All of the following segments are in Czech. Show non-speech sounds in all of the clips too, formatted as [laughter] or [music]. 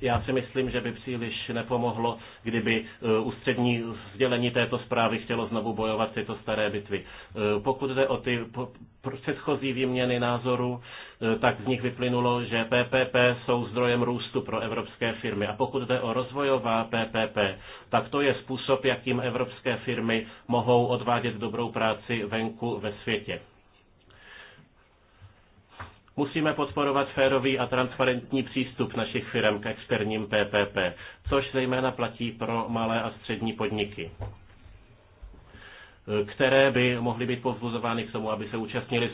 já si myslím, že by příliš nepomohlo, kdyby eh, ústřední sdělení této zprávy chtělo znovu bojovat tyto staré bitvy. Eh, pokud jde o ty předchozí výměny názorů, eh, tak z nich vyplynulo, že PPP jsou zdrojem růstu pro evropské firmy. A pokud jde o rozvojová PPP, tak to je způsob, jakým evropské firmy mohou odvádět dobrou práci venku ve světě. Musíme podporovat férový a transparentní přístup našich firm k externím PPP, což zejména platí pro malé a střední podniky které by mohly být povzbuzovány k tomu, aby se účastnili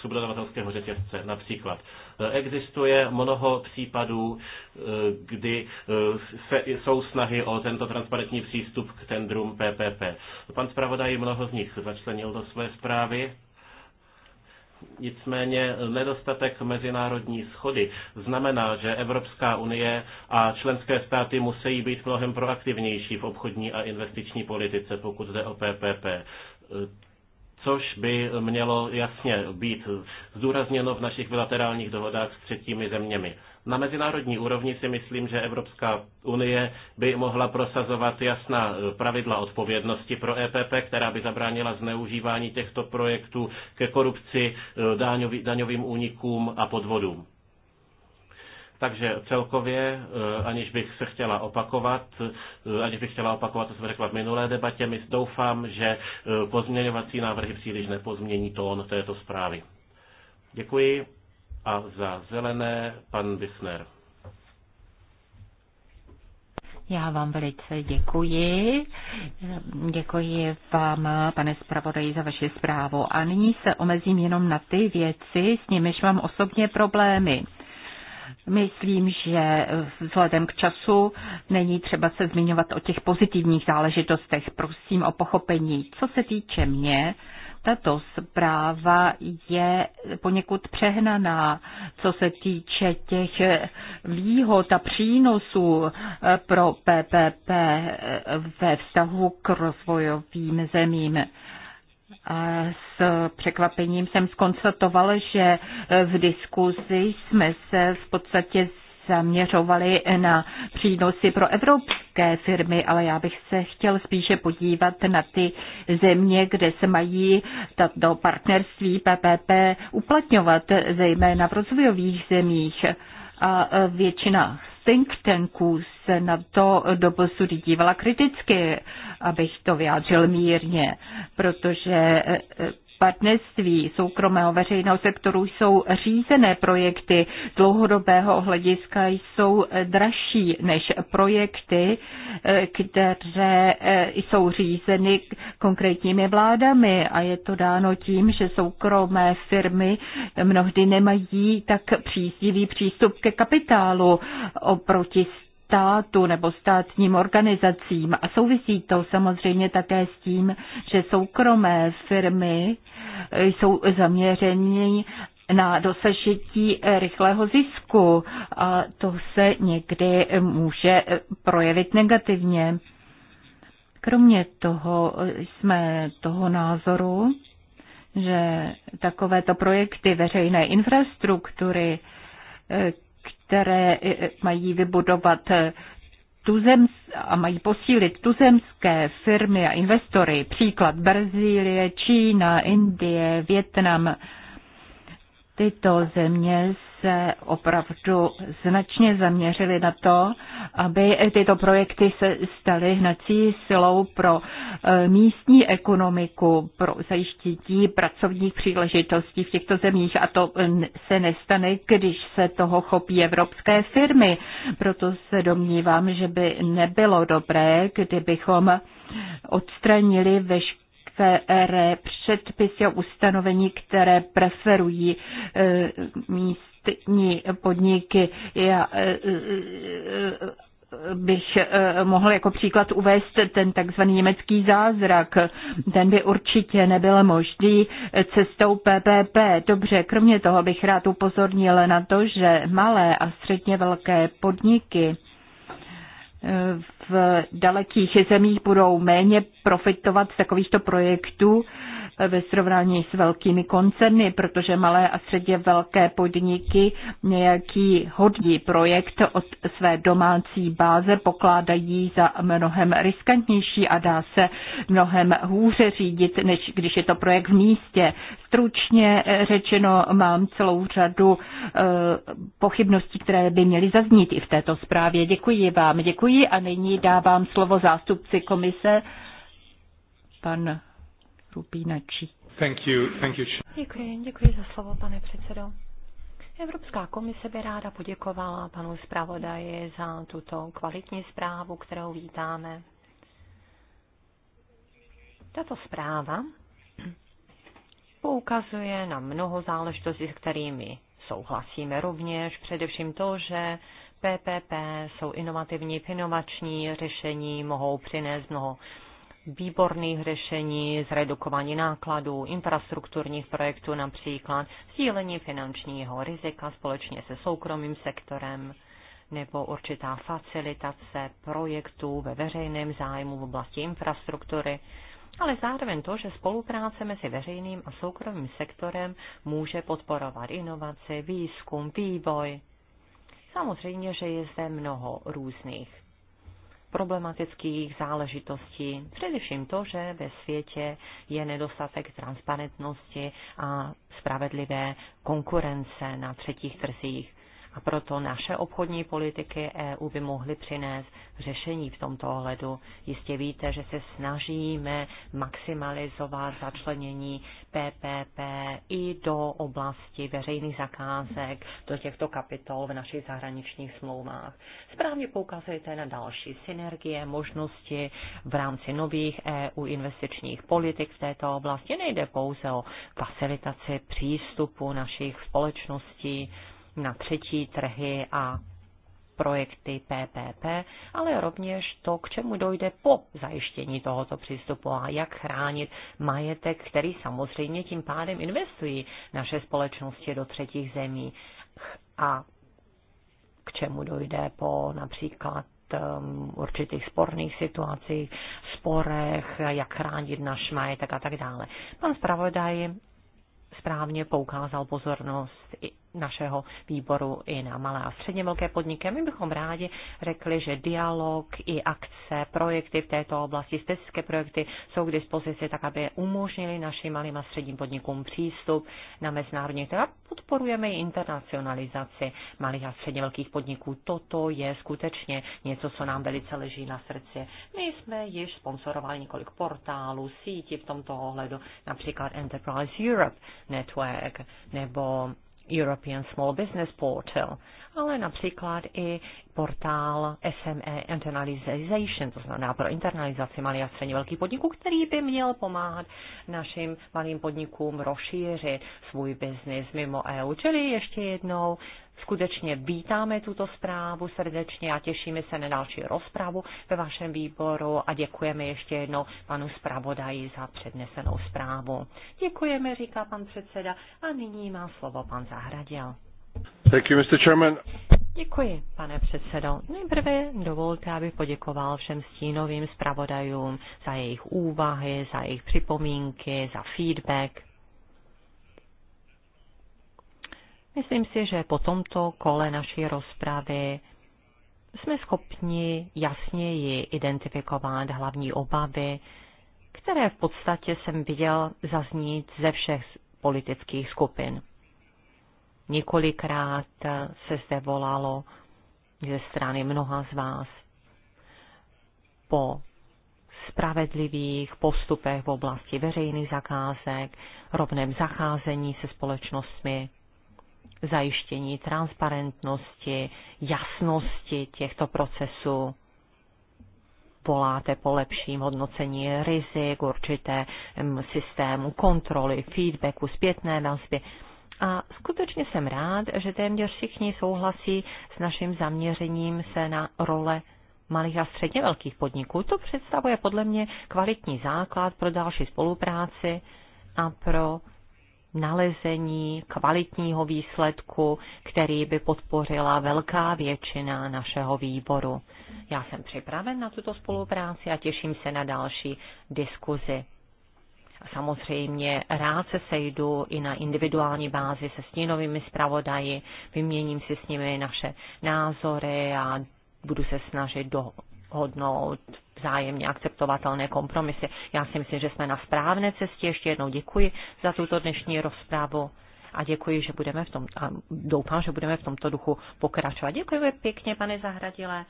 subdodavatelského řetězce například. Eh, existuje mnoho případů, eh, kdy eh, se, jsou snahy o tento transparentní přístup k tendrům PPP. Pan zpravodaj mnoho z nich začlenil do své zprávy Nicméně nedostatek mezinárodní schody znamená, že Evropská unie a členské státy musí být mnohem proaktivnější v obchodní a investiční politice, pokud jde o PPP což by mělo jasně být zdůrazněno v našich bilaterálních dohodách s třetími zeměmi. Na mezinárodní úrovni si myslím, že Evropská unie by mohla prosazovat jasná e, pravidla odpovědnosti pro EPP, která by zabránila zneužívání těchto projektů ke korupci, e, daňový, daňovým únikům a podvodům. Takže celkově, e, aniž bych se chtěla opakovat, aniž bych chtěla opakovat, co jsem řekla v minulé debatě, my doufám, že pozměňovací návrhy příliš nepozmění tón této zprávy. Děkuji. A za zelené pan Bisner. Já vám velice děkuji. Děkuji vám, pane zpravodaji, za vaši zprávu. A nyní se omezím jenom na ty věci, s nimiž mám osobně problémy. Myslím, že vzhledem k času není třeba se zmiňovat o těch pozitivních záležitostech. Prosím o pochopení. Co se týče mě, tato zpráva je poněkud přehnaná, co se týče těch výhod a přínosů eh, pro PPP eh, ve vztahu k rozvojovým zemím. A s překvapením jsem skonstatoval, že eh, v diskuzi jsme se v podstatě zaměřovali na přínosy pro evropské firmy, ale já bych se chtěl spíše podívat na ty země, kde se mají tato partnerství PPP uplatňovat, zejména v rozvojových zemích. A většina think tanků se na to doposud dívala kriticky, abych to vyjádřil mírně, protože partnerství soukromého veřejného sektoru jsou řízené projekty dlouhodobého hlediska, jsou dražší než projekty, eh, které eh, jsou řízeny konkrétními vládami a je to dáno tím, že soukromé firmy mnohdy nemají tak příznivý přístup ke kapitálu oproti státu nebo státním organizacím. A souvisí to samozřejmě také s tím, že soukromé firmy jsou zaměřeny na dosažití rychlého zisku a to se někdy může projevit negativně. Kromě toho jsme toho názoru, že takovéto projekty veřejné infrastruktury, které eh, eh, mají vybudovat eh, tuzems, a mají posílit tuzemské firmy a investory, příklad Brazílie, Čína, Indie, Větnam. Tyto země se opravdu značně zaměřili na to, aby tyto projekty se staly hnací silou pro e, místní ekonomiku, pro zajištění pracovních příležitostí v těchto zemích. A to se nestane, když se toho chopí evropské firmy. Proto se domnívám, že by nebylo dobré, kdybychom odstranili veškeré které předpisy a ustanovení, které preferují e, míst státní podniky. Já eh, eh, bych eh, mohl jako příklad uvést ten takzvaný německý zázrak. Ten by určitě nebyl možný cestou PPP. Dobře, kromě toho bych rád upozornil na to, že malé a středně velké podniky v dalekých zemích budou méně profitovat z takovýchto projektů ve srovnání s velkými koncerny, protože malé a středně velké podniky nějaký hodný projekt od své domácí báze pokládají za mnohem riskantnější a dá se mnohem hůře řídit, než když je to projekt v místě. Stručně řečeno mám celou řadu eh, pochybností, které by měly zaznít i v této zprávě. Děkuji vám, děkuji a nyní dávám slovo zástupci komise, pan vystoupí Načí. Thank you, thank you. Děkuji, děkuji za slovo, pane předsedo. Evropská komise by ráda poděkovala panu zpravodaji za tuto kvalitní zprávu, kterou vítáme. Tato zpráva poukazuje na mnoho záležitostí, s kterými souhlasíme rovněž, především to, že PPP jsou inovativní, inovační řešení, mohou přinést mnoho výborných řešení, zredukování nákladů, infrastrukturních projektů například, sdílení finančního rizika společně se soukromým sektorem nebo určitá facilitace projektů ve veřejném zájmu v oblasti infrastruktury, ale zároveň to, že spolupráce mezi veřejným a soukromým sektorem může podporovat inovace, výzkum, vývoj. Samozřejmě, že je zde mnoho různých problematických záležitostí. Především to, že ve světě je nedostatek transparentnosti a spravedlivé konkurence na třetích trzích. A proto naše obchodní politiky EU by mohly přinést řešení v tomto ohledu. Jistě víte, že se snažíme maximalizovat začlenění PPP i do oblasti veřejných zakázek, do těchto kapitol v našich zahraničních smlouvách. Správně poukazujete na další synergie, možnosti v rámci nových EU investičních politik v této oblasti. Nejde pouze o facilitaci přístupu našich společností, na třetí trhy a projekty PPP, ale rovněž to, k čemu dojde po zajištění tohoto přístupu a jak chránit majetek, který samozřejmě tím pádem investují naše společnosti do třetích zemí a k čemu dojde po například um, určitých sporných situacích, sporech, jak chránit náš majetek a tak dále. Pan zpravodaj správně poukázal pozornost našeho výboru i na malé a středně velké podniky. My bychom rádi řekli, že dialog i akce, projekty v této oblasti, stezické projekty jsou k dispozici tak, aby umožnili našim malým a středním podnikům přístup na mezinárodní trh. Podporujeme i internacionalizaci malých a středně velkých podniků. Toto je skutečně něco, co nám velice leží na srdci. My jsme již sponsorovali několik portálů, sítí v tomto ohledu, například Enterprise Europe Network nebo European Small Business Portal, ale například i portál SME Internalization, to znamená pro internalizaci malých a středně velkých podniků, který by měl pomáhat našim malým podnikům rozšířit svůj biznis mimo EU. Čili ještě jednou Skutečně vítáme tuto zprávu srdečně a těšíme se na další rozpravu ve vašem výboru a děkujeme ještě jednou panu zpravodaji za přednesenou zprávu. Děkujeme, říká pan předseda a nyní má slovo pan Zahradil. Thank you, Mr. Chairman. Děkuji, pane předsedo. Nejprve dovolte, abych poděkoval všem stínovým zpravodajům za jejich úvahy, za jejich připomínky, za feedback. Myslím si, že po tomto kole naší rozpravy jsme schopni jasněji identifikovat hlavní obavy, které v podstatě jsem viděl zaznít ze všech politických skupin. Několikrát se zde volalo ze strany mnoha z vás po spravedlivých postupech v oblasti veřejných zakázek, rovném zacházení se společnostmi, zajištění transparentnosti, jasnosti těchto procesů. Voláte po lepším hodnocení rizik, určité systému kontroly, feedbacku, zpětné vazby. A skutečně jsem rád, že téměř všichni souhlasí s naším zaměřením se na role malých a středně velkých podniků. To představuje podle mě kvalitní základ pro další spolupráci a pro nalezení kvalitního výsledku, který by podpořila velká většina našeho výboru. Já jsem připraven na tuto spolupráci a těším se na další diskuzi. Samozřejmě rád se sejdu i na individuální bázi se stínovými zpravodaji, vyměním si s nimi naše názory a budu se snažit do, hodnout vzájemně akceptovatelné kompromisy. Já si myslím, že jsme na správné cestě. Ještě jednou děkuji za tuto dnešní rozprávu a děkuji, že budeme v tom, a doufám, že budeme v tomto duchu pokračovat. Děkujeme pěkně, pane Zahradile.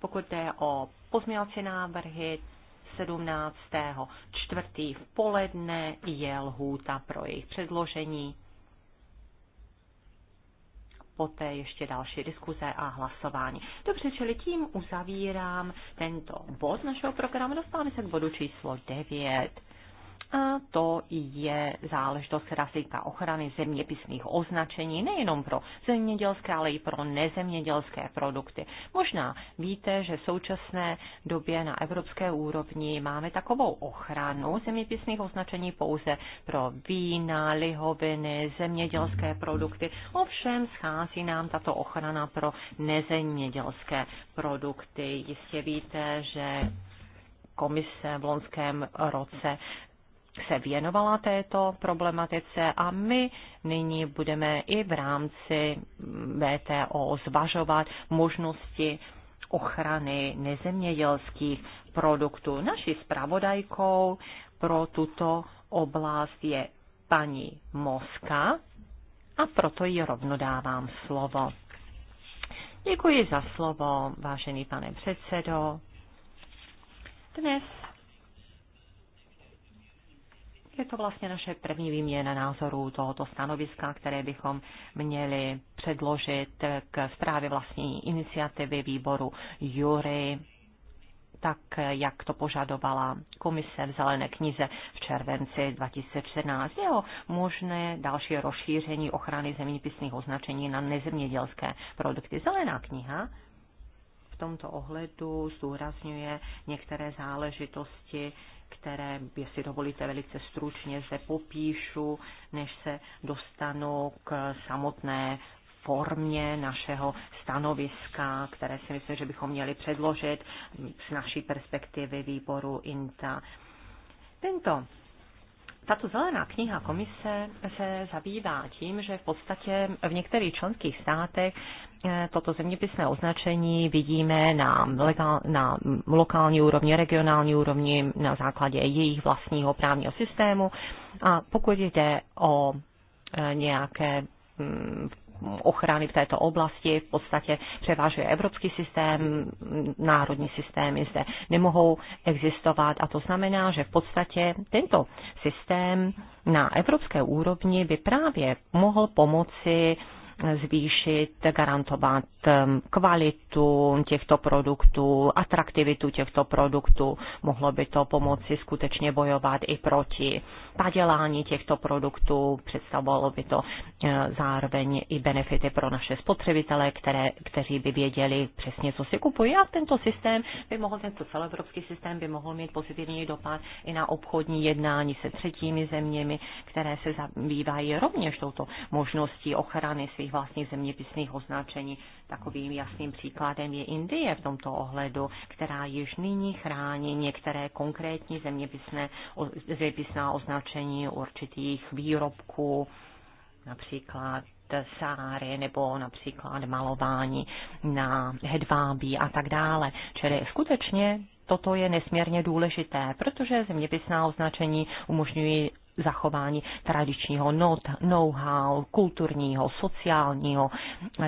Pokud jde o pozměňovací návrhy 17. čtvrtý v poledne je lhůta pro jejich předložení poté ještě další diskuze a hlasování. Dobře, čili tím uzavírám tento bod našeho programu. Dostáváme se k bodu číslo 9 a to je záležitost, která se týká ochrany zeměpisných označení nejenom pro zemědělské, ale i pro nezemědělské produkty. Možná víte, že v současné době na evropské úrovni máme takovou ochranu zeměpisných označení pouze pro vína, lihoviny, zemědělské produkty. Ovšem schází nám tato ochrana pro nezemědělské produkty. Jistě víte, že komise v loňském roce se věnovala této problematice a my nyní budeme i v rámci VTO zvažovat možnosti ochrany nezemědělských produktů. Naší zpravodajkou pro tuto oblast je paní Moska a proto ji rovno dávám slovo. Děkuji za slovo, vážený pane předsedo. Dnes je to vlastně naše první výměna názorů tohoto stanoviska, které bychom měli předložit k zprávě vlastní iniciativy výboru Jury, tak jak to požadovala komise v Zelené knize v červenci 2014. Je o možné další rozšíření ochrany zeměpisných označení na nezemědělské produkty. Zelená kniha v tomto ohledu zdůrazňuje některé záležitosti, které, jestli dovolíte, velice stručně se popíšu, než se dostanu k samotné formě našeho stanoviska, které si myslím, že bychom měli předložit z naší perspektivy výboru INTA. Tento tato zelená kniha komise se zabývá tím, že v podstatě v některých členských státech eh, toto zeměpisné označení vidíme na, legal, na lokální úrovni, regionální úrovni, na základě jejich vlastního právního systému. A pokud jde o eh, nějaké mm, ochrany v této oblasti. V podstatě převážuje evropský systém, národní systémy zde nemohou existovat a to znamená, že v podstatě tento systém na evropské úrovni by právě mohl pomoci zvýšit garantovat Um, kvalitu těchto produktů, atraktivitu těchto produktů. Mohlo by to pomoci skutečně bojovat i proti padělání těchto produktů. Představovalo by to eh, zároveň i benefity pro naše spotřebitele, které, kteří by věděli přesně, co si kupují. A tento systém by mohl, tento celoevropský systém by mohl mít pozitivní dopad i na obchodní jednání se třetími zeměmi, které se zabývají rovněž touto možností ochrany svých vlastních zeměpisných označení. Tak Takovým jasným příkladem je Indie v tomto ohledu, která již nyní chrání některé konkrétní zeměpisné, zeměpisná označení určitých výrobků, například sáry nebo například malování na hedvábí a tak dále. Čili skutečně toto je nesmírně důležité, protože zeměpisná označení umožňují zachování tradičního know-how, kulturního, sociálního,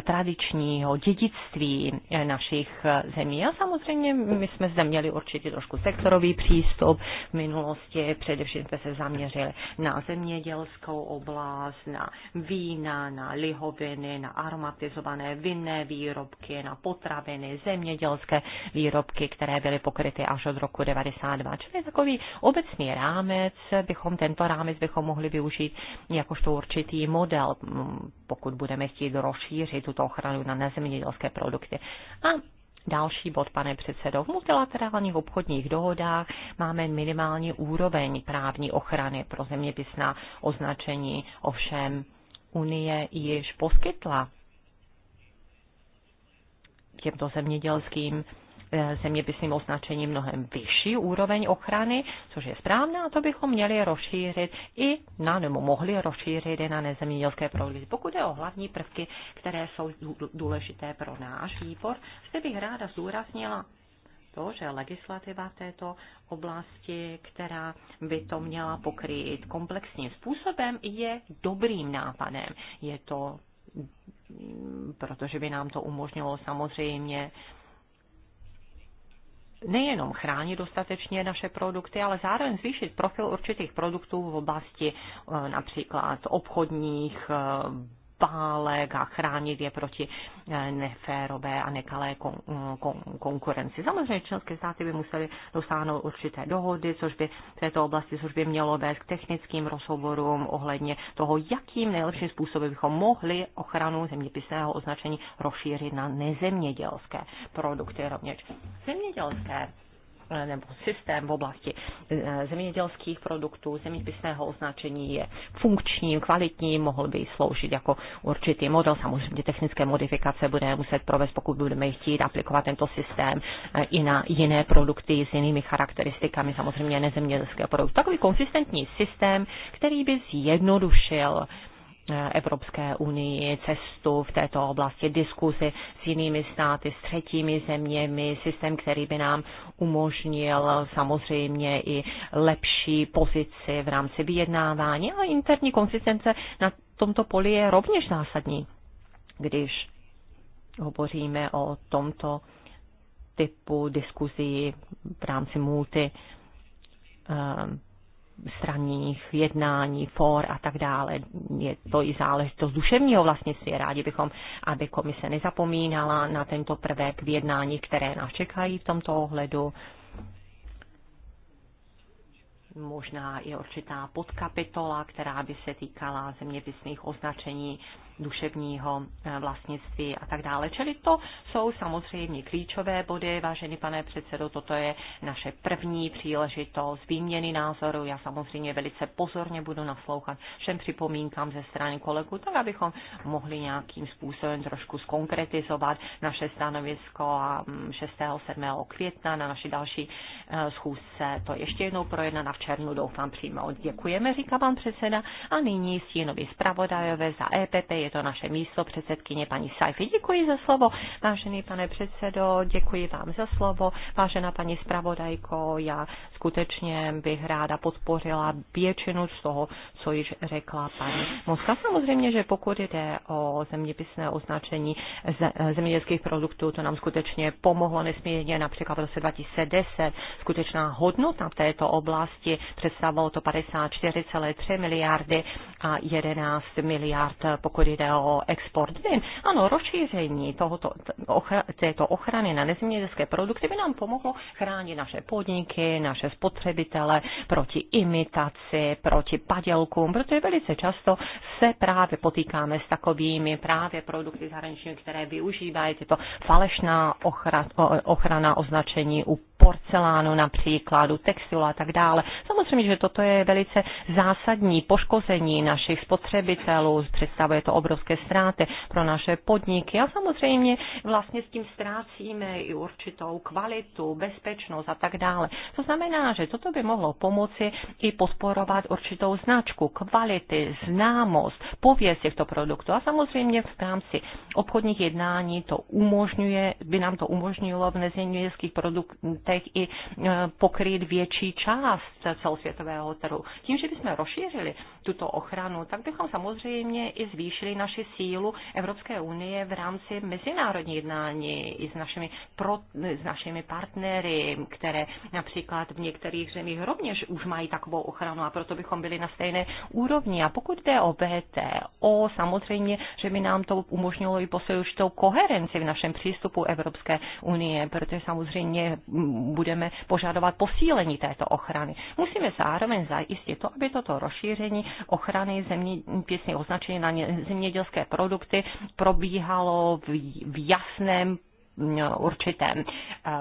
tradičního dědictví našich zemí. A samozřejmě my jsme zde měli určitě trošku sektorový přístup v minulosti, především jsme se zaměřili na zemědělskou oblast, na vína, na lihoviny, na aromatizované vinné výrobky, na potraviny, zemědělské výrobky, které byly pokryty až od roku 92. Čili takový obecný rámec bychom tento rámec rámec bychom mohli využít jakožto určitý model, mm, pokud budeme chtít rozšířit tuto ochranu na nezemědělské produkty. A Další bod, pane předsedo, v multilaterálních obchodních dohodách máme minimální úroveň právní ochrany pro zeměpisná označení, ovšem Unie již poskytla těmto zemědělským Eh, zeměpisným označením mnohem vyšší úroveň ochrany, což je správné a to bychom měli rozšířit i na, nebo mohli rozšířit i na nezemědělské produkty. Pokud je o hlavní prvky, které jsou důležité pro náš výbor, zde bych ráda zdůraznila to, že legislativa této oblasti, která by to měla pokrýt komplexním způsobem, je dobrým nápadem. Je to, mm, protože by nám to umožnilo samozřejmě nejenom chránit dostatečně naše produkty, ale zároveň zvýšit profil určitých produktů v oblasti eh, například obchodních eh, válek a chránit je proti eh, neférové a nekalé kon, mm, kon, konkurenci. Samozřejmě členské státy by museli dosáhnout určité dohody, což by v této oblasti, což by mělo vést k technickým rozhovorům ohledně toho, jakým nejlepším způsobem bychom mohli ochranu zeměpisného označení rozšířit na nezemědělské produkty rovněž. Zemědělské Eh, nebo systém v oblasti eh, zemědělských produktů, zeměpisného označení je funkčním, kvalitním, mohl by sloužit jako určitý model. Samozřejmě technické modifikace budeme muset provést, pokud budeme chtít aplikovat tento systém eh, i na jiné produkty s jinými charakteristikami, samozřejmě nezemědělské produkty. Takový konsistentní systém, který by zjednodušil Evropské unii, cestu v této oblasti, diskuzi s jinými státy, s třetími zeměmi, systém, který by nám umožnil samozřejmě i lepší pozici v rámci vyjednávání a interní konsistence na tomto poli je rovněž zásadní, když hovoříme o tomto typu diskuzí v rámci multi eh, stranních jednání, for a tak dále. Je to i záležitost duševního vlastnictví. Rádi bychom, aby komise nezapomínala na tento prvek v jednání, které nás čekají v tomto ohledu. Možná i určitá podkapitola, která by se týkala zeměpisných označení duševního eh, vlastnictví a tak dále. Čili to jsou samozřejmě klíčové body, vážený pane předsedo, toto je naše první příležitost výměny názoru. Já samozřejmě velice pozorně budu naslouchat všem připomínkám ze strany kolegů, tak abychom mohli nějakým způsobem trošku skonkretizovat naše stanovisko a 6. Mm, 7. května na naší další eh, schůzce to ještě jednou projednat a v červnu doufám přímo. Děkujeme, říká pan předseda. A nyní stínový zpravodajové za EPP je je to naše místo předsedkyně paní Saifi. Děkuji za slovo, vážený pane předsedo, děkuji vám za slovo, vážená paní zpravodajko, já skutečně bych ráda podpořila většinu z toho, co již řekla paní Moska. Samozřejmě, že pokud jde o zeměpisné označení eh, zemědělských produktů, to nám skutečně pomohlo nesmírně, například v roce 2010 skutečná hodnota v této oblasti představovalo to 54,3 miliardy a 11 miliard, pokud jde jde o export vin. Ano, rozšíření tohoto, ochra, této ochrany na nezemědělské produkty by nám pomohlo chránit naše podniky, naše spotřebitele proti imitaci, proti padělkům, protože velice často se právě potýkáme s takovými právě produkty zahraniční, které využívají tyto falešná ochrana, ochrana označení u porcelánu například, textilu a tak dále. Samozřejmě, že toto je velice zásadní poškození našich spotřebitelů, představuje to obrovské ztráty pro naše podniky a samozřejmě vlastně s tím ztrácíme i určitou kvalitu, bezpečnost a tak dále. To znamená, že toto by mohlo pomoci i podporovat určitou značku, kvality, známost, pověst těchto produktů a samozřejmě v rámci obchodních jednání to umožňuje, by nám to umožnilo v nezemědělských produktů letech i e, pokryt větší část celosvětového trhu. Tím, že bychom rozšířili tuto ochranu, tak bychom samozřejmě i zvýšili naši sílu Evropské unie v rámci mezinárodní jednání i s našimi, pro, e, s našimi partnery, které například v některých zemích rovněž už mají takovou ochranu a proto bychom byli na stejné úrovni. A pokud jde o VTO, samozřejmě, že by nám to umožnilo i posilit určitou koherenci v našem přístupu Evropské unie, protože samozřejmě budeme požadovat posílení této ochrany. Musíme zároveň zajistit to, aby toto rozšíření ochrany zeměpisných označení na zemědělské produkty probíhalo v jasném určité eh,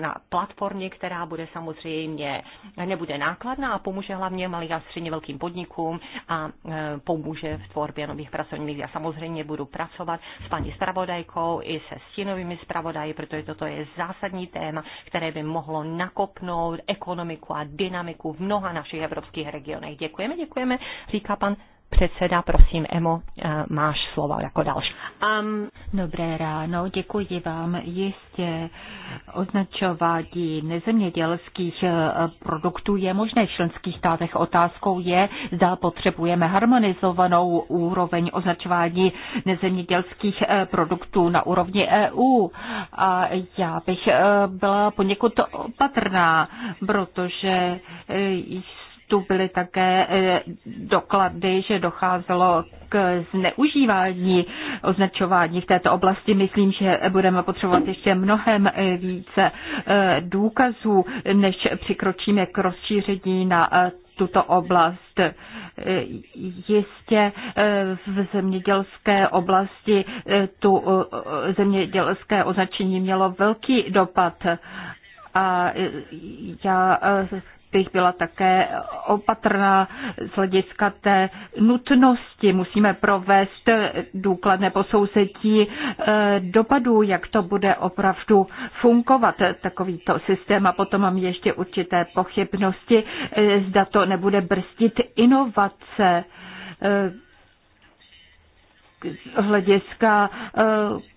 na platformě, která bude samozřejmě, nebude nákladná a pomůže hlavně malým a středně velkým podnikům a eh, pomůže v tvorbě nových pracovních míst. Já samozřejmě budu pracovat s paní spravodajkou i se stínovými spravodaji, protože toto je zásadní téma, které by mohlo nakopnout ekonomiku a dynamiku v mnoha našich evropských regionech. Děkujeme, děkujeme, říká pan předseda, prosím, Emo, eh, máš slovo jako další. Um, dobré ráno, děkuji vám. Jistě označování nezemědělských eh, produktů je možné v členských státech. Otázkou je, zda potřebujeme harmonizovanou úroveň označování nezemědělských eh, produktů na úrovni EU. A já bych byla poněkud opatrná, protože tu byly také e, doklady, že docházelo k zneužívání označování v této oblasti. Myslím, že budeme potřebovat ještě mnohem e, více e, důkazů, než přikročíme k rozšíření na tuto oblast. Jistě v zemědělské oblasti tu zemědělské označení mělo velký dopad a já bych byla také opatrná z hlediska té nutnosti. Musíme provést důkladné posouzetí eh, dopadů, jak to bude opravdu fungovat takovýto systém. A potom mám ještě určité pochybnosti, eh, zda to nebude brzdit inovace eh, z hlediska eh,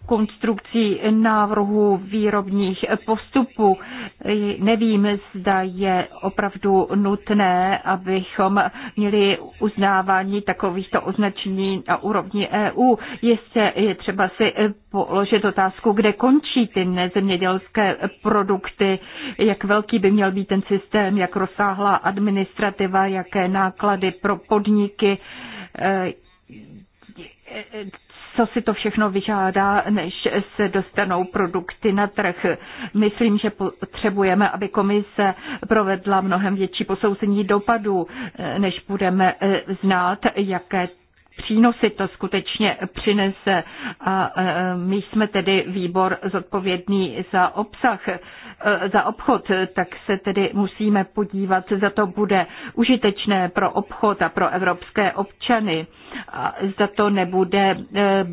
konstrukcí návrhu výrobních postupů. Nevím, zda je opravdu nutné, abychom měli uznávání takovýchto označení na úrovni EU. Jistě je třeba si eh, položit otázku, kde končí ty nezemědělské produkty, jak velký by měl být ten systém, jak rozsáhlá administrativa, jaké náklady pro podniky, eh, co si to všechno vyžádá, než se dostanou produkty na trh. Myslím, že potřebujeme, aby komise provedla mnohem větší posouzení dopadů, než budeme znát, jaké přínosy to skutečně přinese. A e, my jsme tedy výbor zodpovědný za obsah, e, za obchod, tak se tedy musíme podívat, za to bude užitečné pro obchod a pro evropské občany. A za to nebude e,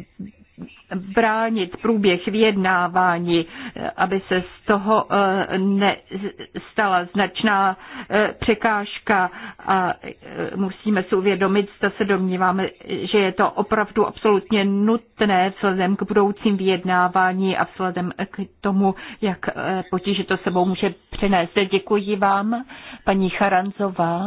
bránit průběh vyjednávání, aby se z toho eh, nestala značná eh, překážka a eh, musíme si uvědomit, zda se domníváme, že je to opravdu absolutně nutné vzhledem k budoucím vyjednávání a vzhledem k tomu, jak potíže to sebou může přinést. Děkuji vám, paní Charanzová.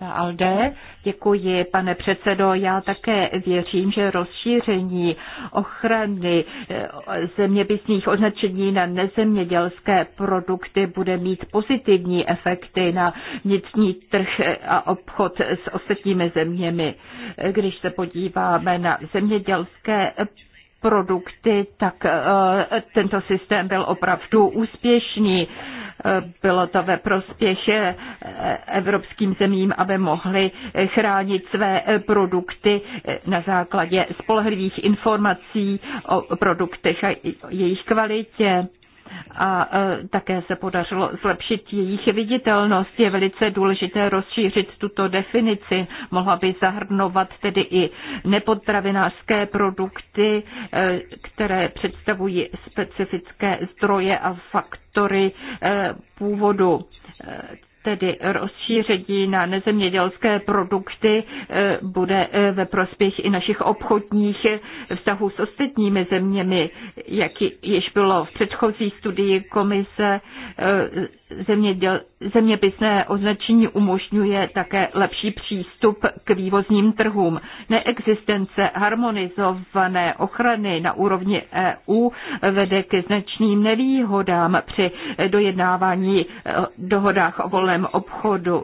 Alde, děkuji, pane předsedo. Já také věřím, že rozšíření ochrany eh, zeměpisných označení na nezemědělské produkty bude mít pozitivní efekty na vnitřní trh a obchod s ostatními zeměmi. Když se podíváme na zemědělské produkty, tak eh, tento systém byl opravdu úspěšný. Bylo to ve prospěch eh, evropským zemím, aby mohli chránit své eh, produkty eh, na základě spolehlivých informací o produktech a jejich kvalitě a e, také se podařilo zlepšit jejich viditelnost. Je velice důležité rozšířit tuto definici. Mohla by zahrnovat tedy i nepotravinářské produkty, e, které představují specifické zdroje a faktory e, původu tedy rozšíření na nezemědělské produkty eh, bude eh, ve prospěch i našich obchodních eh, vztahů s ostatními zeměmi, jak již bylo v předchozí studii komise zeměděl, zeměpisné označení umožňuje také lepší přístup k vývozním trhům. Neexistence harmonizované ochrany na úrovni EU vede ke značným nevýhodám při dojednávání e, dohodách o volném obchodu.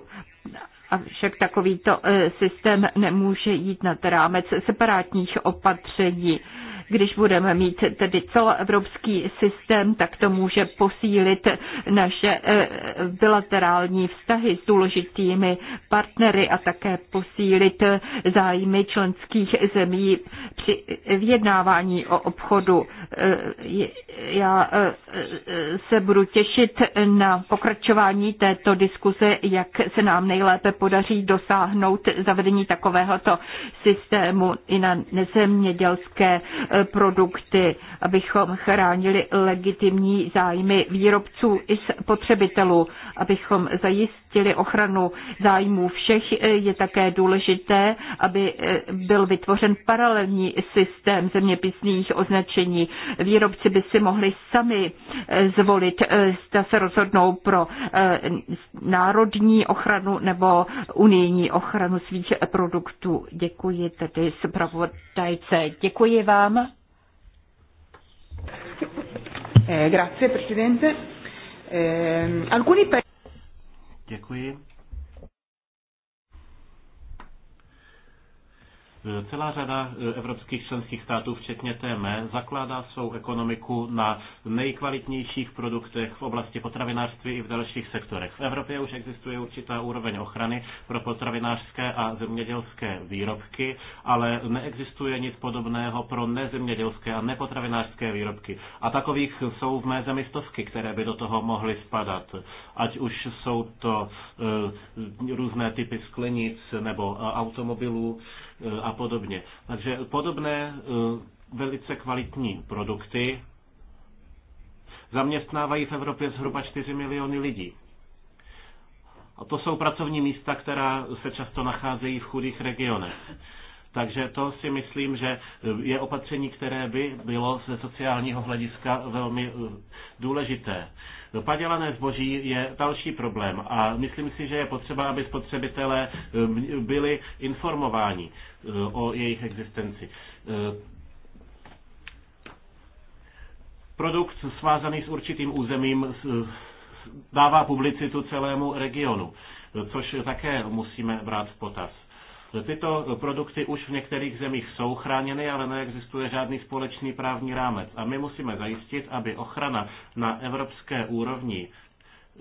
Avšak takovýto e, systém nemůže jít nad rámec separátních opatření když budeme mít tedy celoevropský systém, tak to může posílit naše eh, bilaterální vztahy s důležitými partnery a také posílit zájmy členských zemí při vyjednávání o obchodu. Eh, já eh, se budu těšit na pokračování této diskuze, jak se nám nejlépe podaří dosáhnout zavedení takovéhoto systému i na nezemědělské produkty, abychom chránili legitimní zájmy výrobců i spotřebitelů abychom zajistili ochranu zájmů všech, je také důležité, aby eh, byl vytvořen paralelní systém zeměpisných označení. Výrobci by si mohli sami eh, zvolit, eh, zda se rozhodnou pro národní ochranu nebo unijní ochranu svých produktů. Děkuji tedy zpravodajce. Děkuji vám. Eh, grazie Presidente. Eh, alcuni Děkuji. Celá řada e, evropských členských států, včetně té mé, zakládá svou ekonomiku na nejkvalitnějších produktech v oblasti potravinářství i v dalších sektorech. V Evropě už existuje určitá úroveň ochrany pro potravinářské a zemědělské výrobky, ale neexistuje nic podobného pro nezemědělské a nepotravinářské výrobky. A takových jsou v mé zemi stovky, které by do toho mohly spadat. Ať už jsou to e, různé typy sklenic nebo e, automobilů, Eh, a podobně. Takže podobné eh, velice kvalitní produkty zaměstnávají v Evropě zhruba 4 miliony lidí. A to jsou pracovní místa, která se často nacházejí v chudých regionech. Takže to si myslím, že je opatření, které by bylo ze sociálního hlediska velmi eh, důležité. Padělané zboží je další problém a myslím si, že je potřeba, aby spotřebitelé eh, byli informováni eh, o jejich existenci. Eh, produkt svázaný s určitým územím dává publicitu celému regionu, což také musíme brát v potaz. Tyto produkty už v některých zemích jsou chráněny, ale neexistuje žádný společný právní rámec. A my musíme zajistit, aby ochrana na evropské úrovni e,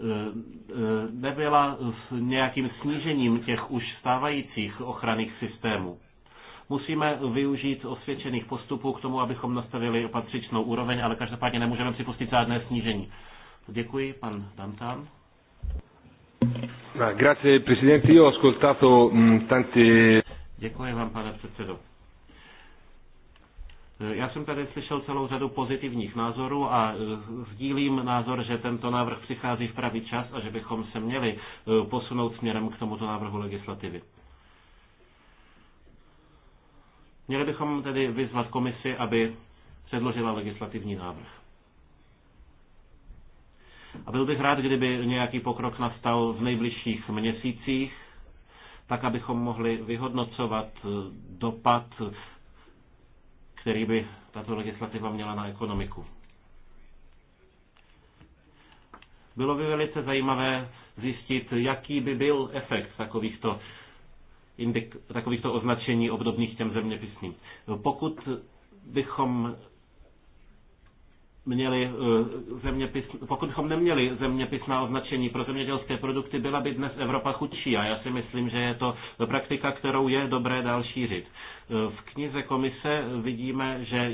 e, nebyla s nějakým snížením těch už stávajících ochranných systémů. Musíme využít osvědčených postupů k tomu, abychom nastavili patřičnou úroveň, ale každopádně nemůžeme připustit žádné snížení. Děkuji, pan Dantan. Děkuji vám, pane předsedo. Eh, já jsem tady slyšel celou řadu pozitivních názorů a eh, sdílím názor, že tento návrh přichází v pravý čas a že bychom se měli eh, posunout směrem k tomuto návrhu legislativy. Měli bychom tedy vyzvat komisi, aby předložila legislativní návrh. A byl bych rád, kdyby nějaký pokrok nastal v nejbližších měsících, tak abychom mohli vyhodnocovat eh, dopad, který by tato legislativa měla na ekonomiku. Bylo by velice zajímavé zjistit, jaký by byl efekt takovýchto, indik, takovýchto označení obdobných těm zeměpisným. Pokud bychom měli eh, zeměpis, pokud bychom neměli zeměpisná označení pro zemědělské produkty, byla by dnes Evropa chudší a já si myslím, že je to praktika, kterou je dobré dál šířit. Eh, v knize komise vidíme, že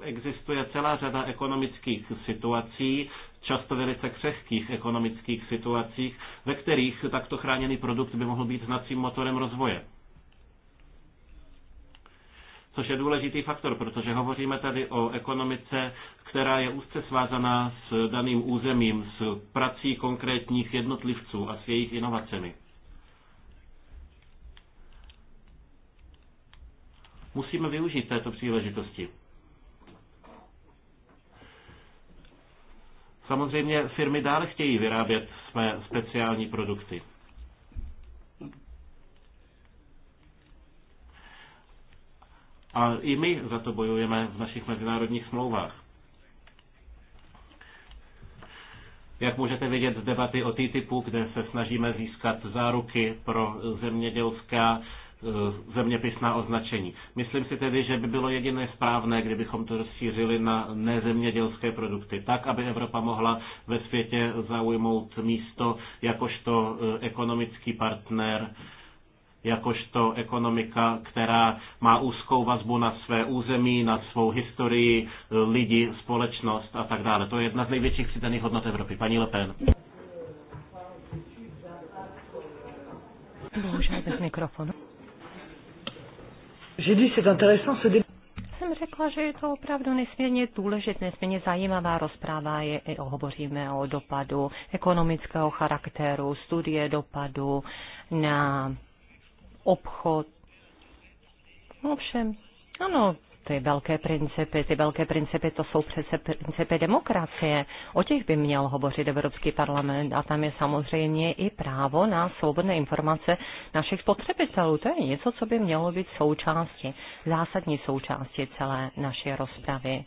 existuje celá řada ekonomických situací, často velice křehkých ekonomických situacích, ve kterých takto chráněný produkt by mohl být znacím motorem rozvoje což je důležitý faktor, protože hovoříme tady o ekonomice, která je úzce svázaná s daným územím, s prací konkrétních jednotlivců a s jejich inovacemi. Musíme využít této příležitosti. Samozřejmě firmy dále chtějí vyrábět své speciální produkty. A i my za to bojujeme v našich mezinárodních smlouvách. Jak můžete vidět z debaty o TTIPu, kde se snažíme získat záruky pro zemědělská eh, zeměpisná označení. Myslím si tedy, že by bylo jediné správné, kdybychom to rozšířili na nezemědělské produkty, tak, aby Evropa mohla ve světě zaujmout místo jakožto eh, ekonomický partner jakožto ekonomika, která má úzkou vazbu na své území, na svou historii, lidi, společnost a tak dále. To je jedna z největších přidaných hodnot Evropy. Paní Le Pen. jsem řekla, že je to opravdu nesmírně důležité, nesmírně zajímavá rozpráva. Je, hovoříme o dopadu ekonomického charakteru, studie dopadu na obchod. No ovšem, ano, ty velké principy, ty velké principy, to jsou přece principy demokracie. O těch by měl hovořit Evropský parlament a tam je samozřejmě i právo na svobodné informace našich spotřebitelů. To je něco, co by mělo být součástí, zásadní součástí celé naší rozpravy.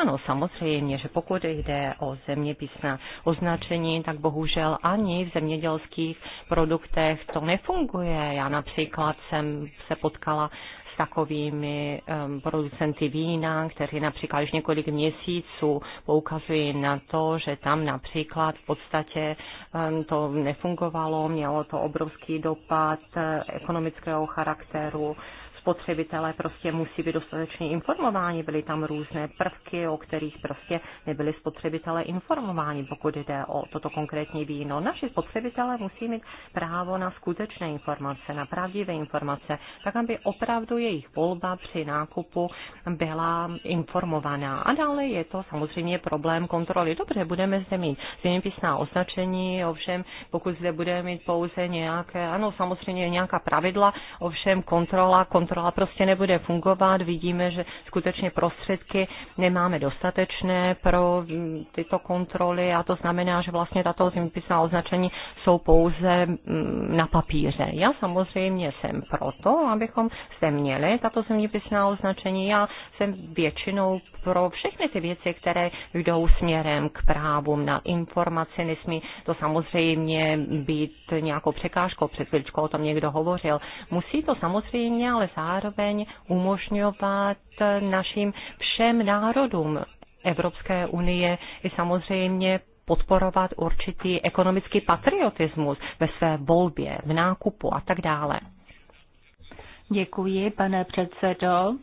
Ano, samozřejmě, že pokud jde o zeměpisné označení, tak bohužel ani v zemědělských produktech to nefunguje. Já například jsem se potkala s takovými um, producenty vína, kteří například už několik měsíců poukazují na to, že tam například v podstatě um, to nefungovalo, mělo to obrovský dopad eh, ekonomického charakteru spotřebitelé prostě musí být dostatečně informováni. Byly tam různé prvky, o kterých prostě nebyli spotřebitelé informováni, pokud jde o toto konkrétní víno. Naši spotřebitelé musí mít právo na skutečné informace, na pravdivé informace, tak aby opravdu jejich volba při nákupu byla informovaná. A dále je to samozřejmě problém kontroly. Dobře, budeme zde mít zeměpisná označení, ovšem pokud zde budeme mít pouze nějaké, ano, samozřejmě nějaká pravidla, ovšem kontrola, kontrola kontrola no prostě nebude fungovat. Vidíme, že skutečně prostředky nemáme dostatečné pro mm, tyto kontroly a to znamená, že vlastně tato zeměpisná označení jsou pouze mm, na papíře. Já samozřejmě jsem proto, abychom se měli tato zeměpisná označení. Já jsem většinou pro všechny ty věci, které jdou směrem k právům na informace. Nesmí to samozřejmě být nějakou překážkou. Před chvíličkou o tom někdo hovořil. Musí to samozřejmě ale zároveň umožňovat našim všem národům Evropské unie i samozřejmě podporovat určitý ekonomický patriotismus ve své volbě, v nákupu a tak dále. Děkuji, pane předsedo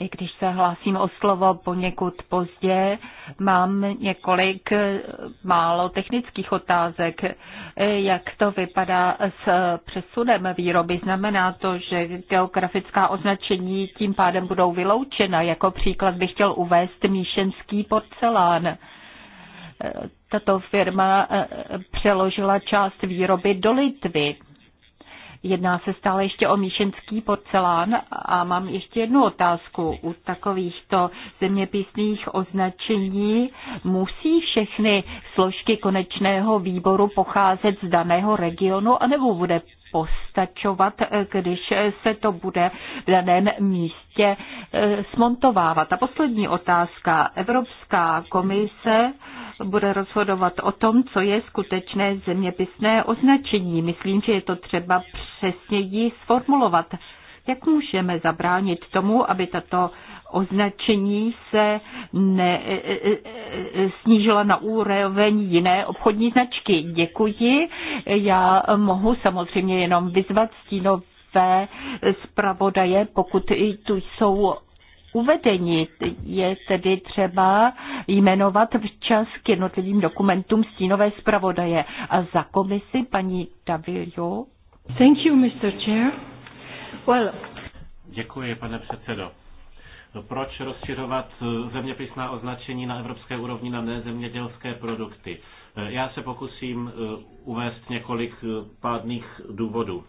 i když se hlásím o slovo poněkud pozdě, mám několik eh, málo technických otázek. Eh, jak to vypadá s přesunem výroby? Znamená to, že geografická označení tím pádem budou vyloučena? Jako příklad bych chtěl uvést míšenský porcelán eh, tato firma přeložila část výroby do Litvy. Jedná se stále ještě o míšenský porcelán a mám ještě jednu otázku. U takovýchto zeměpisných označení musí všechny složky konečného výboru pocházet z daného regionu anebo bude postačovat, když se to bude v daném místě eh, smontovávat. A poslední otázka. Evropská komise bude rozhodovat o tom, co je skutečné zeměpisné označení. Myslím, že je to třeba přesněji sformulovat. Jak můžeme zabránit tomu, aby tato označení se ne, e, e, e, snížila na úroveň jiné obchodní značky? Děkuji. Já mohu samozřejmě jenom vyzvat stínové zpravodaje, pokud i tu jsou uvedeni. Je tedy třeba jmenovat včas k jednotlivým dokumentům stínové zpravodaje. A za komisi paní Davilio. Thank you, Mr. Chair. Well, Děkuji, pane předsedo. No, proč rozšiřovat eh, zeměpisná označení na evropské úrovni na nezemědělské produkty? Eh, já se pokusím eh, uvést několik pádných důvodů.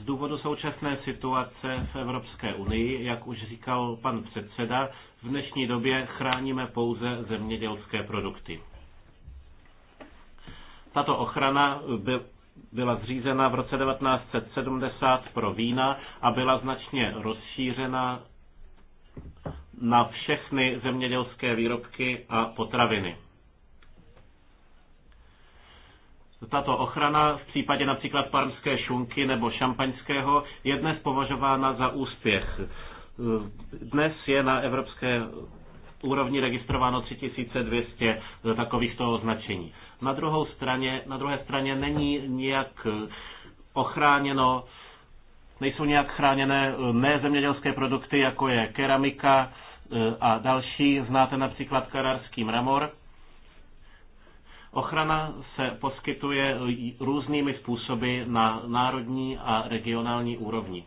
Z důvodu současné situace v Evropské unii, jak už říkal pan předseda, v dnešní době chráníme pouze zemědělské produkty. Tato ochrana byla zřízena v roce 1970 pro vína a byla značně rozšířena na všechny zemědělské výrobky a potraviny. Tato ochrana v případě například parmské šunky nebo šampaňského je dnes považována za úspěch. Dnes je na evropské úrovni registrováno 3200 takovýchto označení. Na, druhou straně, na druhé straně není nijak ochráněno, nejsou nějak chráněné nezemědělské eh, produkty, jako je keramika eh, a další. Znáte například kararský mramor, Ochrana se poskytuje různými způsoby na národní a regionální úrovni.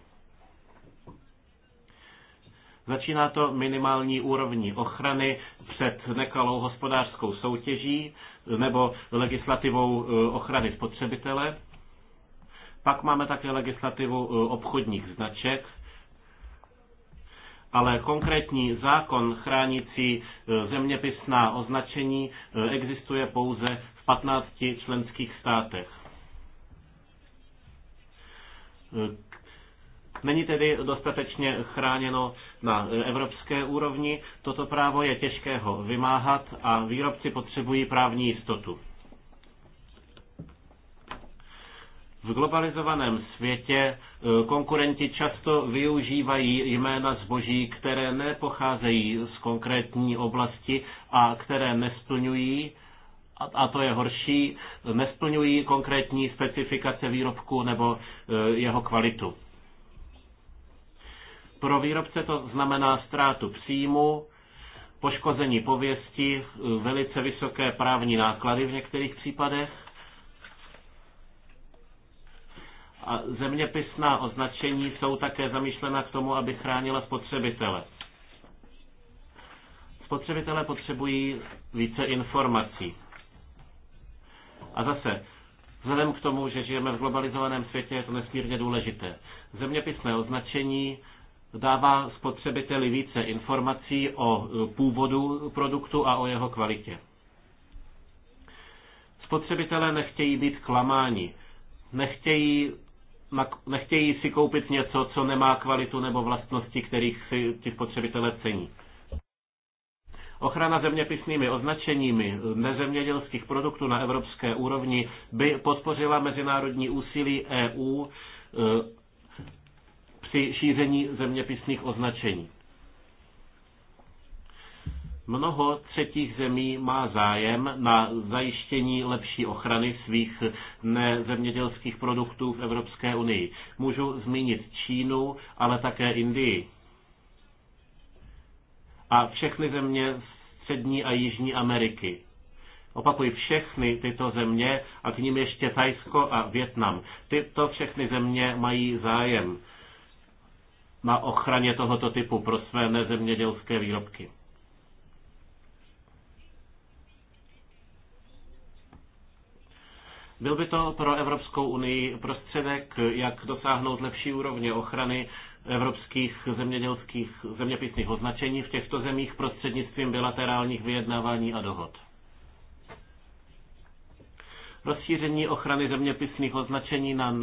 Začíná to minimální úrovní ochrany před nekalou hospodářskou soutěží nebo legislativou e, ochrany spotřebitele. Pak máme také legislativu e, obchodních značek, ale konkrétní zákon chránící e, zeměpisná označení e, existuje pouze v 15 členských státech. E, není tedy dostatečně chráněno na evropské úrovni. Toto právo je těžkého vymáhat a výrobci potřebují právní jistotu. V globalizovaném světě e, konkurenti často využívají jména zboží, které nepocházejí z konkrétní oblasti a které nesplňují, a to je horší, nesplňují konkrétní specifikace výrobku nebo e, jeho kvalitu. Pro výrobce to znamená ztrátu příjmu, poškození pověsti, e, velice vysoké právní náklady v některých případech A zeměpisná označení jsou také zamýšlena k tomu, aby chránila spotřebitele. Spotřebitelé potřebují více informací. A zase, vzhledem k tomu, že žijeme v globalizovaném světě, je to nesmírně důležité. Zeměpisné označení dává spotřebiteli více informací o e, původu produktu a o jeho kvalitě. Spotřebitelé nechtějí být klamáni, nechtějí nechtějí si koupit něco, co nemá kvalitu nebo vlastnosti, kterých si ti spotřebitelé cení. Ochrana zeměpisnými označeními nezemědělských produktů na evropské úrovni by podpořila mezinárodní úsilí EU eh, při šíření zeměpisných označení. Mnoho třetích zemí má zájem na zajištění lepší ochrany svých nezemědělských produktů v Evropské unii. Můžu zmínit Čínu, ale také Indii. A všechny země Střední a Jižní Ameriky. Opakuji, všechny tyto země a k ním ještě Tajsko a Větnam. Tyto všechny země mají zájem na ochraně tohoto typu pro své nezemědělské výrobky. Byl by to pro Evropskou unii prostředek, jak dosáhnout lepší úrovně ochrany evropských zemědělských zeměpisných označení v těchto zemích prostřednictvím bilaterálních vyjednávání a dohod. Rozšíření ochrany zeměpisných označení na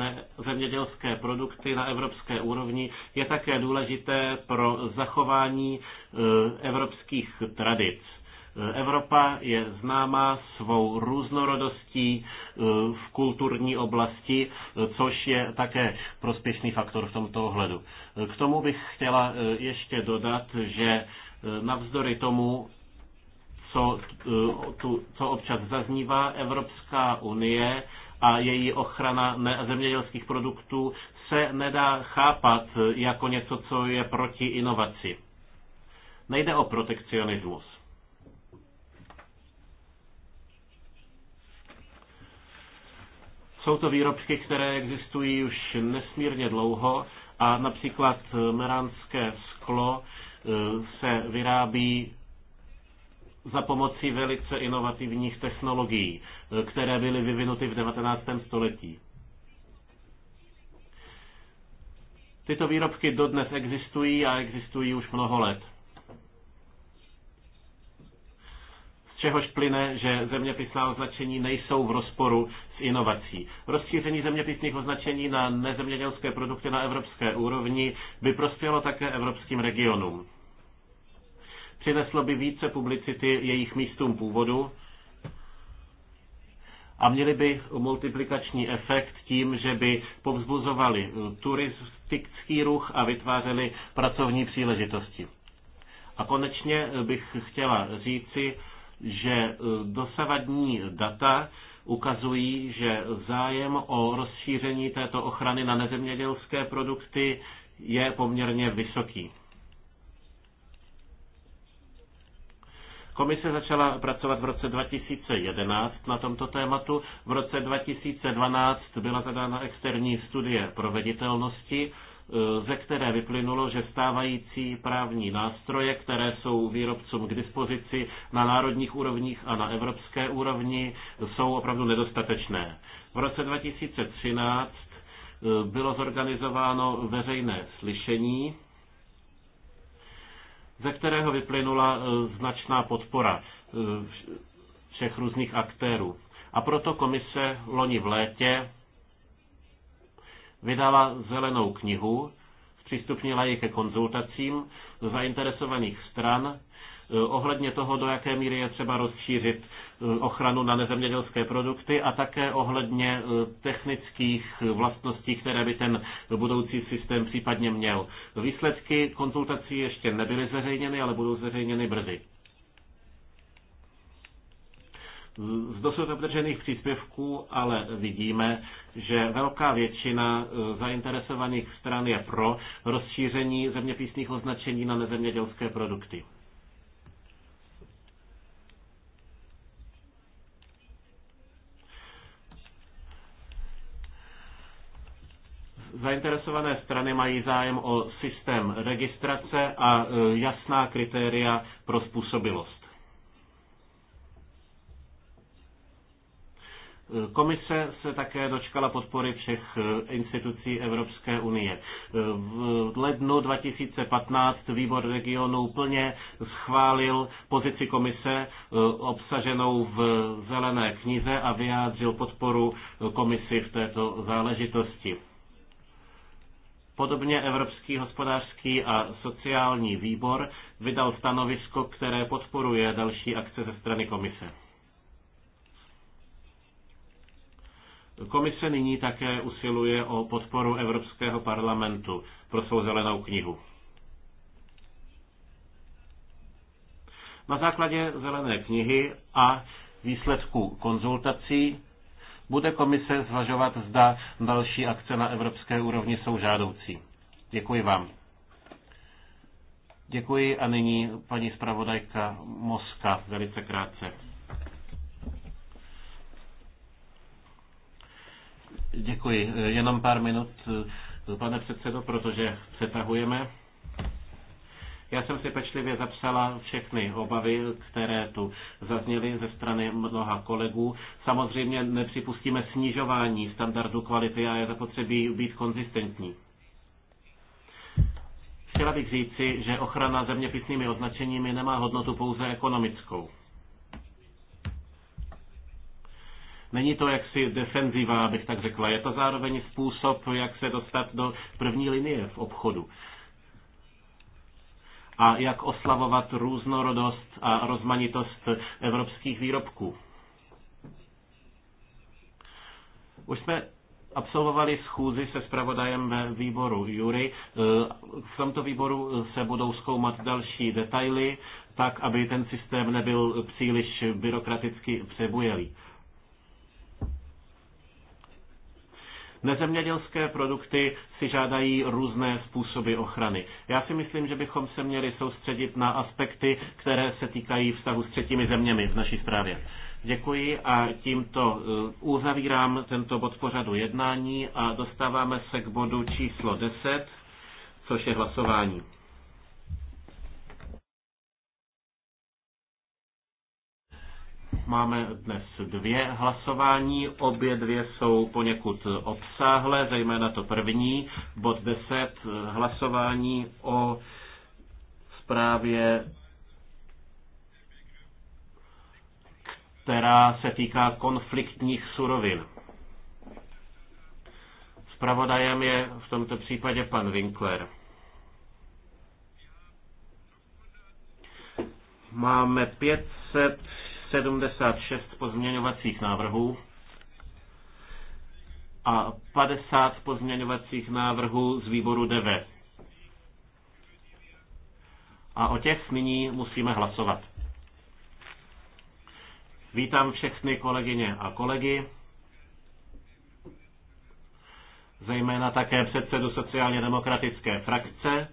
zemědělské produkty na evropské úrovni je také důležité pro zachování e, evropských tradic Evropa je známá svou různorodostí eh, v kulturní oblasti, eh, což je také prospěšný faktor v tomto ohledu. Eh, k tomu bych chtěla ještě dodat, že navzdory tomu, co, tu, co občas zaznívá, Evropská unie a její ochrana zemědělských produktů se nedá chápat jako něco, co je proti inovaci. Nejde o protekcionismus Jsou to výrobky, které existují už nesmírně dlouho a například eh, meránské sklo eh, se vyrábí za pomocí velice inovativních technologií, eh, které byly vyvinuty v 19. století. Tyto výrobky dodnes existují a existují už mnoho let. čehož plyne, že zeměpisná označení nejsou v rozporu s inovací. Rozšíření zeměpisných označení na nezemědělské produkty na evropské úrovni by prospělo také evropským regionům. Přineslo by více publicity jejich místům původu, a měli by multiplikační efekt tím, že by povzbuzovali turistický ruch a vytvářeli pracovní příležitosti. A konečně bych chtěla říci, že e, dosavadní data ukazují, že zájem o rozšíření této ochrany na nezemědělské produkty je poměrně vysoký. Komise začala pracovat v roce 2011 na tomto tématu. V roce 2012 byla zadána externí studie proveditelnosti Eh, ze které vyplynulo, že stávající právní nástroje, které jsou výrobcům k dispozici na národních úrovních a na evropské úrovni, jsou opravdu nedostatečné. V roce 2013 eh, bylo zorganizováno veřejné slyšení, ze kterého vyplynula eh, značná podpora všech různých aktérů. A proto komise loni v létě vydala zelenou knihu, přistupnila ji ke konzultacím zainteresovaných stran e, ohledně toho, do jaké míry je třeba rozšířit e, ochranu na nezemědělské produkty a také ohledně e, technických vlastností, které by ten budoucí systém případně měl. Výsledky konzultací ještě nebyly zveřejněny, ale budou zveřejněny brzy. Z dosud obdržených příspěvků ale vidíme, že velká většina e, zainteresovaných stran je pro rozšíření zeměpisných označení na nezemědělské produkty. zainteresované strany mají zájem o systém registrace a e, jasná kritéria pro způsobilost. Komise se také dočkala podpory všech eh, institucí Evropské unie. Eh, v lednu 2015 výbor regionů plně schválil pozici komise eh, obsaženou v zelené knize a vyjádřil podporu komisi v této záležitosti. Podobně Evropský hospodářský a sociální výbor vydal stanovisko, které podporuje další akce ze strany komise. Komise nyní také usiluje o podporu Evropského parlamentu pro svou zelenou knihu. Na základě zelené knihy a výsledků konzultací bude komise zvažovat, zda další akce na evropské úrovni jsou žádoucí. Děkuji vám. Děkuji a nyní paní zpravodajka Moska velice krátce. Děkuji. Jenom pár minut, pane předsedo, protože přetahujeme. Já jsem si pečlivě zapsala všechny obavy, které tu zazněly ze strany mnoha kolegů. Samozřejmě nepřipustíme snižování standardu kvality a je zapotřebí být konzistentní. Chtěla bych říci, že ochrana zeměpisnými označeními nemá hodnotu pouze ekonomickou. Není to jaksi defenziva, abych tak řekla. Je to zároveň způsob, jak se dostat do první linie v obchodu a jak oslavovat různorodost a rozmanitost evropských výrobků. Už jsme absolvovali schůzi se zpravodajem ve výboru Jury. V tomto výboru se budou zkoumat další detaily, tak aby ten systém nebyl příliš byrokraticky přebujelý. Nezemědělské produkty si žádají různé způsoby ochrany. Já si myslím, že bychom se měli soustředit na aspekty, které se týkají vztahu s třetími zeměmi v naší zprávě. Děkuji a tímto eh, uzavírám tento bod pořadu jednání a dostáváme se k bodu číslo 10, což je hlasování. Máme dnes dvě hlasování, obě dvě jsou poněkud obsáhlé, zejména to první, bod 10, hlasování o zprávě, která se týká konfliktních surovin. Spravodajem je v tomto případě pan Winkler. Máme 500 76 pozměňovacích návrhů a 50 pozměňovacích návrhů z výboru DV. A o těch nyní musíme hlasovat. Vítám všechny kolegyně a kolegy, zejména také předsedu sociálně demokratické frakce,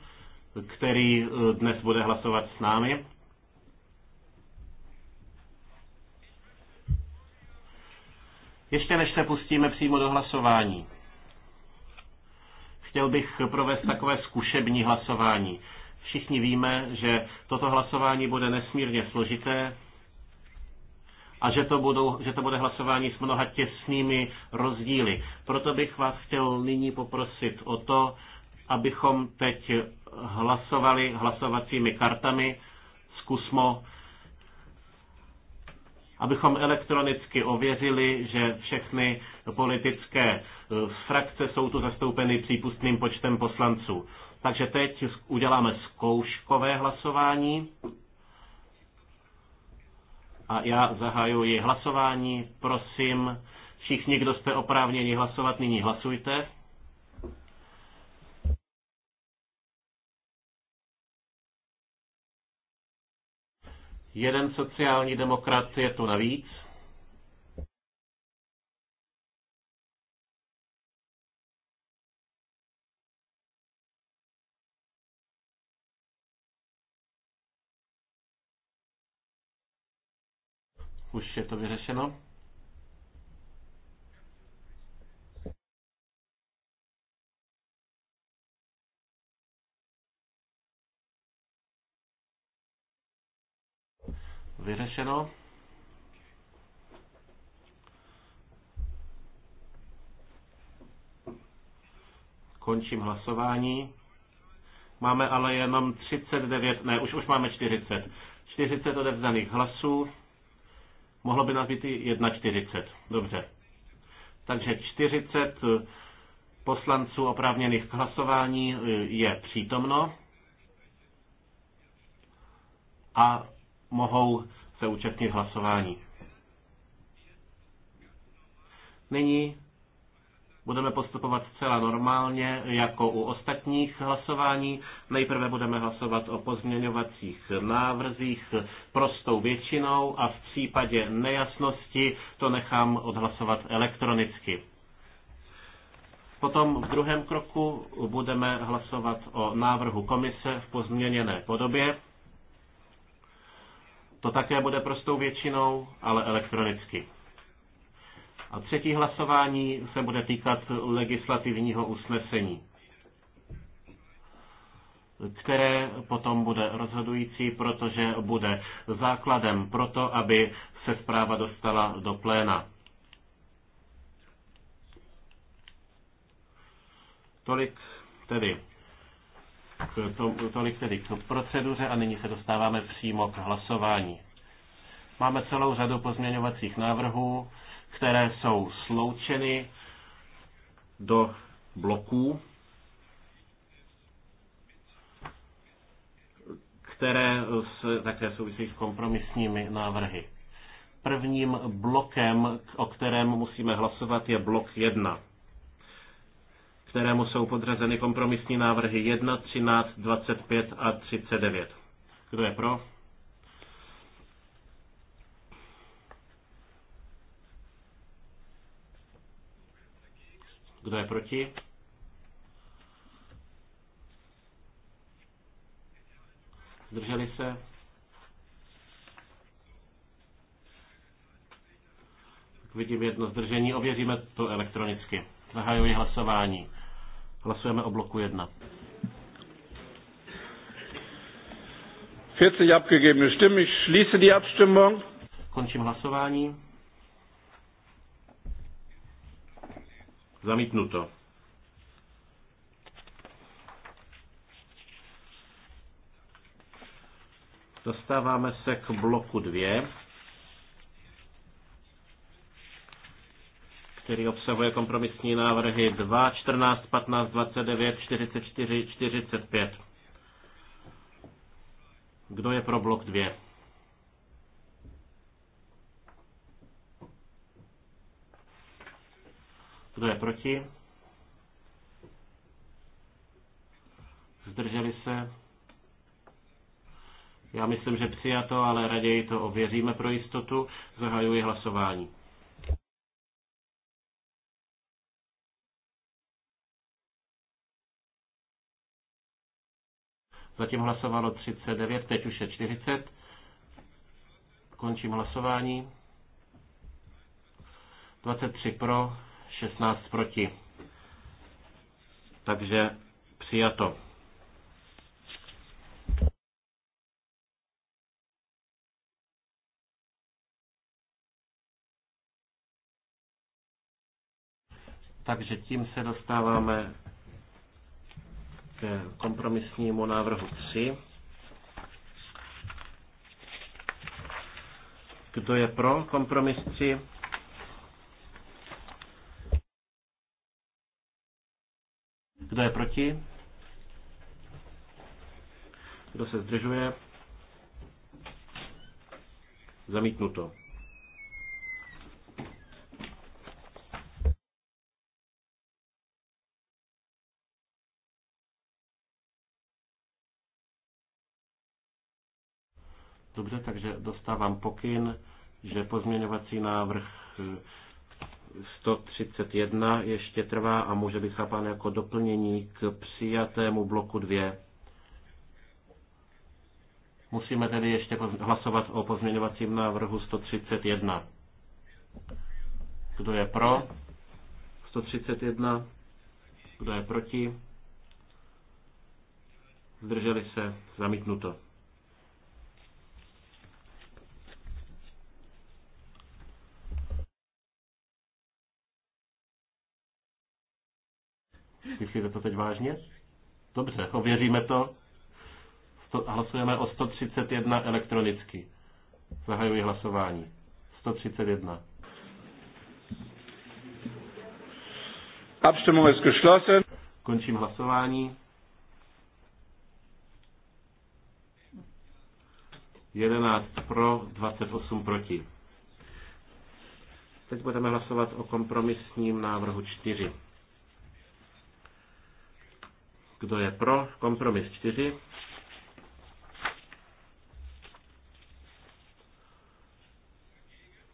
který eh, dnes bude hlasovat s námi. Ještě než se pustíme přímo do hlasování, chtěl bych provést takové zkušební hlasování. Všichni víme, že toto hlasování bude nesmírně složité a že to, budou, že to bude hlasování s mnoha těsnými rozdíly. Proto bych vás chtěl nyní poprosit o to, abychom teď hlasovali hlasovacími kartami. Zkusmo abychom elektronicky ověřili, že všechny politické e, frakce jsou tu zastoupeny přípustným počtem poslanců. Takže teď uděláme zkouškové hlasování. A já zahajuji hlasování. Prosím, všichni, kdo jste oprávněni hlasovat, nyní hlasujte. Jeden sociální demokrat je tu navíc. Už je to vyřešeno? vyřešeno. Končím hlasování. Máme ale jenom 39, ne, už, už máme 40. 40 odevzdaných hlasů. Mohlo by nás být i 41. Dobře. Takže 40 poslanců oprávněných k hlasování eh, je přítomno. A mohou se účastnit hlasování. Nyní budeme postupovat zcela normálně, jako u ostatních hlasování. Nejprve budeme hlasovat o pozměňovacích návrzích prostou většinou a v případě nejasnosti to nechám odhlasovat elektronicky. Potom v druhém kroku budeme hlasovat o návrhu komise v pozměněné podobě. To také bude prostou většinou, ale elektronicky. A třetí hlasování se bude týkat legislativního usnesení, které potom bude rozhodující, protože bude základem pro to, aby se zpráva dostala do pléna. Tolik tedy to, tolik tedy k proceduře a nyní se dostáváme přímo k hlasování. Máme celou řadu pozměňovacích návrhů, které jsou sloučeny do bloků, které se také souvisí s kompromisními návrhy. Prvním blokem, o kterém musíme hlasovat, je blok 1 kterému jsou podřazeny kompromisní návrhy 1, 13, 25 a 39. Kdo je pro? Kdo je proti? Zdrželi se? Tak vidím jedno zdržení. Ověříme to elektronicky. Zahajuji hlasování. Hlasujeme o bloku 1. 40 abgegebene Stimmen. Ich schließe die Abstimmung. Končím hlasování. Zamítnuto. Dostáváme se k bloku 2. který obsahuje kompromisní návrhy 2, 14, 15, 29, 44, 45. Kdo je pro blok 2? Kdo je proti? Zdrželi se? Já myslím, že přijato, ale raději to ověříme pro jistotu. Zahajuji hlasování. Zatím hlasovalo 39, teď už je 40. Končím hlasování. 23 pro, 16 proti. Takže přijato. Takže tím se dostáváme kompromisnímu návrhu 3. Kdo je pro kompromis 3? Kdo je proti? Kdo se zdržuje? Zamítnuto. Dobře, takže dostávám pokyn, že pozměňovací návrh 131 eh, ještě trvá a může být chápán jako doplnění k přijatému bloku 2. Musíme tedy ještě hlasovat o pozměňovacím návrhu 131. Kdo je pro? 131. Kdo je proti? Zdrželi se? Zamítnuto. Myslíte to teď vážně? Dobře, ověříme to. Sto, hlasujeme o 131 elektronicky. Zahajuji hlasování. 131. Abstimmung ist geschlossen. Končím hlasování. 11 pro, 28 proti. Teď budeme hlasovat o kompromisním návrhu 4. Kdo je pro? Kompromis 4.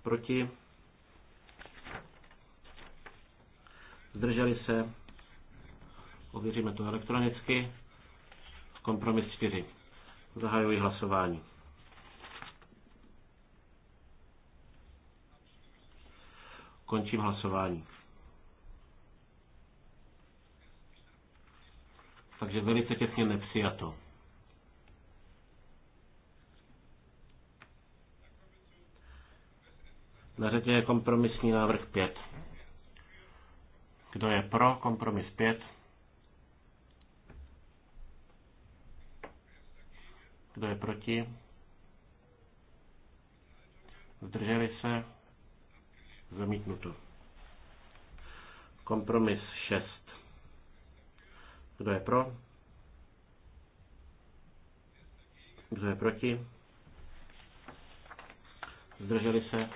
Proti? Zdrželi se? Ověříme to elektronicky. Kompromis 4. Zahajuji hlasování. Končím hlasování. Takže velice těsně nepřijato. Na řadě je kompromisní návrh 5. Kdo je pro kompromis 5? Kdo je proti? Zdrželi se? Zamítnuto. Kompromis 6. Kdo je pro? Kdo je proti? Zdrželi se?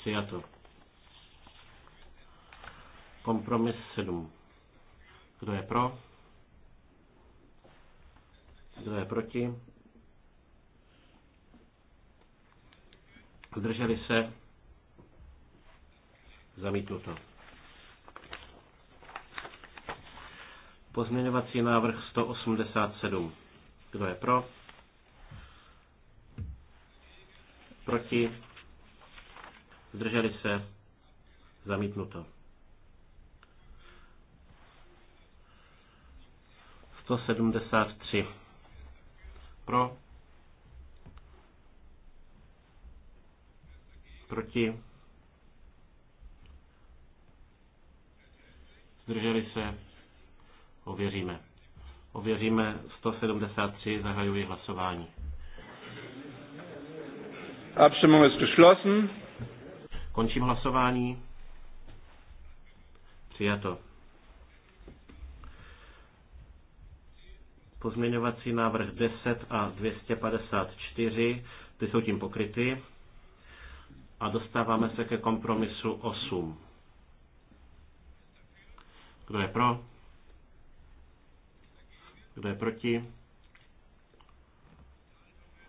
Přijato. Kompromis 7. Kdo je pro? Kdo je proti? Zdrželi se? Zamítnuto. Pozměňovací návrh 187. Kdo je pro? Proti? Zdrželi se? Zamítnuto. 173. Pro? Proti? Zdrželi se? Ověříme. Ověříme 173, zahajuji hlasování. Abstimmung ist geschlossen. Končím hlasování. Přijato. Pozměňovací návrh 10 a 254, ty jsou tím pokryty. A dostáváme se ke kompromisu 8. Kdo je pro? Kdo je proti?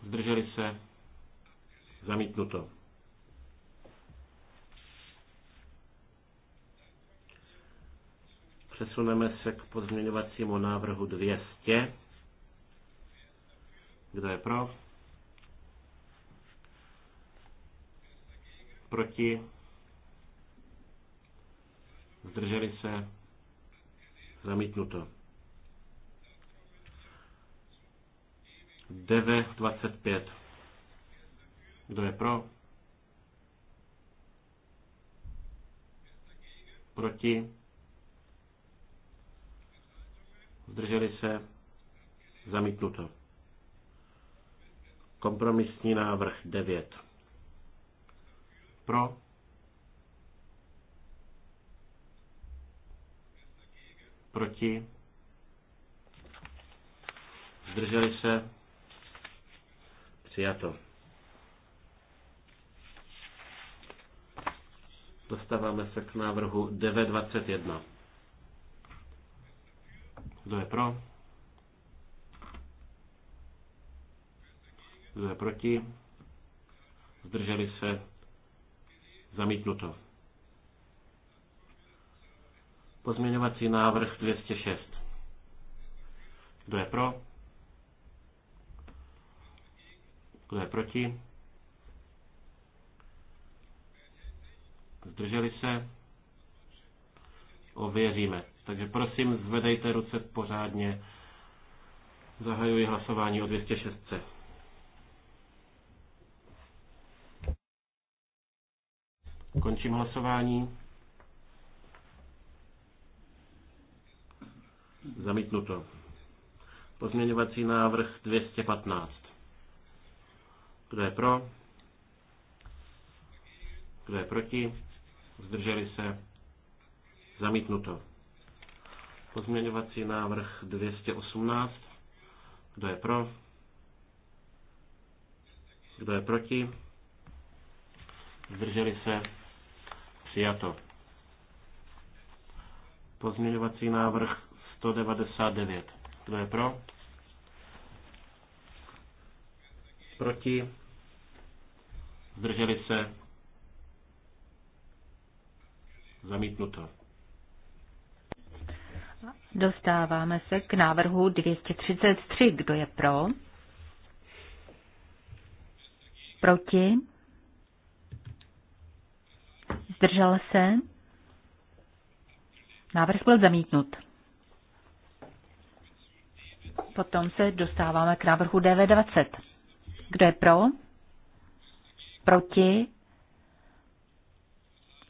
Zdrželi se? Zamítnuto. Přesuneme se k pozměňovacímu návrhu 200. Kdo je pro? Proti? Zdrželi se? Zamítnuto. 9.25. Kdo je pro? Proti? Zdrželi se? Zamítnuto. Kompromisní návrh 9. Pro? Proti? Zdrželi se? Přijato. Dostáváme se k návrhu 921. Kdo je pro? Kdo je proti? Zdrželi se? Zamítnuto. Pozměňovací návrh 206. Kdo je pro? Kdo je proti? Zdrželi se? Ověříme. Takže prosím, zvedejte ruce pořádně. Zahajuji hlasování o 206. Končím hlasování. Zamítnuto. Pozměňovací návrh 215. Kdo je pro? Kdo je proti? Zdrželi se? Zamítnuto. Pozměňovací návrh 218. Kdo je pro? Kdo je proti? Zdrželi se? Přijato. Pozměňovací návrh 199. Kdo je pro? Proti? Zdrželi se? Zamítnuto. Dostáváme se k návrhu 233. Kdo je pro? Proti? Zdržel se? Návrh byl zamítnut. Potom se dostáváme k návrhu DV20. Kdo je pro? Proti?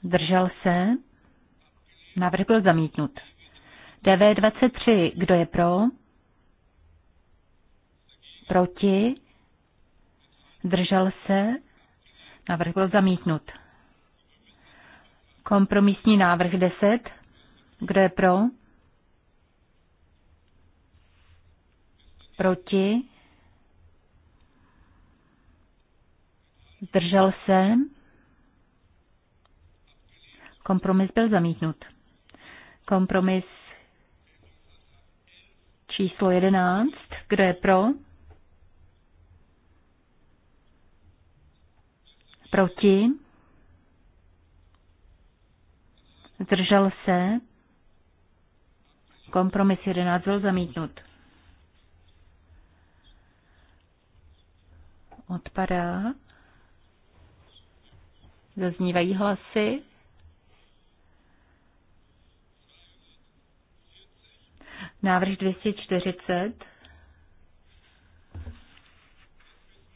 Držel se? Návrh byl zamítnut. DV23. Kdo je pro? Proti? Držel se? Návrh byl zamítnut. Kompromisní návrh 10. Kdo je pro? Proti? Zdržel se? Kompromis byl zamítnut. Kompromis číslo 11. Kdo je pro? Proti? Zdržel se? Kompromis 11 byl zamítnut. Odpadá. Zaznívají hlasy. Návrh 240.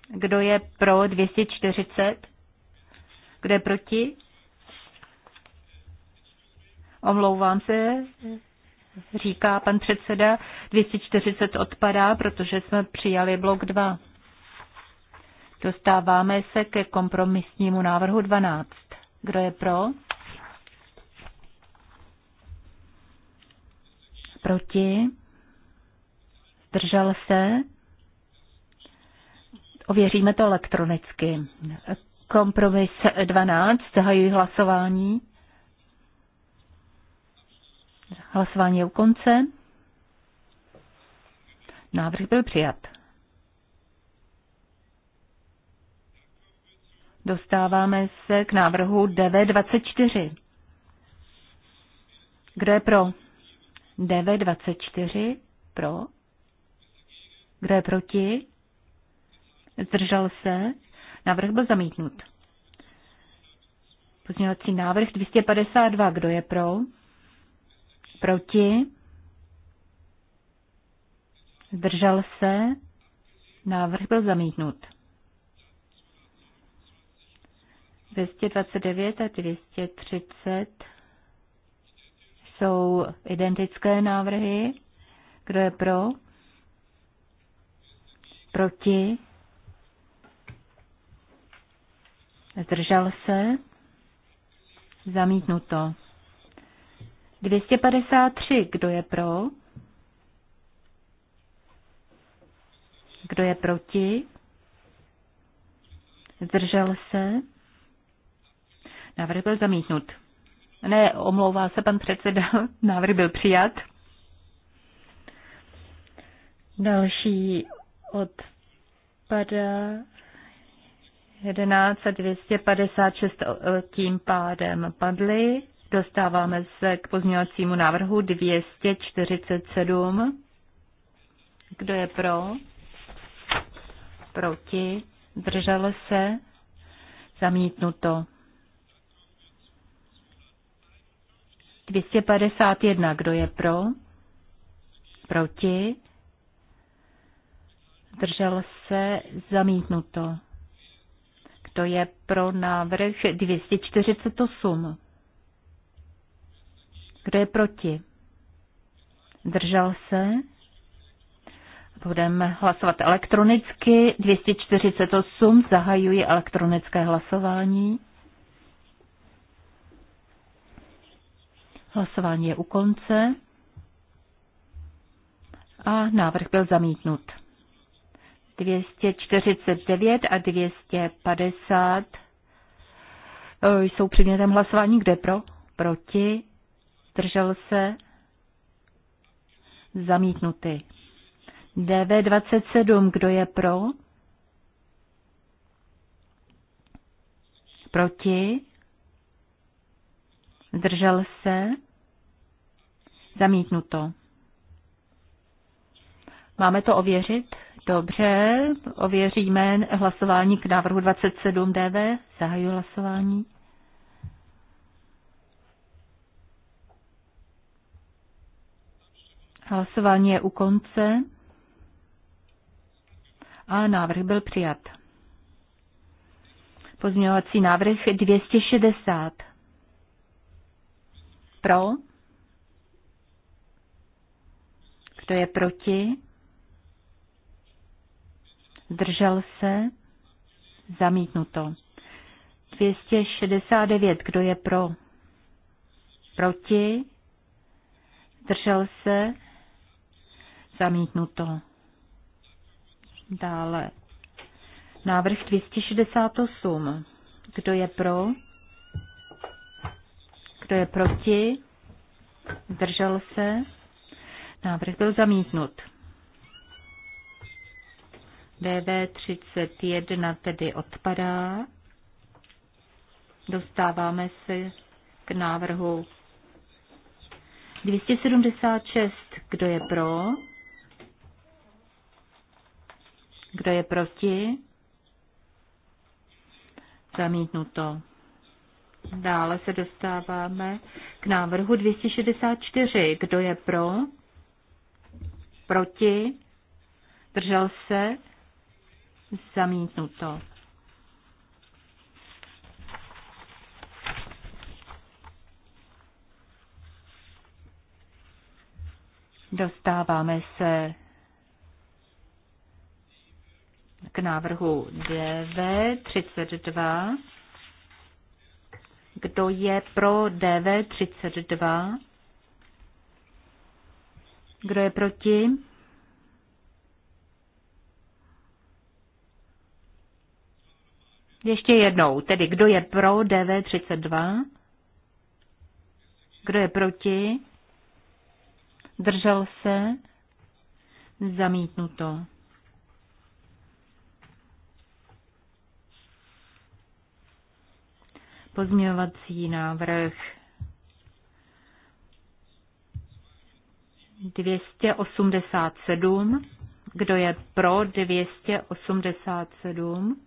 Kdo je pro 240? Kdo je proti? Omlouvám se, říká pan předseda. 240 odpadá, protože jsme přijali blok 2. Dostáváme se ke kompromisnímu návrhu 12. Kdo je pro? Proti? Zdržel se? Ověříme to elektronicky. Kompromis 12. Zahajuji hlasování. Hlasování je u konce. Návrh byl přijat. Dostáváme se k návrhu DV24. Kdo je pro? DV24 pro. Kdo je proti? Zdržel se? Návrh byl zamítnut. Pozměňovací návrh 252. Kdo je pro? Proti? Zdržel se? Návrh byl zamítnut. 229 a 230 jsou identické návrhy. Kdo je pro? Proti? Zdržel se? Zamítnuto. 253. Kdo je pro? Kdo je proti? Zdržel se? Návrh byl zamítnut. Ne, omlouvá se pan předseda, [laughs] návrh byl přijat. Další odpadá 11 a 256 tím pádem padly. Dostáváme se k pozměňovacímu návrhu 247. Kdo je pro? Proti? Drželo se? Zamítnuto. 251. Kdo je pro? Proti? Držel se zamítnuto. Kdo je pro návrh 248? Kdo je proti? Držel se? Budeme hlasovat elektronicky. 248 zahajuji elektronické hlasování. Hlasování je u konce a návrh byl zamítnut. 249 a 250 eh, jsou předmětem hlasování. Kde pro? Proti? Držel se? Zamítnuty. DV27, kdo je pro? Proti? Zdržel se? Zamítnuto. Máme to ověřit? Dobře, ověříme hlasování k návrhu 27 DV. Zahajuji hlasování. Hlasování je u konce a návrh byl přijat. Pozměňovací návrh 260 pro? Kdo je proti? Zdržel se? Zamítnuto. 269. Kdo je pro? Proti? Zdržel se? Zamítnuto. Dále. Návrh 268. Kdo je pro? Kdo je proti? Zdržel se? Návrh byl zamítnut. DV31 tedy odpadá. Dostáváme se k návrhu 276. Kdo je pro? Kdo je proti? Zamítnuto. Dále se dostáváme k návrhu 264. Kdo je pro? Proti? Držel se? Zamítnuto. Dostáváme se k návrhu 932. 32. Kdo je pro DV 32? Kdo je proti? Ještě jednou, tedy kdo je pro DV32? Kdo je proti? Držel se? Zamítnuto. Pozměňovací návrh 287. Kdo je pro 287?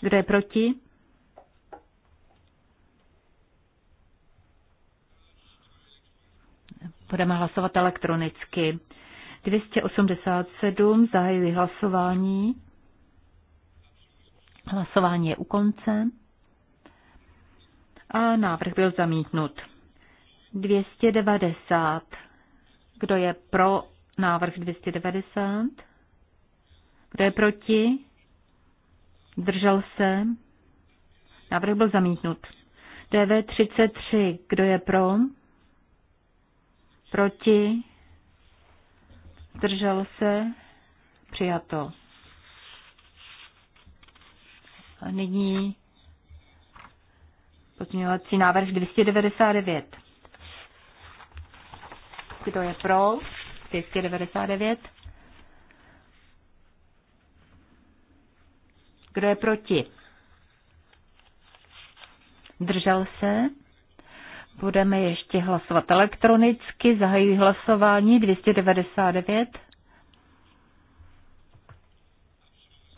Kdo je proti? Budeme hlasovat elektronicky. 287 zahajuji hlasování. Hlasování je u konce. A návrh byl zamítnut. 290. Kdo je pro návrh 290? Kdo je proti? Držel se? Návrh byl zamítnut. DV33. Kdo je pro? Proti? Držel se? Přijato nyní pozměňovací návrh 299. Kdo je pro? 299. Kdo je proti? Držel se? Budeme ještě hlasovat elektronicky. Zahajuji hlasování 299.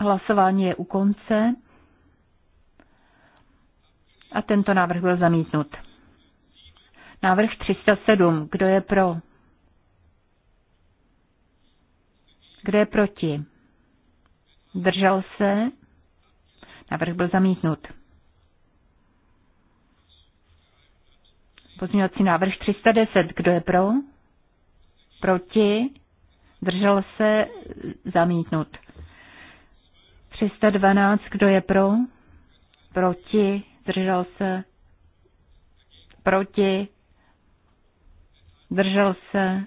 Hlasování je u konce. A tento návrh byl zamítnut. Návrh 307. Kdo je pro? Kdo je proti? Držel se? Návrh byl zamítnut. Pozměňovací návrh 310. Kdo je pro? Proti? Držel se? Zamítnut. 312. Kdo je pro? Proti? držel se, proti, držel se,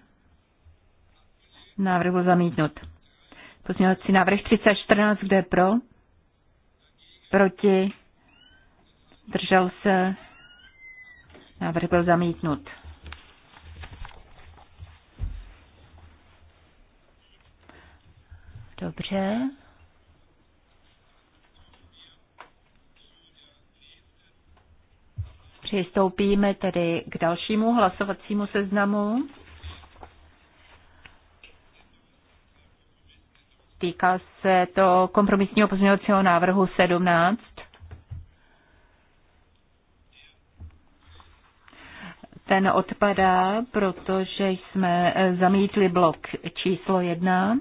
návrh byl zamítnut. Pozměňovací návrh 3014, kde je pro, proti, držel se, návrh byl zamítnut. Dobře. Přistoupíme tedy k dalšímu hlasovacímu seznamu. Týká se to kompromisního pozměňovacího návrhu 17. Ten odpadá, protože jsme zamítli blok číslo 1.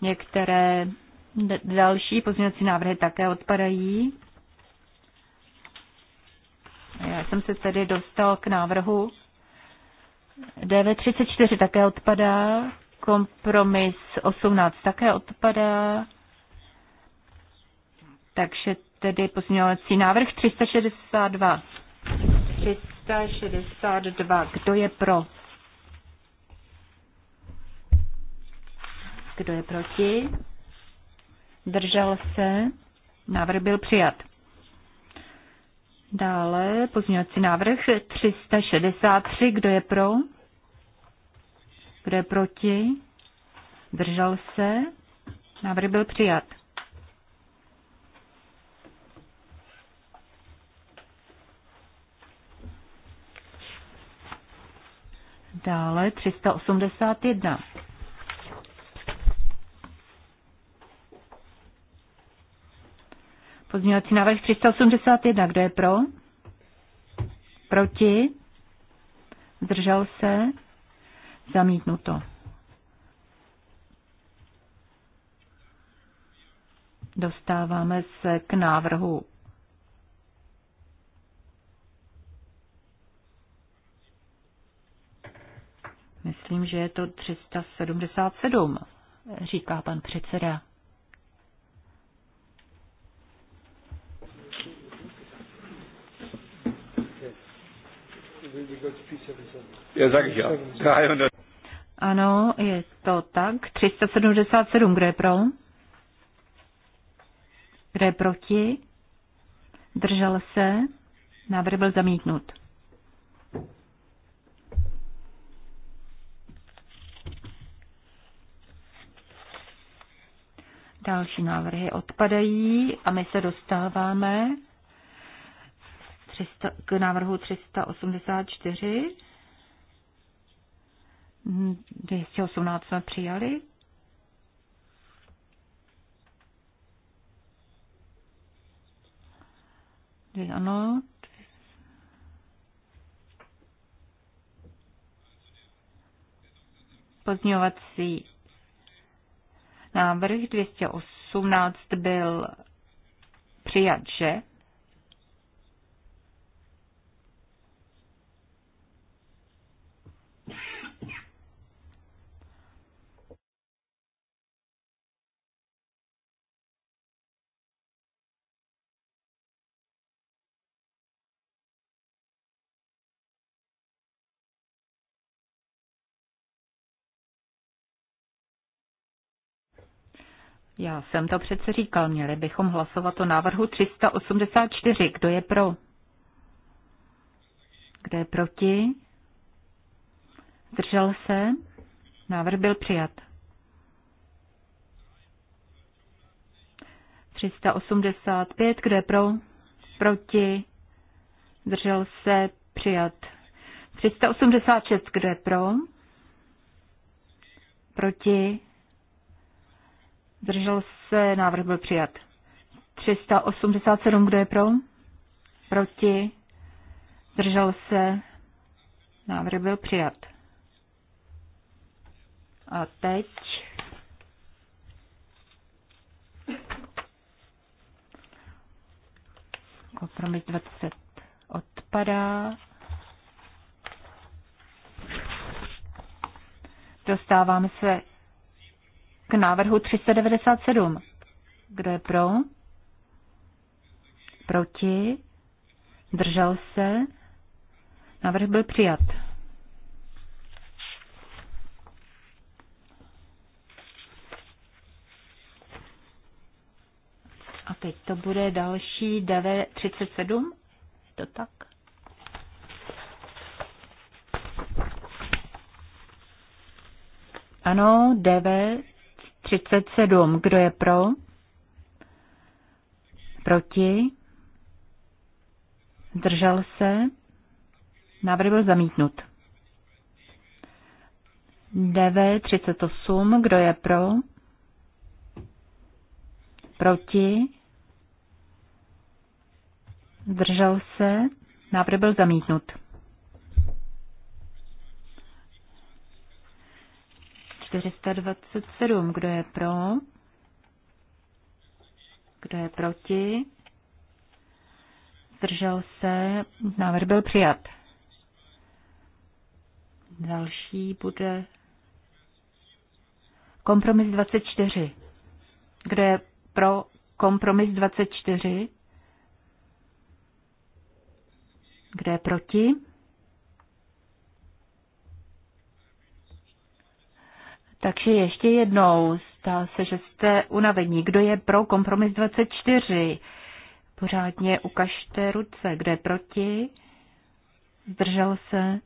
Některé další pozměňovací návrhy také odpadají. Já jsem se tedy dostal k návrhu. DV34 také odpadá, kompromis 18 také odpadá, takže tedy pozměňovací návrh 362. 362. Kdo je pro? Kdo je proti? Držel se? Návrh byl přijat. Dále pozměňovací návrh 363. Kdo je pro? Kdo je proti? Držel se? Návrh byl přijat. Dále 381. Pozměňovací návrh 381. Kdo je pro? Proti? Zdržel se? Zamítnuto. Dostáváme se k návrhu Myslím, že je to 377, říká pan předseda. Já sag jo. Ano, je to tak. 377, kdo je pro? Kdo je proti? Držel se? Návrh byl zamítnut. Další návrhy odpadají a my se dostáváme 300, k návrhu 384. 218 jsme přijali. Ano. Pozměňovací návrh 218 byl přijat, že? Já jsem to přece říkal, měli bychom hlasovat o návrhu 384. Kdo je pro? Kdo je proti? Zdržel se? Návrh byl přijat. 385. Kdo je pro? Proti? Zdržel se? Přijat. 386. Kdo je pro? Proti? Zdržel se, návrh byl přijat. 387, kdo je pro? Proti? Zdržel se, návrh byl přijat. A teď kompromis 20 odpadá. Dostáváme se k návrhu 397. Kdo je pro? Proti? Držel se? Návrh byl přijat. A teď to bude další DV37? Je to tak? Ano, DV 37. Kdo je pro? Proti? Zdržel se? Návrh byl zamítnut. DV 38. Kdo je pro? Proti? Zdržel se? Návrh byl zamítnut. 427. Kdo je pro? Kdo je proti? Zdržel se. Návrh byl přijat. Další bude kompromis 24. Kdo je pro kompromis 24? Kdo je proti? Takže ještě jednou, stá se, že jste unavení. Kdo je pro kompromis 24? Pořádně ukažte ruce. kde je proti? Zdržel se?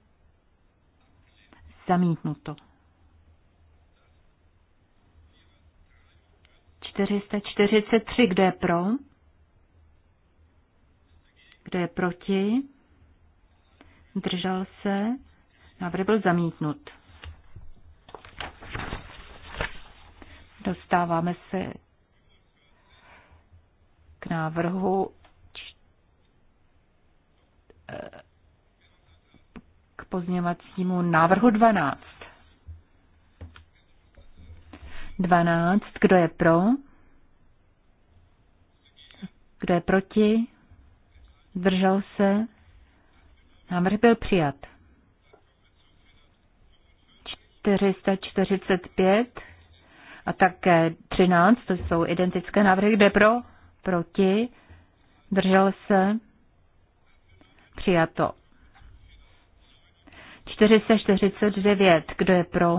Zamítnuto. 443. kde je pro? Kde je proti? Držel se? Návrh byl zamítnut. Dostáváme se k návrhu k pozněvacímu návrhu 12. 12. Kdo je pro? Kdo je proti? Zdržel se? Návrh byl přijat. 445 a také 13, to jsou identické návrhy, kde pro, proti, držel se, přijato. 449, kdo je pro,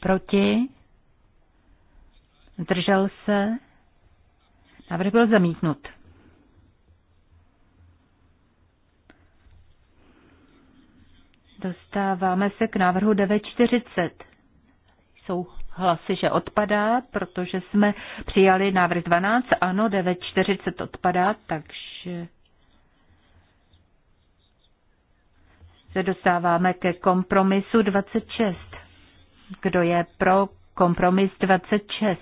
proti, držel se, návrh byl zamítnut. Dostáváme se k návrhu 940 jsou hlasy, že odpadá, protože jsme přijali návrh 12, ano, 9.40 odpadá, takže se dostáváme ke kompromisu 26. Kdo je pro kompromis 26?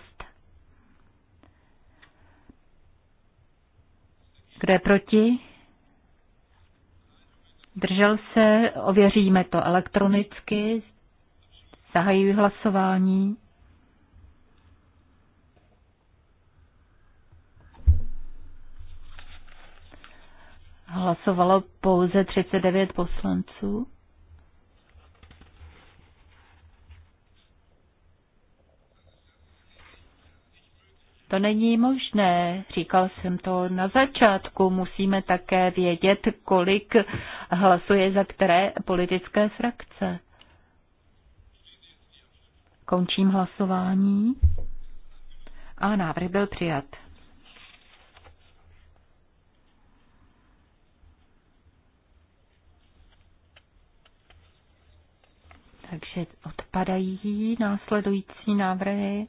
Kdo je proti? Držel se, ověříme to elektronicky, Zahajuji hlasování. Hlasovalo pouze 39 poslanců. To není možné, říkal jsem to na začátku. Musíme také vědět, kolik hlasuje za které politické frakce. Končím hlasování. A návrh byl přijat. Takže odpadají následující návrhy.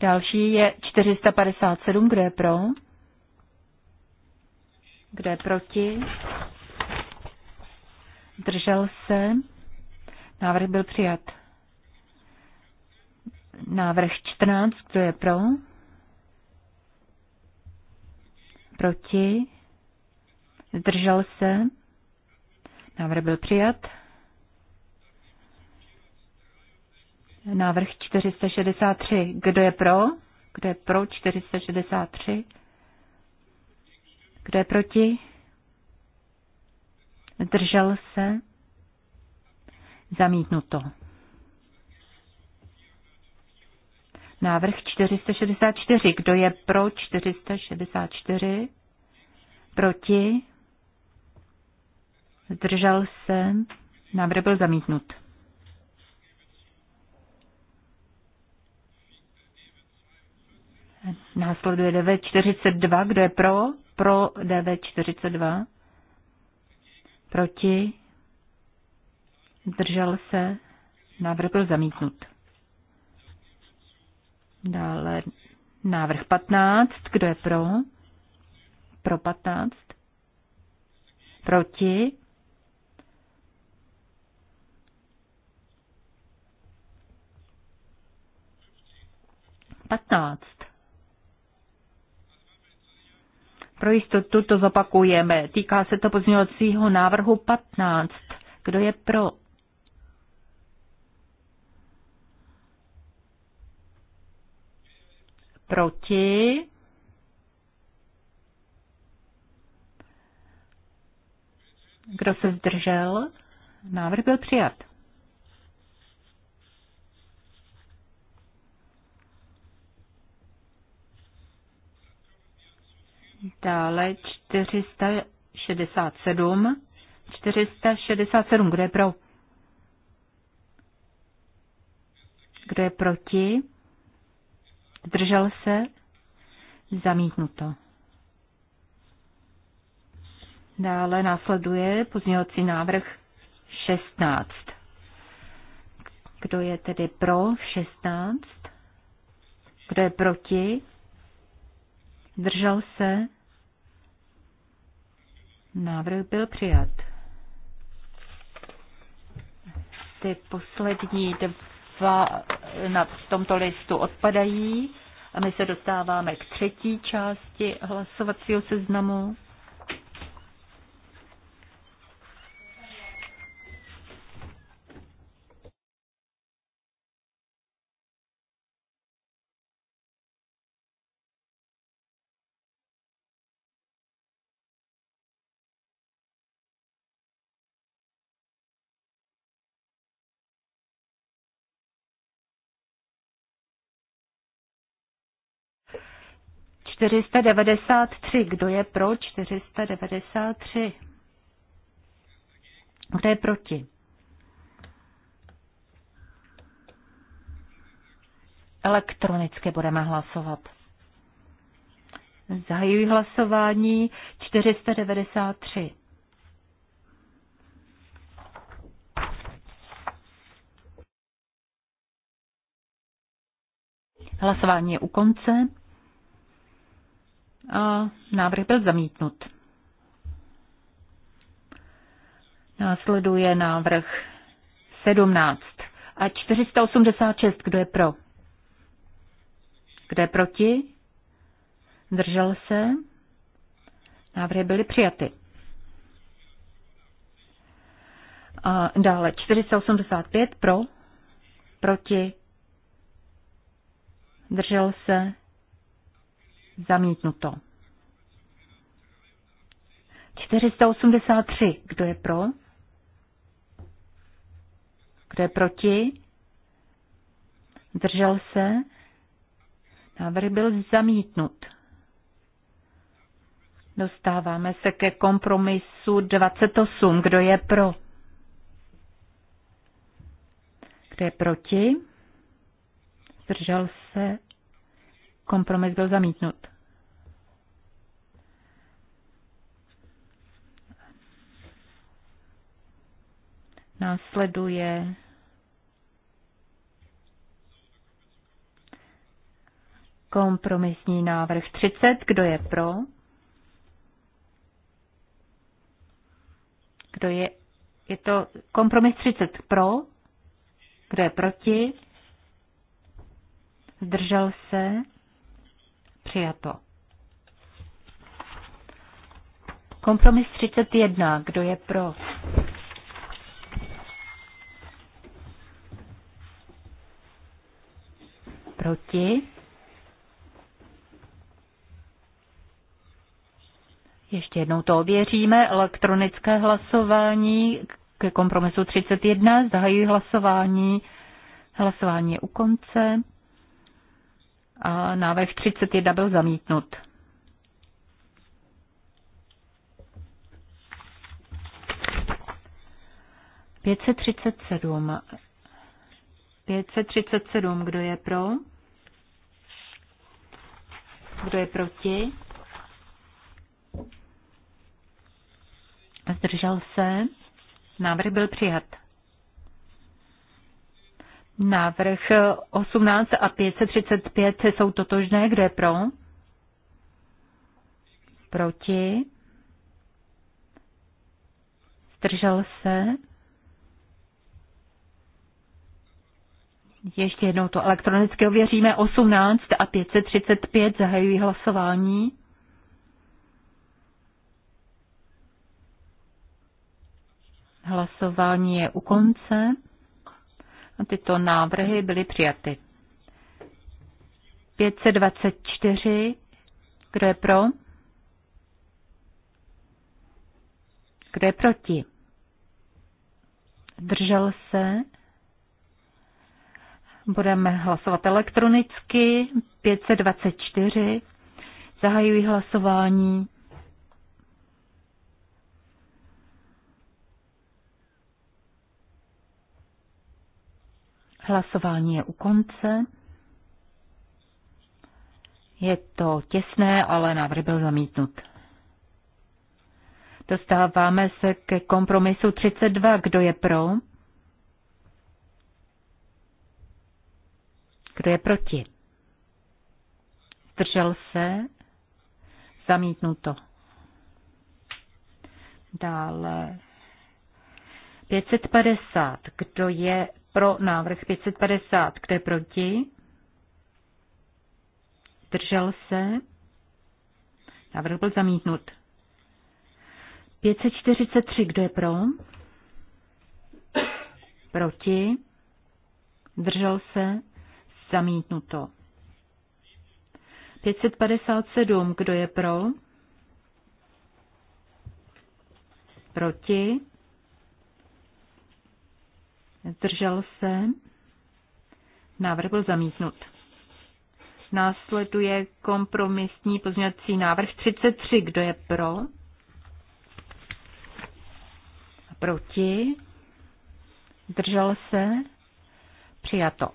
Další je 457, kdo je pro? Kdo je proti? Držel se? Návrh byl přijat. Návrh 14. Kdo je pro? Proti? Zdržel se? Návrh byl přijat. Návrh 463. Kdo je pro? Kdo je pro 463? Kdo je proti? Zdržel se? Zamítnuto. Návrh 464. Kdo je pro 464? Proti? Zdržel se? Návrh byl zamítnut. Následuje 942. Kdo je pro? pro DV42, proti, zdržel se, návrh byl zamítnut. Dále návrh 15, kdo je pro? Pro 15. Proti? Patnáct. Pro jistotu to zopakujeme. Týká se to pozměňovacího návrhu 15. Kdo je pro? Proti? Kdo se zdržel? Návrh byl přijat. Dále 467. 467, kdo je pro? Kdo je proti? Zdržel se? Zamítnuto. Dále následuje pozměňovací návrh 16. Kdo je tedy pro 16? Kdo je proti? Zdržel se? Návrh byl přijat. Ty poslední dva na tomto listu odpadají a my se dostáváme k třetí části hlasovacího seznamu. 493. Kdo je pro 493? Kdo je proti? Elektronicky budeme hlasovat. Zahajuji hlasování 493. Hlasování je u konce a návrh byl zamítnut. Následuje návrh 17 a 486. Kdo je pro? Kdo je proti? Držel se? Návrhy byly přijaty. A dále 485 pro, proti, držel se, Zamítnuto. 483. Kdo je pro? Kdo je proti? Držel se? Návrh byl zamítnut. Dostáváme se ke kompromisu 28. Kdo je pro? Kdo je proti? Zdržel se? Kompromis byl zamítnut. Následuje kompromisní návrh 30. Kdo je pro? Kdo je, je to kompromis 30 pro? Kdo je proti? Zdržel se? Přijato. Kompromis 31. Kdo je pro? Proti? Ještě jednou to ověříme. Elektronické hlasování ke kompromisu 31. Zahajuji hlasování. Hlasování je u konce a návrh 31 byl zamítnut. Pětset třicet sedm. Pětset třicet sedm. Kdo je pro? Kdo je proti? Zdržel se? Návrh byl přijat. Návrh 18 a 535 jsou totožné. Kdo je pro? Proti? Zdržel se? Ještě jednou to elektronicky ověříme. 18 a 535 zahajují hlasování. Hlasování je u konce. Tyto návrhy byly přijaty. 524. Kdo je pro? Kdo je proti? Držel se? Budeme hlasovat elektronicky. 524. Zahajuji hlasování. Hlasování je u konce. Je to těsné, ale návrh byl zamítnut. Dostáváme se ke kompromisu 32. Kdo je pro? Kdo je proti? Zdržel se? Zamítnuto. Dále. 550. Kdo je pro návrh 550. Kdo je proti? Držel se? Návrh byl zamítnut. 543. Kdo je pro? Proti? Držel se? Zamítnuto. 557. Kdo je pro? Proti? zdržel se, návrh byl zamítnut. Následuje kompromisní pozměňovací návrh 33. Kdo je pro? Proti? Zdržel se? Přijato.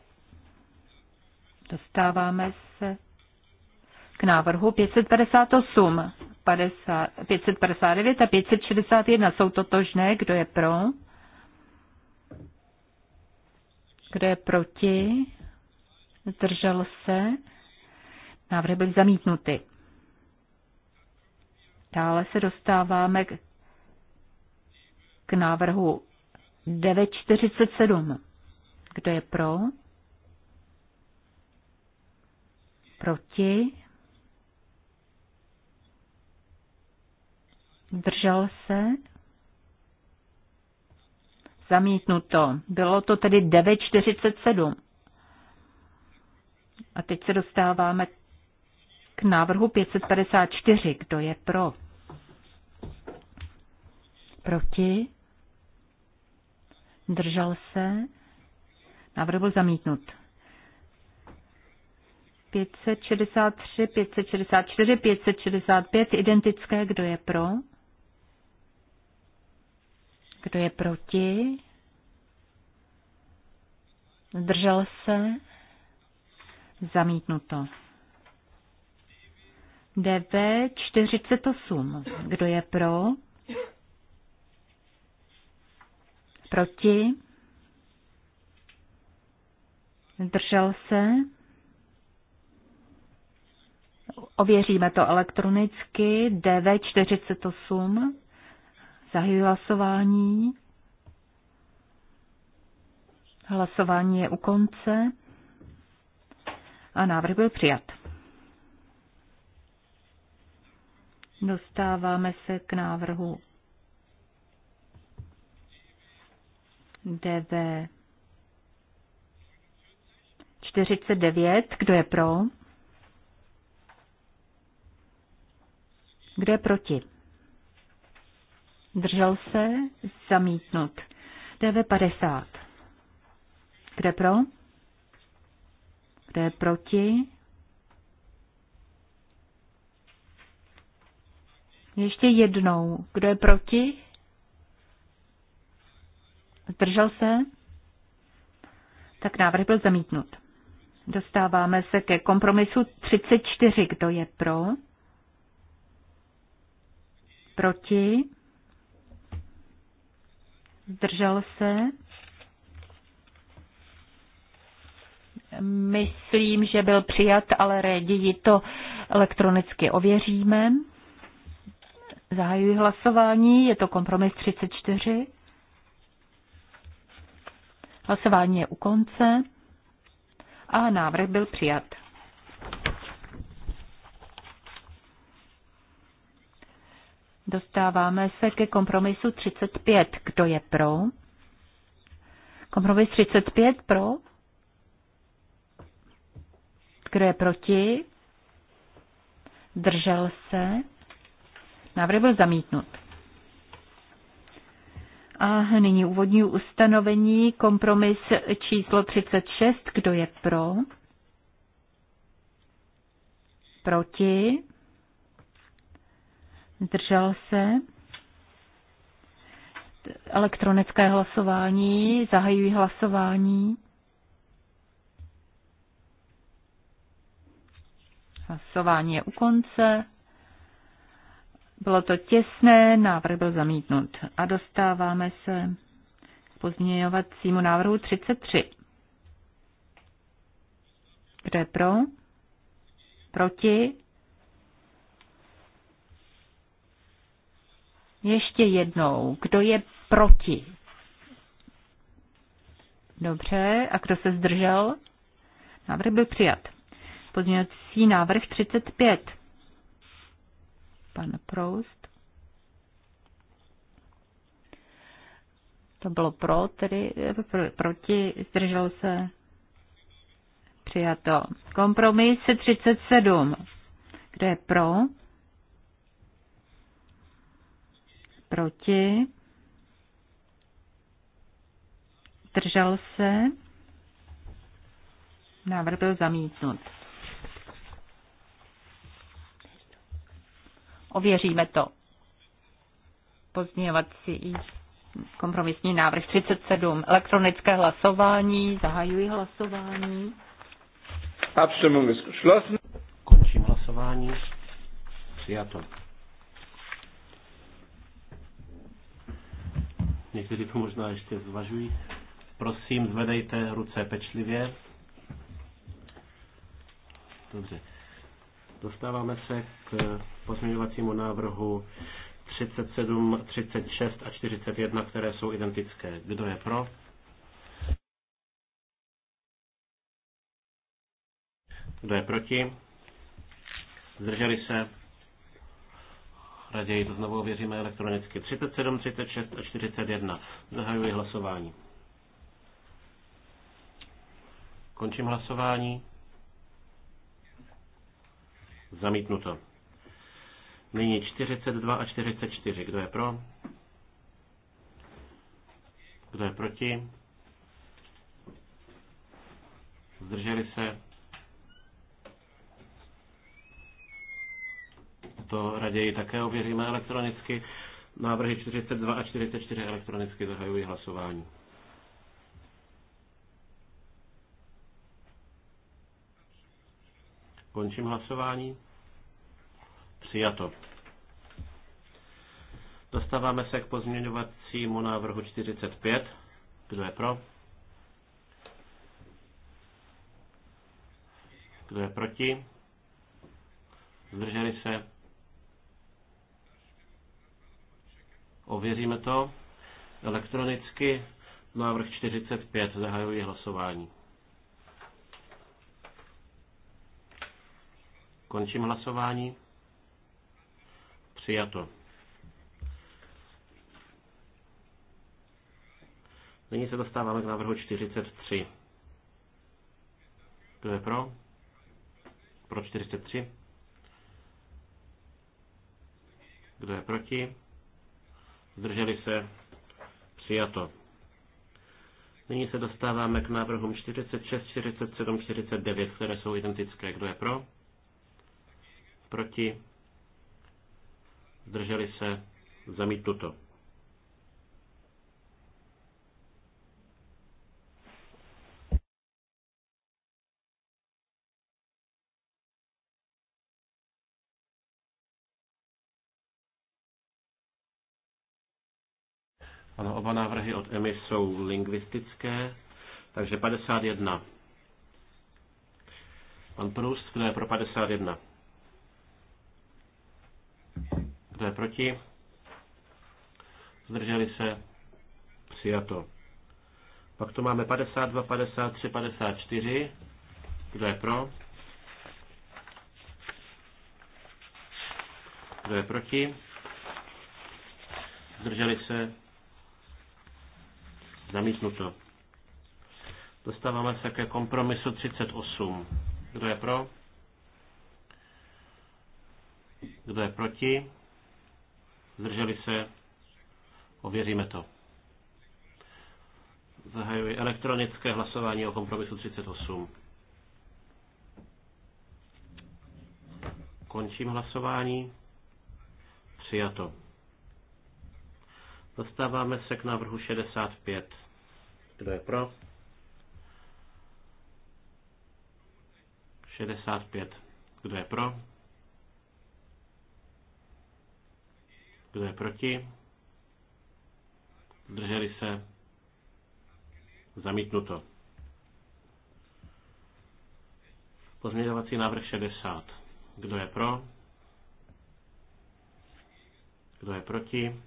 Dostáváme se k návrhu 558, 50, 559 a 561. Jsou totožné. Kdo je pro? Kdo je proti? Zdržel se? Návrhy byly zamítnuty. Dále se dostáváme k, k návrhu 947. Kdo je pro? Proti? Držel se? Zamítnuto. Bylo to tedy 9,47. A teď se dostáváme k návrhu 554. Kdo je pro? Proti? Držel se? Návrh byl zamítnut. 563, 564, 565 identické. Kdo je pro? Kdo je proti? Zdržel se? Zamítnuto. DV Kdo je pro? Proti? Zdržel se? Ověříme to elektronicky. DV 48. Zahajuji hlasování. Hlasování je u konce a návrh byl přijat. Dostáváme se k návrhu DV 49. Kdo je pro? Kdo je proti? Držel se? Zamítnut. DV50. Kde pro? Kde proti? Ještě jednou. Kdo je proti? Držel se? Tak návrh byl zamítnut. Dostáváme se ke kompromisu 34. Kdo je pro? Proti? zdržel se. Myslím, že byl přijat, ale raději to elektronicky ověříme. Zahajuji hlasování, je to kompromis 34. Hlasování je u konce a návrh byl přijat. Dostáváme se ke kompromisu 35. Kdo je pro? Kompromis 35 pro? Kdo je proti? Držel se? Návrh byl zamítnut. A nyní úvodní ustanovení, kompromis číslo 36. Kdo je pro? Proti? držel se, elektronické hlasování, zahajují hlasování. Hlasování je u konce. Bylo to těsné, návrh byl zamítnut. A dostáváme se k pozměňovacímu návrhu 33. Kdo je pro? Proti? Ještě jednou, kdo je proti? Dobře, a kdo se zdržel? Návrh byl přijat. Pozměňovací návrh 35. Pan Proust. To bylo pro, tedy pro, proti, zdržel se. Přijato. Kompromis 37. Kdo je pro? proti, držel se, návrh byl zamítnut. Ověříme to. Pozměňovací kompromisní návrh 37. Elektronické hlasování. Zahajuji hlasování. Abstimmung ist geschlossen. Končím hlasování. Přijato. Někteří to možná ještě zvažují. Prosím, zvedejte ruce pečlivě. Dobře. Dostáváme se k pozměňovacímu návrhu 37, 36 a 41, které jsou identické. Kdo je pro? Kdo je proti? Zdrželi se? Raději to znovu ověříme elektronicky. 37, 36 a 41. Zahajuji hlasování. Končím hlasování. Zamítnuto. Nyní 42 a 44. Kdo je pro? Kdo je proti? Zdrželi se? to raději také ověříme elektronicky. Návrhy 42 a 44 elektronicky zahajují hlasování. Končím hlasování. Přijato. Dostáváme se k pozměňovacímu návrhu 45. Kdo je pro? Kdo je proti? Zdrželi se? Ověříme to elektronicky. Návrh 45. Zahajuji hlasování. Končím hlasování. Přijato. Nyní se dostáváme k návrhu 43. Kdo je pro? Pro 43. Kdo je proti? zdrželi se, přijato. Nyní se dostáváme k návrhům 46, 47, 49, které jsou identické. Kdo je pro? Proti? Zdrželi se? Zamítnuto. Ano, oba návrhy od EMI jsou lingvistické, takže 51. Pan Proust, kdo je pro 51? Kdo je proti? Zdrželi se? Přijato. Pak tu máme 52, 53, 54. Kdo je pro? Kdo je proti? Zdrželi se? Zamítnuto. Dostáváme se ke kompromisu 38. Kdo je pro? Kdo je proti? Zdrželi se? Ověříme to. Zahajuji elektronické hlasování o kompromisu 38. Končím hlasování. Přijato. Dostáváme se k návrhu 65. Kdo je pro? 65. Kdo je pro? Kdo je proti? Zdrželi se? Zamítnuto. Pozměňovací návrh 60. Kdo je pro? Kdo je proti?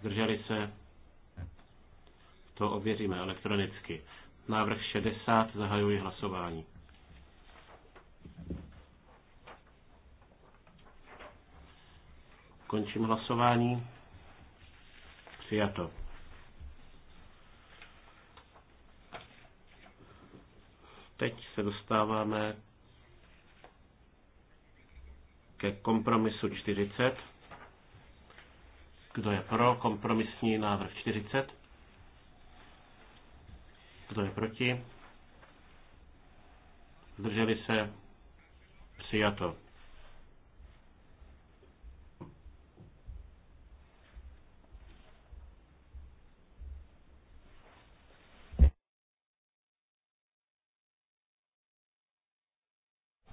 zdrželi se, to ověříme elektronicky. Návrh 60, zahajuji hlasování. Končím hlasování. Přijato. Teď se dostáváme ke kompromisu 40. Kdo je pro kompromisní návrh 40? Kdo je proti? Zdrželi se? Přijato.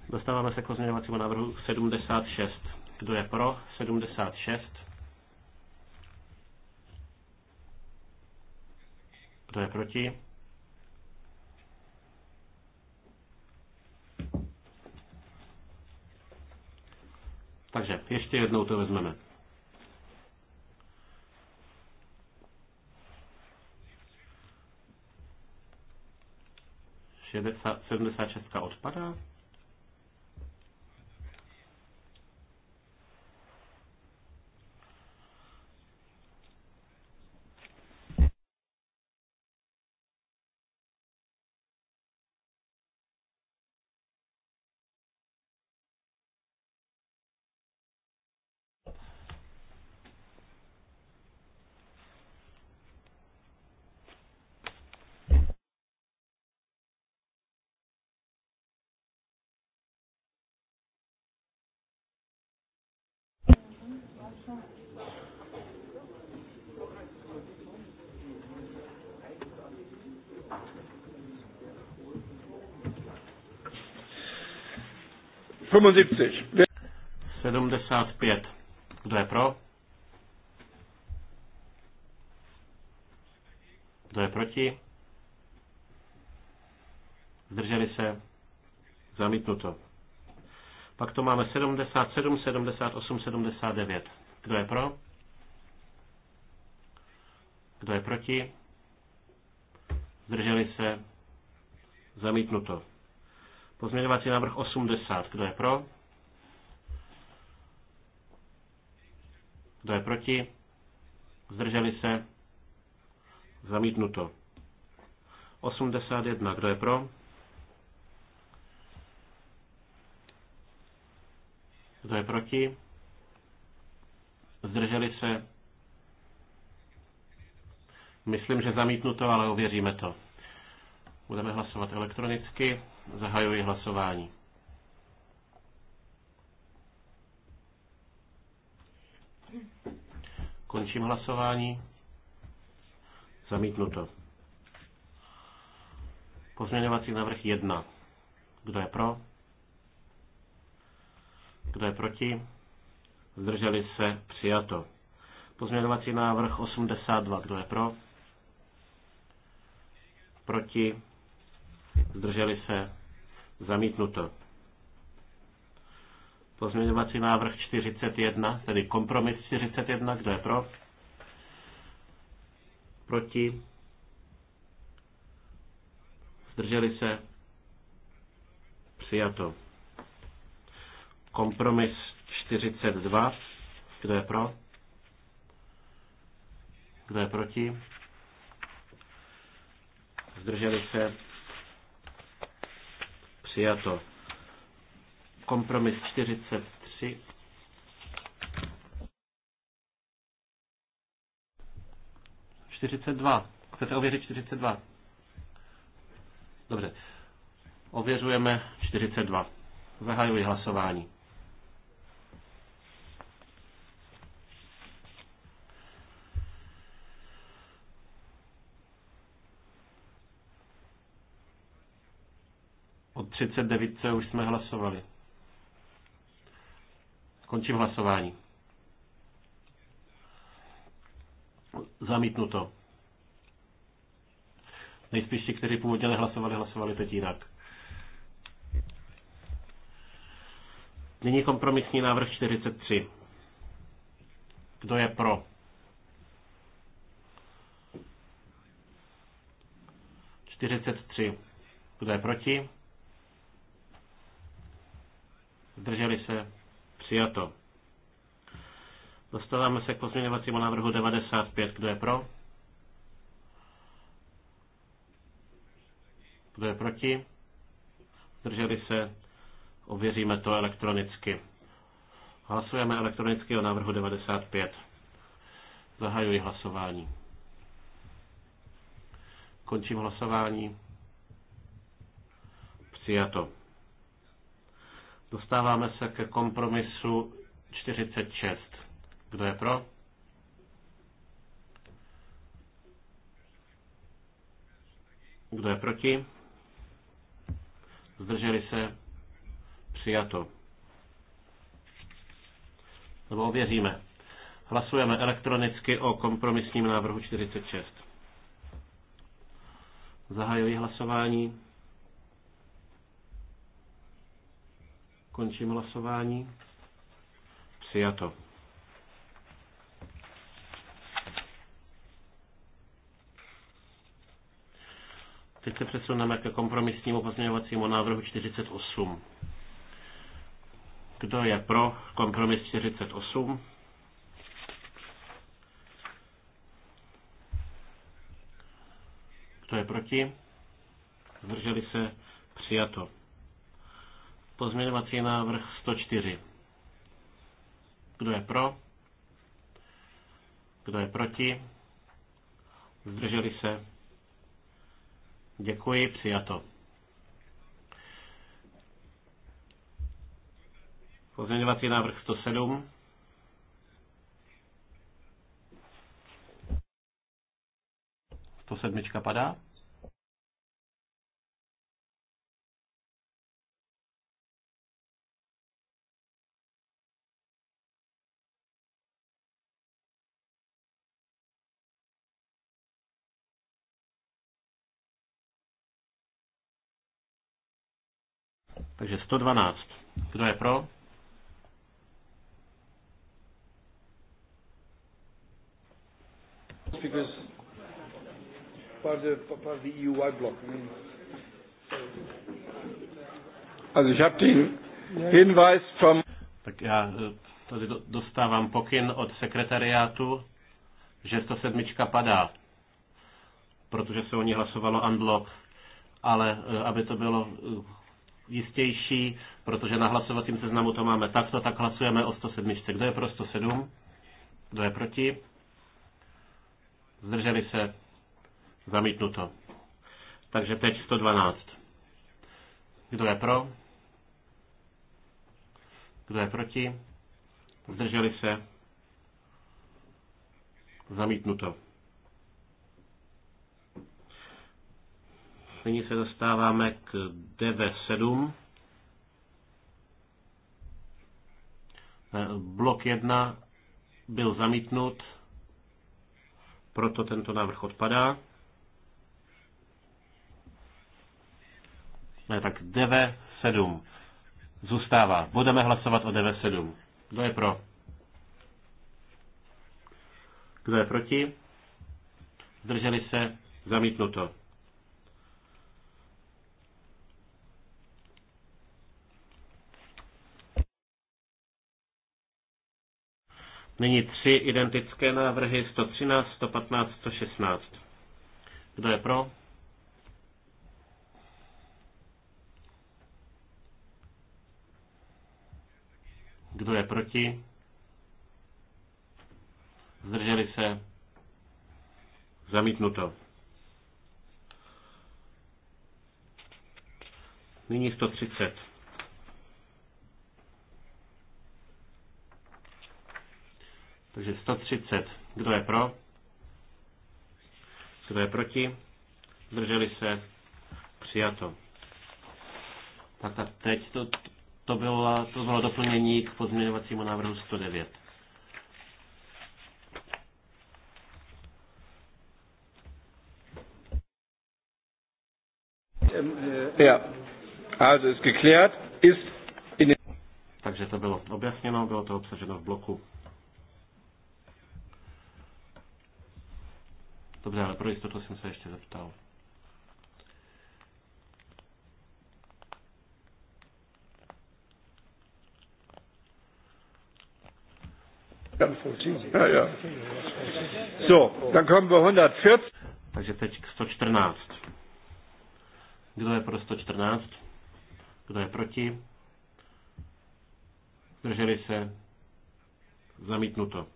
Dostáváme se k pozměňovacímu návrhu 76. Kdo je pro 76? Kdo je proti? Takže ještě jednou to vezmeme. Šedesa, 76 odpadá. 75. Kdo je pro? Kdo je proti? Zdrželi se? Zamítnuto. Pak to máme 77, 78, 79. Kdo je pro? Kdo je proti? Zdrželi se? Zamítnuto. Pozměňovací návrh 80. Kdo je pro? Kdo je proti? Zdrželi se? Zamítnuto. 81. Kdo je pro? Kdo je proti? Zdrželi se? Myslím, že zamítnuto, ale ověříme to. Budeme hlasovat elektronicky. Zahajuji hlasování. Končím hlasování. Zamítnuto. Pozměňovací návrh 1. Kdo je pro? Kdo je proti? Zdrželi se? Přijato. Pozměňovací návrh 82. Kdo je pro? Proti? Zdrželi se? Zamítnuto. Pozměňovací návrh 41, tedy kompromis 41, kdo je pro? Proti? Zdrželi se? Přijato. Kompromis 42, kdo je pro? Kdo je proti? Zdrželi se? Přijato. Kompromis 43. Čtyřicet dva. Chcete ověřit 42? Dobře. Ověřujeme 42. Zahajuji hlasování. 39 už jsme hlasovali. Končím hlasování. Zamítnuto. Nejspíš ti, kteří původně nehlasovali, hlasovali teď jinak. Nyní kompromisní návrh 43. Kdo je pro? Čtyřicet tři. Kdo je proti? Zdrželi se? Přijato. Dostáváme se k pozměňovacímu návrhu 95. Kdo je pro? Kdo je proti? Zdrželi se? Ověříme to elektronicky. Hlasujeme elektronicky o návrhu 95. Zahajuji hlasování. Končím hlasování. Přijato. Dostáváme se ke kompromisu 46. Kdo je pro? Kdo je proti? Zdrželi se? Přijato. Nebo ověříme. Hlasujeme elektronicky o kompromisním návrhu 46. Zahajuji hlasování. Končím hlasování. Přijato. Teď se přesuneme ke kompromisnímu pozměňovacímu návrhu 48. Kdo je pro kompromis 48? Kdo je proti? Zdrželi se? Přijato. Pozměňovací návrh 104. Kdo je pro? Kdo je proti? Zdrželi se? Děkuji, přijato. Pozměňovací návrh 107. To sedmička padá. Takže 112. Kdo je pro? E tak já eh, tady dostávám pokyn od sekretariátu, že 107 padá, protože se o ní hlasovalo unblock, ale eh, aby to bylo eh, jistější, protože na hlasovacím seznamu to máme takto, tak hlasujeme o 107. Kdo je pro 107? Kdo je proti? Zdrželi se? Zamítnuto. Takže teď 112. Kdo je pro? Kdo je proti? Zdrželi se? Zamítnuto. Nyní se dostáváme k DV7. Eh, blok 1 byl zamítnut, proto tento návrh odpadá. Ne, tak DV7 zůstává. Budeme hlasovat o DV7. Kdo je pro? Kdo je proti? Zdrželi se? Zamítnuto. Nyní tři identické návrhy 113, 115, 116. Kdo je pro? Kdo je proti? Zdrželi se? Zamítnuto. Nyní 130. Takže 130. Kdo je pro? Kdo je proti? Zdrželi se? Přijato. Tak a teď to, to, bylo, to bylo doplnění k pozměňovacímu návrhu 109. Ja, also ist geklärt, ist in Takže to bylo objasněno, bylo to obsaženo v bloku Dobře, ale pro jistotu jsem se ještě zeptal. Ja, ja. So, dann kommen wir 140. Takže teď k 114. Kdo je pro 114? Kdo je proti? Drželi se? Zamítnuto.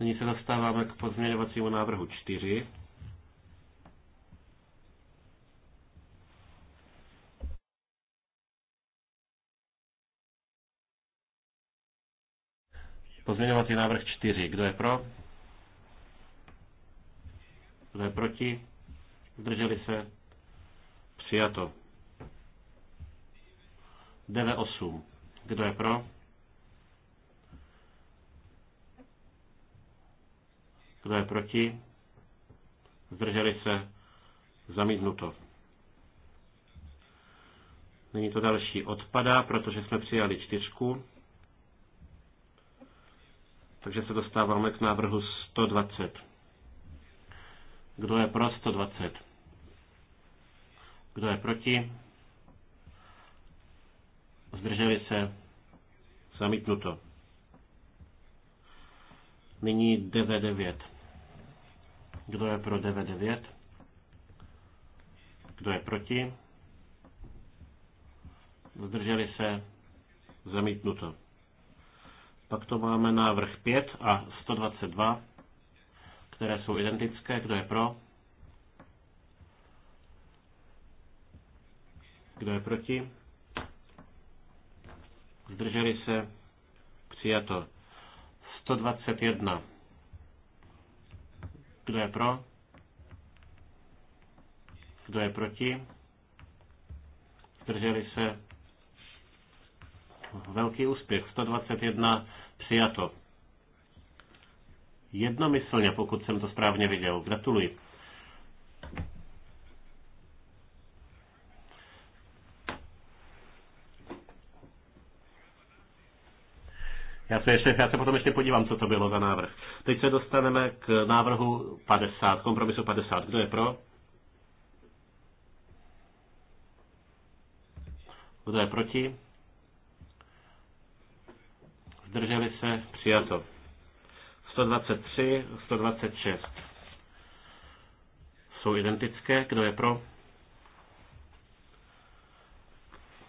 Nyní se dostáváme k pozměňovacímu návrhu 4. Pozměňovací návrh 4. Kdo je pro? Kdo je proti? Zdrželi se? Přijato. 9.8. Kdo je pro? Kdo je proti? Zdrželi se? Zamítnuto. Nyní to další odpadá, protože jsme přijali čtyřku. Takže se dostáváme k návrhu 120. Kdo je pro 120? Kdo je proti? Zdrželi se? Zamítnuto. Nyní 99. Kdo je pro 9.9? Kdo je proti? Zdrželi se? Zamítnuto. Pak to máme návrh 5 a 122, které jsou identické. Kdo je pro? Kdo je proti? Zdrželi se? Přijato. 121 kdo je pro? Kdo je proti? Zdrželi se? Velký úspěch. 121 přijato. Jednomyslně, pokud jsem to správně viděl. Gratuluji. Já se, ještě, já se potom ještě podívám, co to bylo za návrh. Teď se dostaneme k návrhu 50, kompromisu 50. Kdo je pro? Kdo je proti? Zdrželi se? Přijato. 123, 126 jsou identické. Kdo je pro?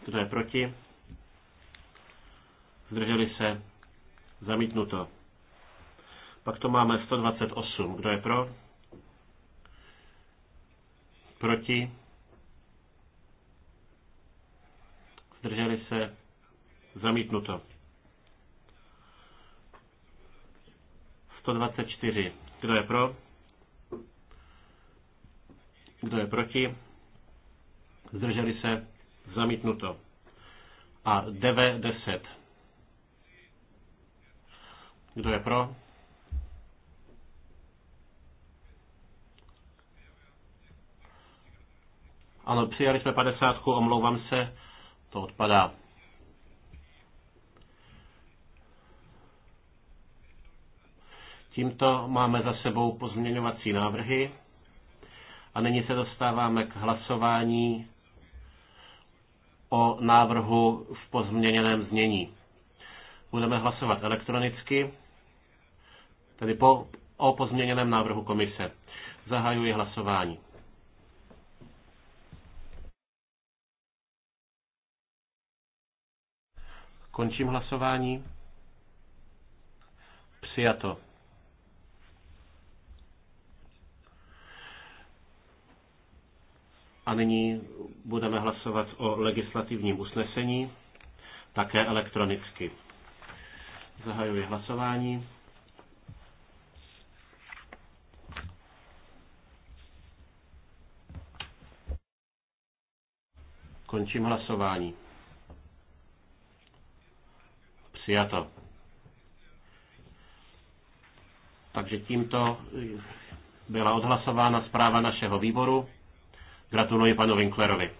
Kdo je proti? Zdrželi se? Zamítnuto. Pak to máme 128. Kdo je pro? Proti? Zdrželi se? Zamítnuto. 124. Kdo je pro? Kdo je proti? Zdrželi se? Zamítnuto. A 10. Kdo je pro? Ano, přijali jsme 50, omlouvám se, to odpadá. Tímto máme za sebou pozměňovací návrhy a nyní se dostáváme k hlasování o návrhu v pozměněném znění. Budeme hlasovat elektronicky tedy po, o pozměněném návrhu komise. Zahajuji hlasování. Končím hlasování. Přijato. A nyní budeme hlasovat o legislativním usnesení, také elektronicky. Zahajuji hlasování. Končím hlasování. Přijato. Takže tímto byla odhlasována zpráva našeho výboru. Gratuluji panu Winklerovi.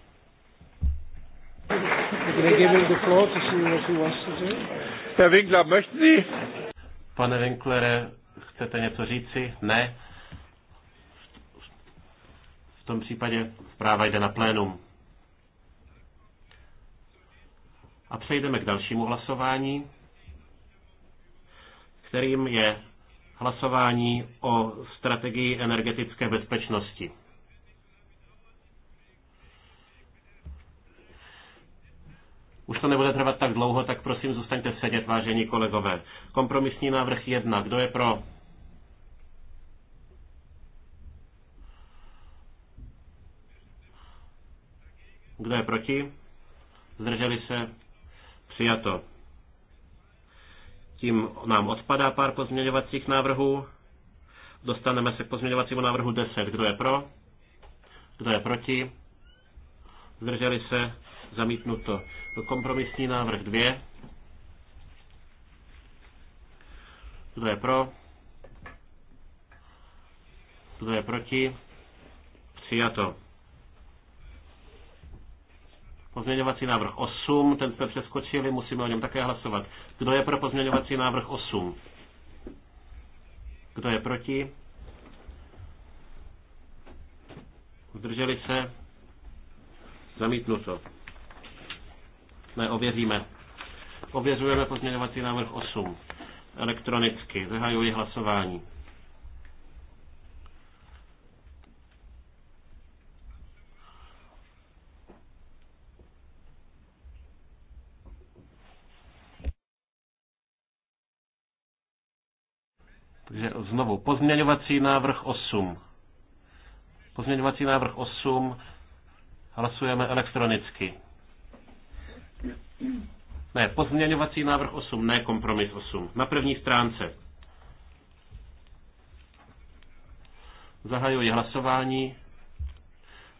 Pane Winklere, chcete něco říci? Ne. V tom případě zpráva jde na plénum. A přejdeme k dalšímu hlasování, kterým je hlasování o strategii energetické bezpečnosti. Už to nebude trvat tak dlouho, tak prosím zůstaňte sedět, vážení kolegové. Kompromisní návrh 1. Kdo je pro? Kdo je proti? Zdrželi se? Přijato. Tím nám odpadá pár pozměňovacích návrhů. Dostaneme se k pozměňovacímu návrhu 10. Kdo je pro? Kdo je proti? Zdrželi se? Zamítnuto. Kompromisní návrh 2. Kdo je pro? Kdo je proti? Přijato. Pozměňovací návrh 8, ten jsme přeskočili, musíme o něm také hlasovat. Kdo je pro pozměňovací návrh 8? Kdo je proti? Zdrželi se? Zamítnuto. Ne, ověříme. Ověřujeme pozměňovací návrh 8. Elektronicky. Zahajuji hlasování. Takže znovu, pozměňovací návrh 8. Pozměňovací návrh 8 hlasujeme elektronicky. Ne, pozměňovací návrh 8, ne kompromis 8. Na první stránce. Zahajuji hlasování.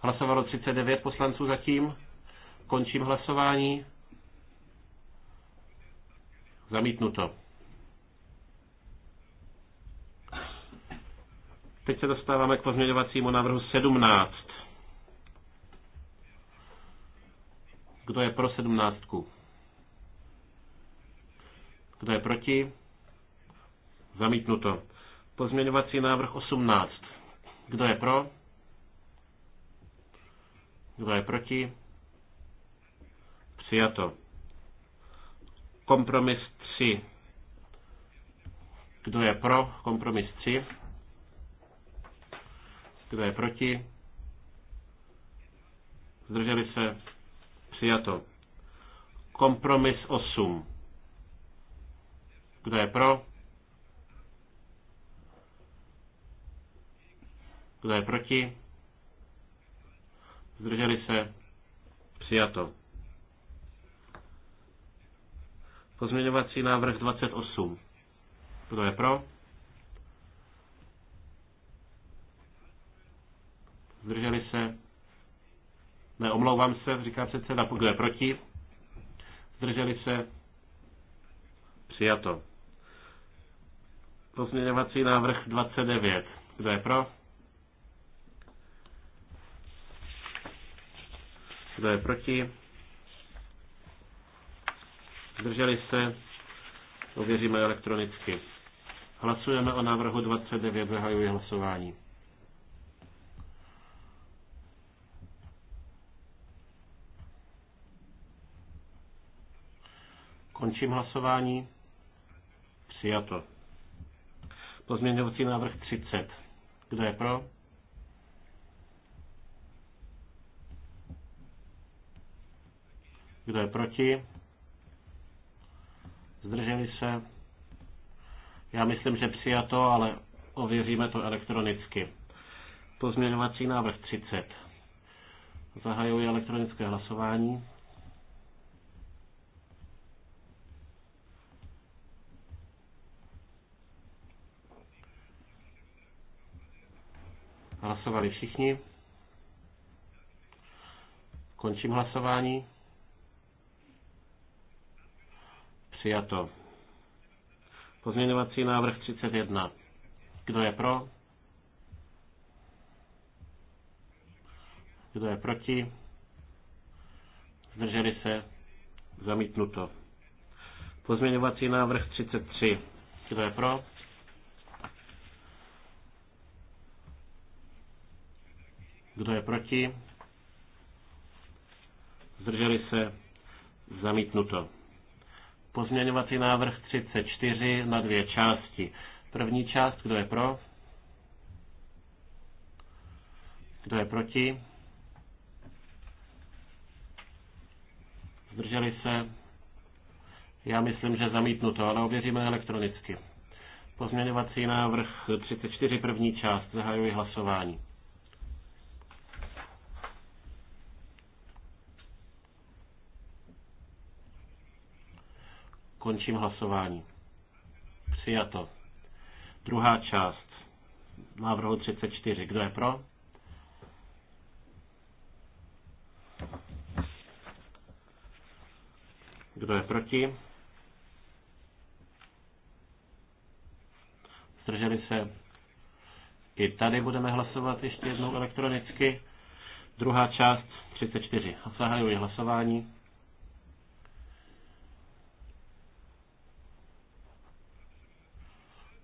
Hlasovalo 39 poslanců zatím. Končím hlasování. Zamítnuto. Teď se dostáváme k pozměňovacímu návrhu 17. Kdo je pro sedmnáctku? Kdo je proti? Zamítnuto. Pozměňovací návrh 18. Kdo je pro? Kdo je proti? Přijato. Kompromis 3. Kdo je pro? Kompromis 3. Kdo je proti? Zdrželi se? Přijato. Kompromis 8. Kdo je pro? Kdo je proti? Zdrželi se? Přijato. Pozměňovací návrh 28. Kdo je pro? Zdrželi se? Ne, omlouvám se, říká předseda. Kdo je proti? Zdrželi se? Přijato. Pozměňovací návrh 29. Kdo je pro? Kdo je proti? Zdrželi se? Ověříme elektronicky. Hlasujeme o návrhu 29. Zahajuji hlasování. Končím hlasování. Přijato. Pozměňovací návrh 30. Kdo je pro? Kdo je proti? Zdrželi se? Já myslím, že přijato, ale ověříme to elektronicky. Pozměňovací návrh 30. Zahajuji elektronické hlasování. Hlasovali všichni. Končím hlasování. Přijato. Pozměňovací návrh 31. Kdo je pro? Kdo je proti? Zdrželi se? Zamítnuto. Pozměňovací návrh 33. Kdo je pro? Kdo je proti? Zdrželi se? Zamítnuto. Pozměňovací návrh 34 na dvě části. První část, kdo je pro? Kdo je proti? Zdrželi se? Já myslím, že zamítnuto, ale ověříme elektronicky. Pozměňovací návrh 34 první část. Zahajuji hlasování. Končím hlasování. Přijato. Druhá část návrhu 34. Kdo je pro? Kdo je proti? Zdrželi se? I tady budeme hlasovat ještě jednou elektronicky. Druhá část 34. Zahajuji hlasování.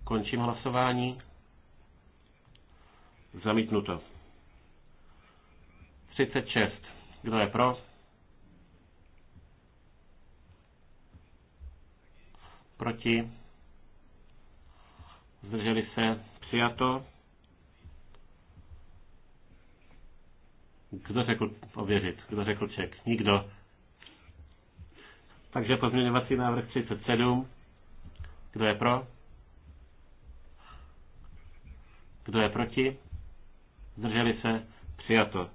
Končím hlasování. Zamítnuto. 36. Kdo je pro? Proti? Zdrželi se? Přijato? Kdo řekl ověřit? Kdo řekl ček? Nikdo. Takže pozměňovací návrh 37. Kdo je pro? Kdo je proti? Zdrželi se? Přijato.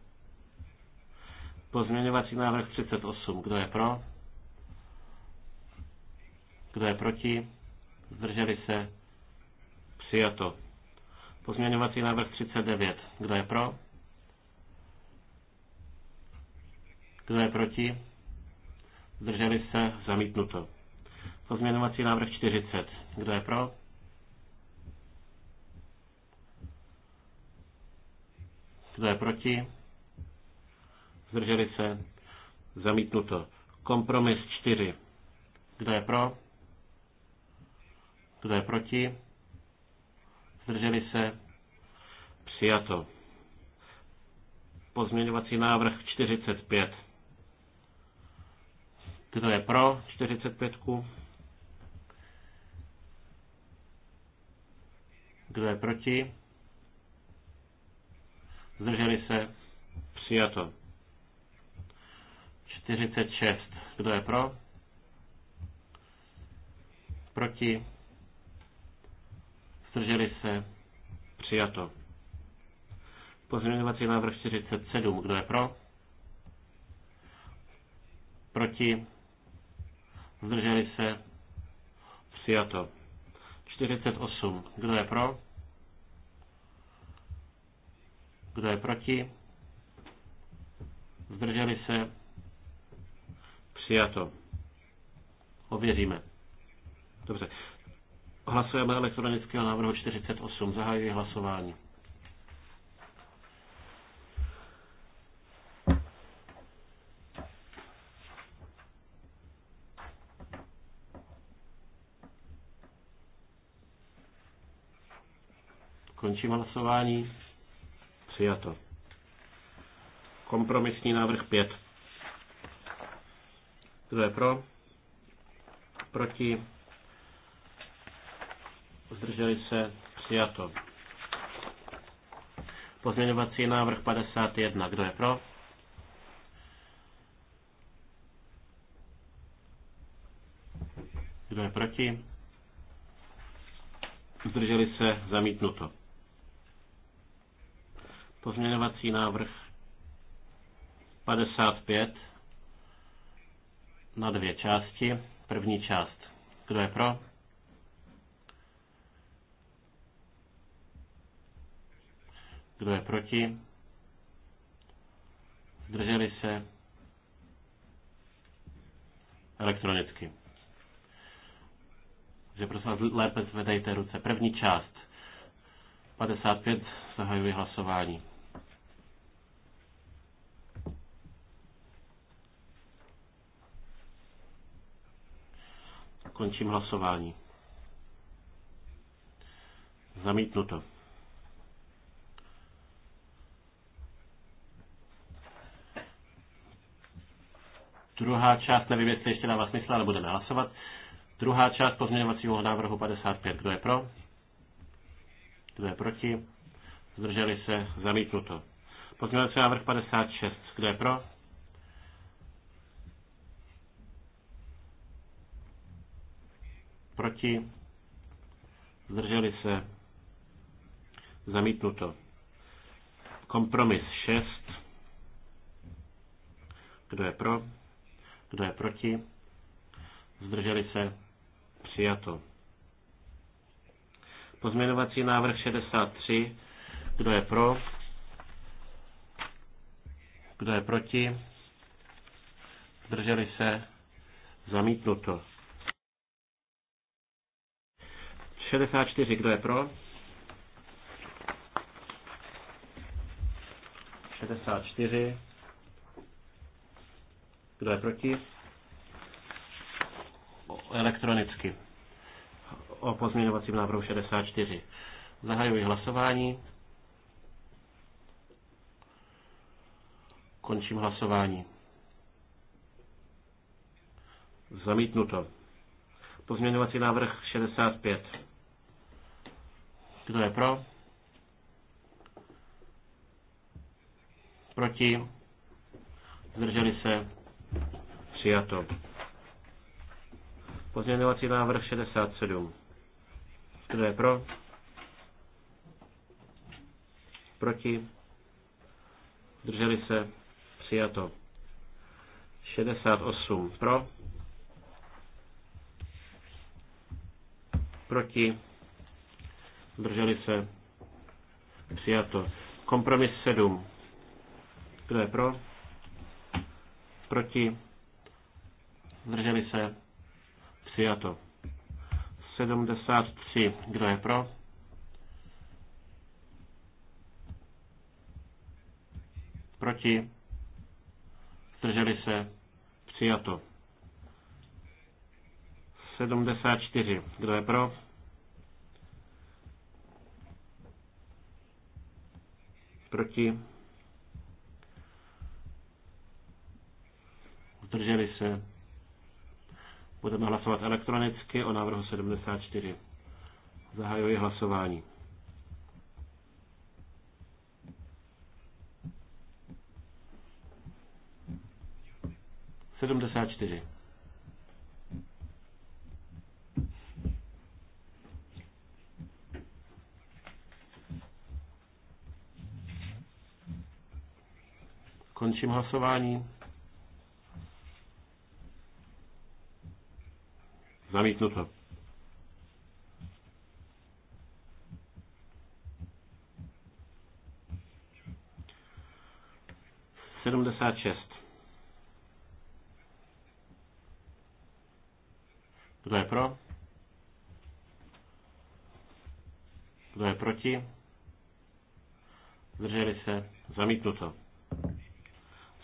Pozměňovací návrh 38. Kdo je pro? Kdo je proti? Zdrželi se? Přijato. Pozměňovací návrh 39. Kdo je pro? Kdo je proti? Zdrželi se? Zamítnuto. Pozměňovací návrh 40. Kdo je pro? Kdo je proti? Zdrželi se? Zamítnuto. Kompromis 4. Kdo je pro? Kdo je proti? Zdrželi se? Přijato. Pozměňovací návrh 45. Kdo je pro 45? Kdo je proti? Zdrželi se? Přijato. 46. Kdo je pro? Proti? Zdrželi se? Přijato. Pozměňovací návrh 47. Kdo je pro? Proti? Zdrželi se? Přijato. 48. Kdo je pro? Kdo je proti? Zdrželi se? Přijato. Ověříme. Dobře. Hlasujeme elektronicky návrhu 48. Zahajuji hlasování. Končím hlasování. Přijato. Kompromisní návrh 5. Kdo je pro? Proti? Zdrželi se? Přijato. Pozměňovací návrh 51. Kdo je pro? Kdo je proti? Zdrželi se? Zamítnuto. Pozměňovací návrh 55 na dvě části. První část. Kdo je pro? Kdo je proti? Zdrželi se? Elektronicky. Takže prosím vás, lépe zvedejte ruce. První část. 55. Zahajuji hlasování. Končím hlasování. Zamítnuto. Druhá část, nevím, jestli ještě dává smysl, ale budeme hlasovat. Druhá část pozměňovacího návrhu 55. Kdo je pro? Kdo je proti? Zdrželi se? Zamítnuto. Pozměňovací návrh 56. Kdo je pro? Proti? Zdrželi se? Zamítnuto. Kompromis 6. Kdo je pro? Kdo je proti? Zdrželi se? Přijato. Pozměňovací návrh 63. Kdo je pro? Kdo je proti? Zdrželi se? Zamítnuto. 64, kdo je pro? 64. Kdo je proti? Elektronicky. O pozměňovacím návrhu 64. Zahajuji hlasování. Končím hlasování. Zamítnuto. Pozměňovací návrh 65. Kdo je pro? Proti? Zdrželi se? Přijato. Pozměňovací návrh 67. Kdo je pro? Proti? Zdrželi se? Přijato. 68 pro, proti, Zdrželi se? Přijato. Kompromis 7. Kdo je pro? Proti? Zdrželi se? Přijato. 73. Kdo je pro? Proti? Zdrželi se? Přijato. 74. Kdo je pro? Proti? Zdrželi se? Budeme hlasovat elektronicky o návrhu 74. Zahajuji hlasování. Sedmdesát čtyři. Končím hlasování. Zamítnuto. Sedmdesát šest. Kdo je pro? Kdo je proti? Zdrželi se? Zamítnuto.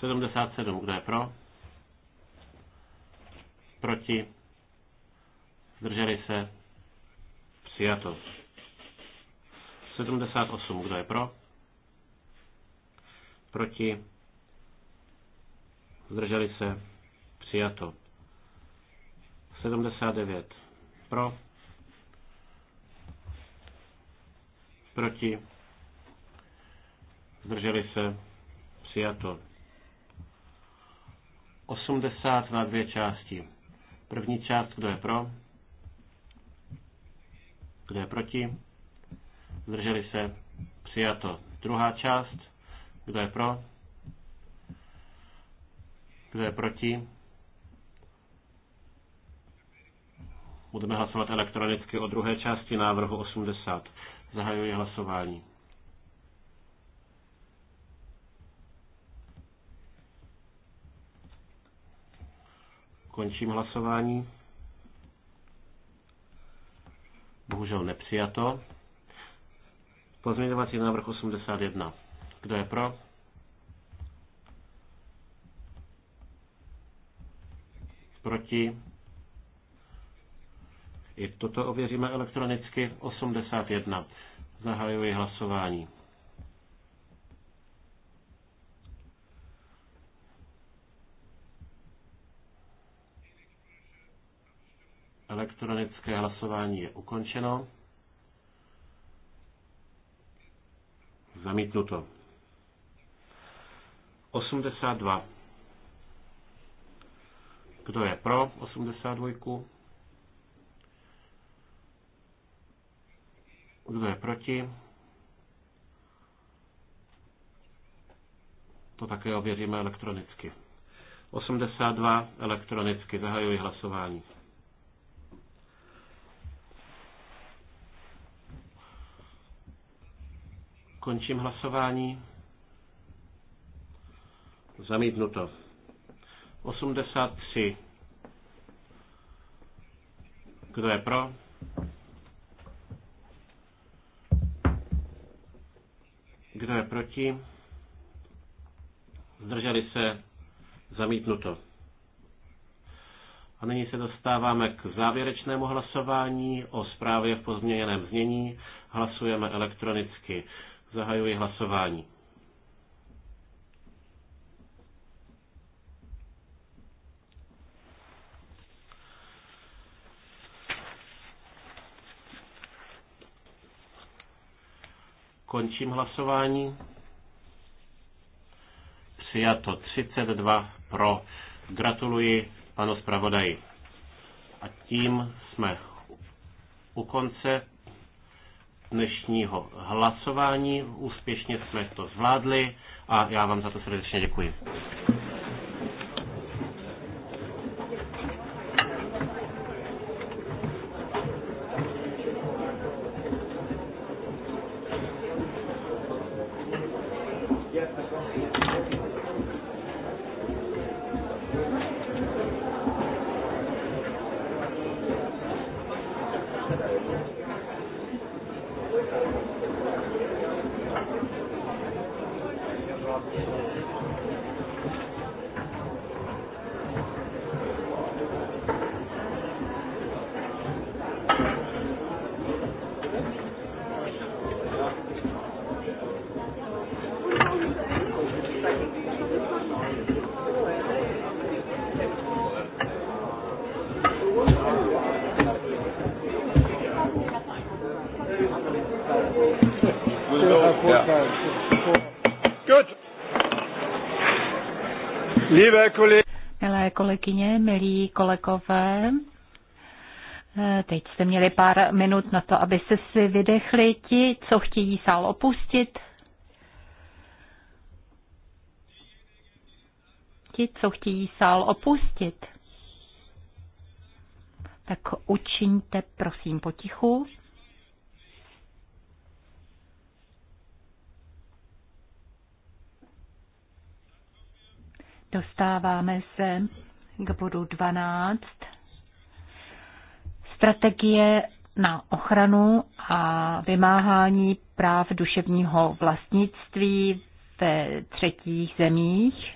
77, kdo je pro? Proti? Zdrželi se? Přijato. 78, kdo je pro? Proti? Zdrželi se? Přijato. 79, pro? Proti? Zdrželi se? Přijato. 80 na dvě části. První část, kdo je pro? Kdo je proti? Zdrželi se? Přijato. Druhá část, kdo je pro? Kdo je proti? Budeme hlasovat elektronicky o druhé části návrhu 80. Zahajuji hlasování. Končím hlasování. Bohužel nepřijato. Pozměňovací návrh 81. Kdo je pro? Proti? I toto ověříme elektronicky. 81. Zahajuji hlasování. Elektronické hlasování je ukončeno. Zamítnuto. 82. Kdo je pro 82? Kdo je proti? To také ověříme elektronicky. 82 elektronicky. Zahajuji hlasování. Končím hlasování. Zamítnuto. 83. Kdo je pro? Kdo je proti? Zdrželi se? Zamítnuto. A nyní se dostáváme k závěrečnému hlasování o zprávě v pozměněném znění. Hlasujeme elektronicky. Zahajuji hlasování. Končím hlasování. Přijato 32 pro. Gratuluji panu zpravodaji. A tím jsme u konce dnešního hlasování. Úspěšně jsme to zvládli a já vám za to srdečně děkuji. Milé, kolegyně, milí kolegové, eh, teď jste měli pár minut na to, aby se si vydechli ti, co chtějí sál opustit. Ti, co chtějí sál opustit, tak učiňte prosím potichu. Dostáváme se k bodu 12. Strategie na ochranu a vymáhání práv duševního vlastnictví ve třetích zemích.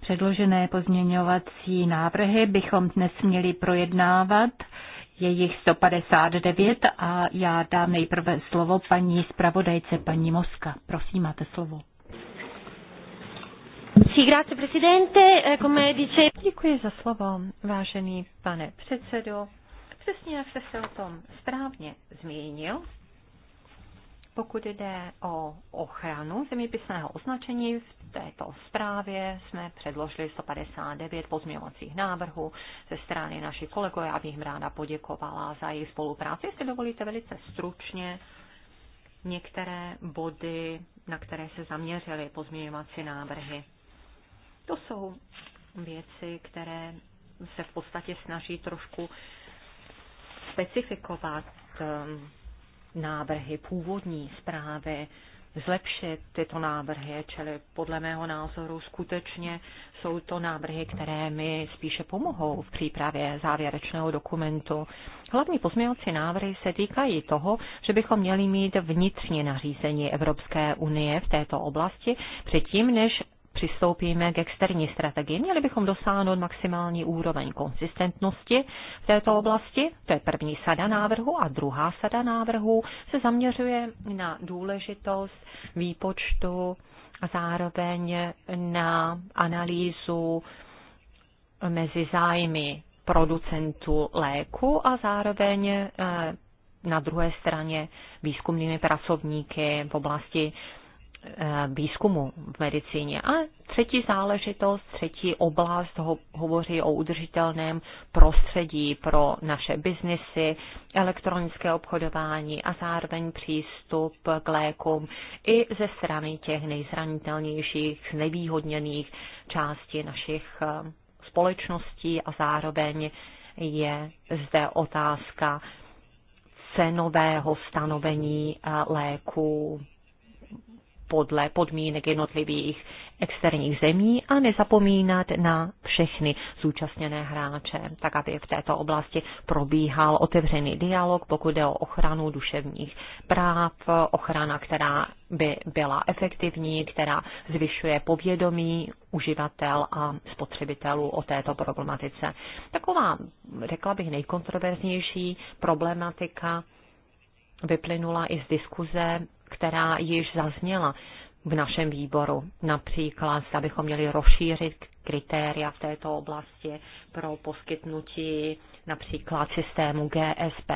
Předložené pozměňovací návrhy bychom dnes měli projednávat. Je jich 159 a já dám nejprve slovo paní zpravodajce, paní Moska. Prosím, máte slovo. Eh, Děkuji za slovo, vážený pane předsedo. Přesně jak jste se o tom správně zmínil, pokud jde o ochranu zeměpisného označení, v této zprávě jsme předložili 159 pozměňovacích návrhů ze strany našich kolegů. Já bych jim ráda poděkovala za jejich spolupráci. Jestli dovolíte velice stručně některé body, na které se zaměřily pozměňovací návrhy. To jsou věci, které se v podstatě snaží trošku specifikovat um, návrhy původní zprávy, zlepšit tyto návrhy, čili podle mého názoru skutečně jsou to návrhy, které mi spíše pomohou v přípravě závěrečného dokumentu. Hlavní pozměňovací návrhy se týkají toho, že bychom měli mít vnitřní nařízení Evropské unie v této oblasti předtím, než přistoupíme k externí strategii. Měli bychom dosáhnout maximální úroveň konsistentnosti v této oblasti. To je první sada návrhu a druhá sada návrhu se zaměřuje na důležitost výpočtu a zároveň na analýzu mezi zájmy producentů léku a zároveň eh, na druhé straně výzkumnými pracovníky v oblasti Eh, výzkumu v medicíně. A třetí záležitost, třetí oblast ho, hovoří o udržitelném prostředí pro naše biznesy, elektronické obchodování a zároveň přístup k lékům i ze strany těch nejzranitelnějších, nevýhodněných částí našich eh, společností a zároveň je zde otázka cenového stanovení eh, léků podle podmínek jednotlivých externích zemí a nezapomínat na všechny zúčastněné hráče, tak aby v této oblasti probíhal otevřený dialog, pokud jde o ochranu duševních práv, ochrana, která by byla efektivní, která zvyšuje povědomí uživatel a spotřebitelů o této problematice. Taková, řekla bych, nejkontroverznější problematika vyplynula i z diskuze která již zazněla v našem výboru. Například, abychom měli rozšířit kritéria v této oblasti pro poskytnutí například systému GSP+,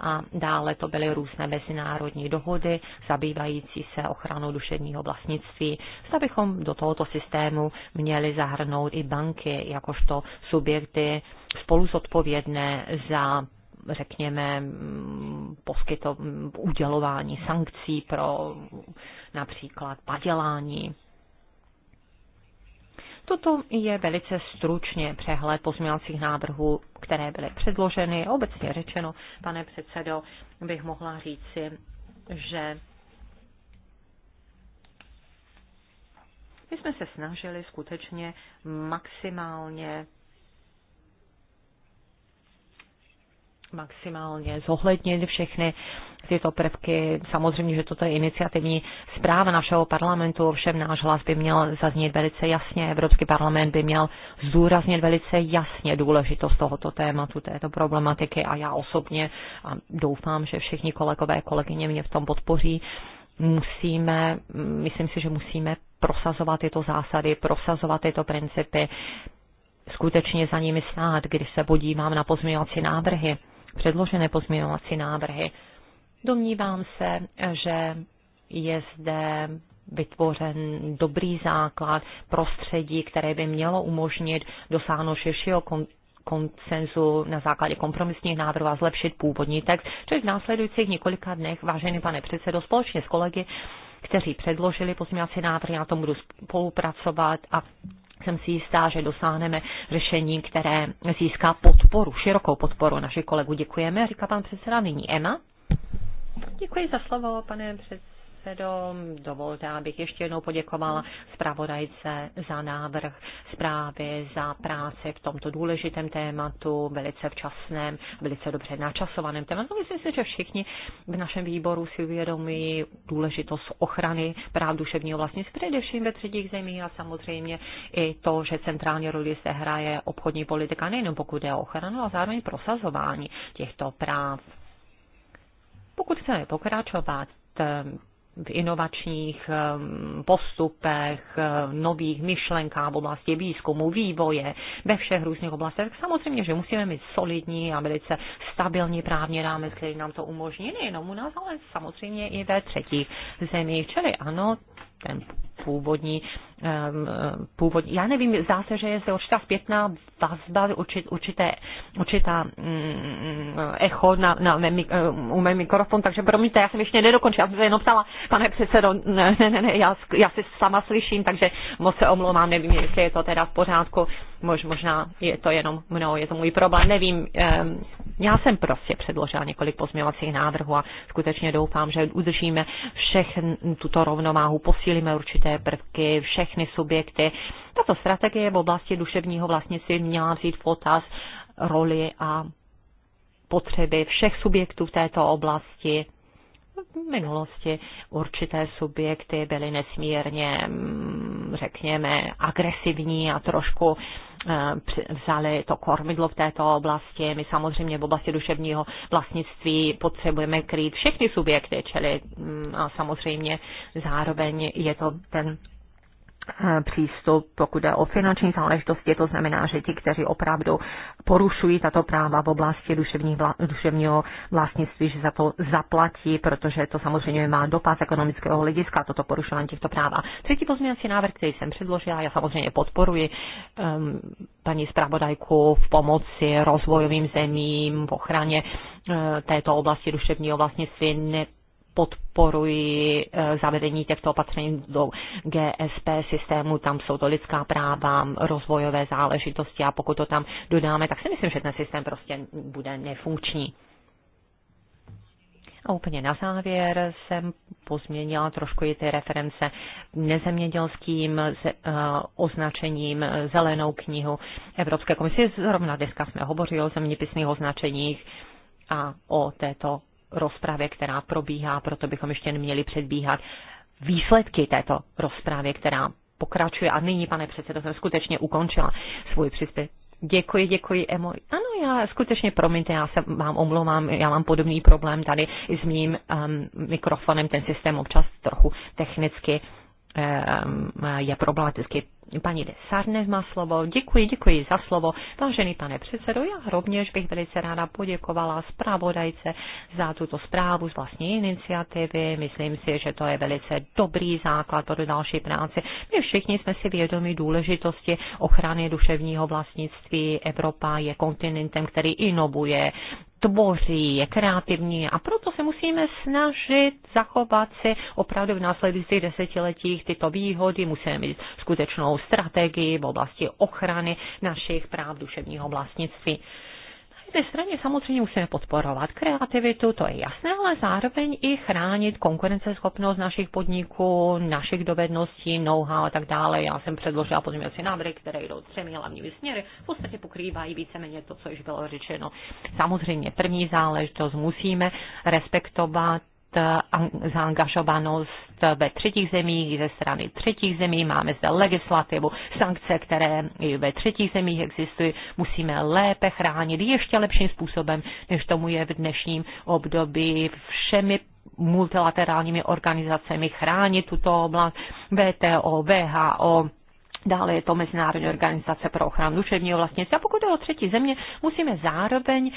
a dále to byly různé mezinárodní dohody zabývající se ochranou duševního vlastnictví. Zda bychom do tohoto systému měli zahrnout i banky, jakožto subjekty spolu zodpovědné za řekněme, poskyto, udělování sankcí pro například padělání. Toto je velice stručně přehled pozměňovacích návrhů, které byly předloženy. Obecně řečeno, pane předsedo, bych mohla říci, že my jsme se snažili skutečně maximálně maximálně zohlednit všechny tyto prvky. Samozřejmě, že toto je iniciativní zpráva našeho parlamentu, ovšem náš hlas by měl zaznít velice jasně, Evropský parlament by měl zdůraznit velice jasně důležitost tohoto tématu, této problematiky a já osobně a doufám, že všichni kolegové, kolegyně mě v tom podpoří, musíme, myslím si, že musíme prosazovat tyto zásady, prosazovat tyto principy, skutečně za nimi stát, když se podívám na pozměňovací návrhy předložené pozměňovací návrhy. Domnívám se, že je zde vytvořen dobrý základ, prostředí, které by mělo umožnit dosáhnout širšího koncenzu na základě kompromisních návrhů a zlepšit původní text, což v následujících několika dnech, vážený pane předsedo, společně s kolegy, kteří předložili pozměňovací návrhy, na tom budu spolupracovat a jsem si jistá, že dosáhneme řešení, které získá podporu, širokou podporu našich kolegů. Děkujeme, říká pan předseda. Nyní Ema. Děkuji za slovo, pane předsedo předsedo. Dovolte, abych ještě jednou poděkovala zpravodajce za návrh zprávy, za práci v tomto důležitém tématu, velice včasném, velice dobře načasovaném tématu. Myslím si, že všichni v našem výboru si uvědomují důležitost ochrany práv duševního vlastnictví, především ve třetích zemích a samozřejmě i to, že centrální roli se hraje obchodní politika, nejenom pokud je o ochranu, a zároveň prosazování těchto práv. Pokud chceme pokračovat v inovačních ehm, postupech, ehm, nových myšlenkách v oblasti výzkumu, vývoje, ve všech různých oblastech, tak samozřejmě, že musíme mít solidní a velice stabilní právní rámec, který nám to umožní nejenom u nás, ale samozřejmě i ve třetích zemích. Čili ano, ten původní, původní. Já nevím, zdá se, že je zde určitá zpětná vazba, určit, určité, určitá mm, echo na, na mém, u mém mikrofon, takže promiňte, já jsem ještě nedokončila, já jsem se jenom ptala, pane předsedo, ne, ne, ne, já, já si sama slyším, takže moc se omlouvám, nevím, jestli je to teda v pořádku. Mož, možná je to jenom mnou, je to můj problém, nevím. Ehm, já jsem prostě předložila několik pozměňovacích návrhů a skutečně doufám, že udržíme všech tuto rovnováhu, posílíme určité prvky, všechny subjekty. Tato strategie v oblasti duševního vlastnictví měla vzít v potaz roli a potřeby všech subjektů v této oblasti. V minulosti určité subjekty byly nesmírně mm, řekněme, agresivní a trošku eh, vzali to kormidlo v této oblasti. My samozřejmě v oblasti duševního vlastnictví potřebujeme krýt všechny subjekty, čili mm, a samozřejmě zároveň je to ten E, přístup, pokud jde o finanční záležitosti, to znamená, že ti, kteří opravdu porušují tato práva v oblasti duševního vlastnictví, že za to zaplatí, protože to samozřejmě má dopad ekonomického hlediska, toto porušování těchto práv. A třetí pozměňovací návrh, který jsem předložila, já samozřejmě podporuji um, paní zpravodajku v pomoci rozvojovým zemím, v ochraně uh, této oblasti duševního vlastnictví. Ne, podporuji eh, zavedení těchto opatření do GSP systému, tam jsou to lidská práva, rozvojové záležitosti a pokud to tam dodáme, tak si myslím, že ten systém prostě bude nefunkční. A úplně na závěr jsem pozměnila trošku i ty reference nezemědělským eh, označením eh, zelenou knihu Evropské komise. Zrovna dneska jsme hovořili o zeměpisných označeních a o této rozpravě, která probíhá, proto bychom ještě neměli předbíhat výsledky této rozprávy, která pokračuje. A nyní, pane předsedo, jsem skutečně ukončila svůj příspěvek. Děkuji, děkuji, Emo. Ano, já skutečně, promiňte, já se vám omlouvám, já mám podobný problém tady s mým um, mikrofonem, ten systém občas trochu technicky je problematický. Paní de Sarnes má slovo. Děkuji, děkuji za slovo. Vážený pane předsedo, já rovněž bych velice ráda poděkovala zpravodajce za tuto zprávu z vlastní iniciativy. Myslím si, že to je velice dobrý základ pro další práci. My všichni jsme si vědomi důležitosti ochrany duševního vlastnictví. Evropa je kontinentem, který inovuje tvoří, je kreativní a proto se musíme snažit zachovat si opravdu v následujících desetiletích tyto výhody. Musíme mít skutečnou strategii v oblasti ochrany našich práv duševního vlastnictví té straně samozřejmě musíme podporovat kreativitu, to je jasné, ale zároveň i chránit konkurenceschopnost našich podniků, našich dovedností, know-how a tak dále. Já jsem předložila pozměňovací návrhy, které jdou třemi hlavními směry, v podstatě pokrývají víceméně to, co již bylo řečeno. Samozřejmě první záležitost musíme respektovat Eh, zaangažovanost ve třetích zemích, ze strany třetích zemí, máme zde legislativu, sankce, které i ve třetích zemích existují, musíme lépe chránit ještě lepším způsobem, než tomu je v dnešním období všemi multilaterálními organizacemi chránit tuto oblast, VTO, VHO, Dále je to Mezinárodní organizace pro ochranu duševního vlastnictví. A pokud je o třetí země, musíme zároveň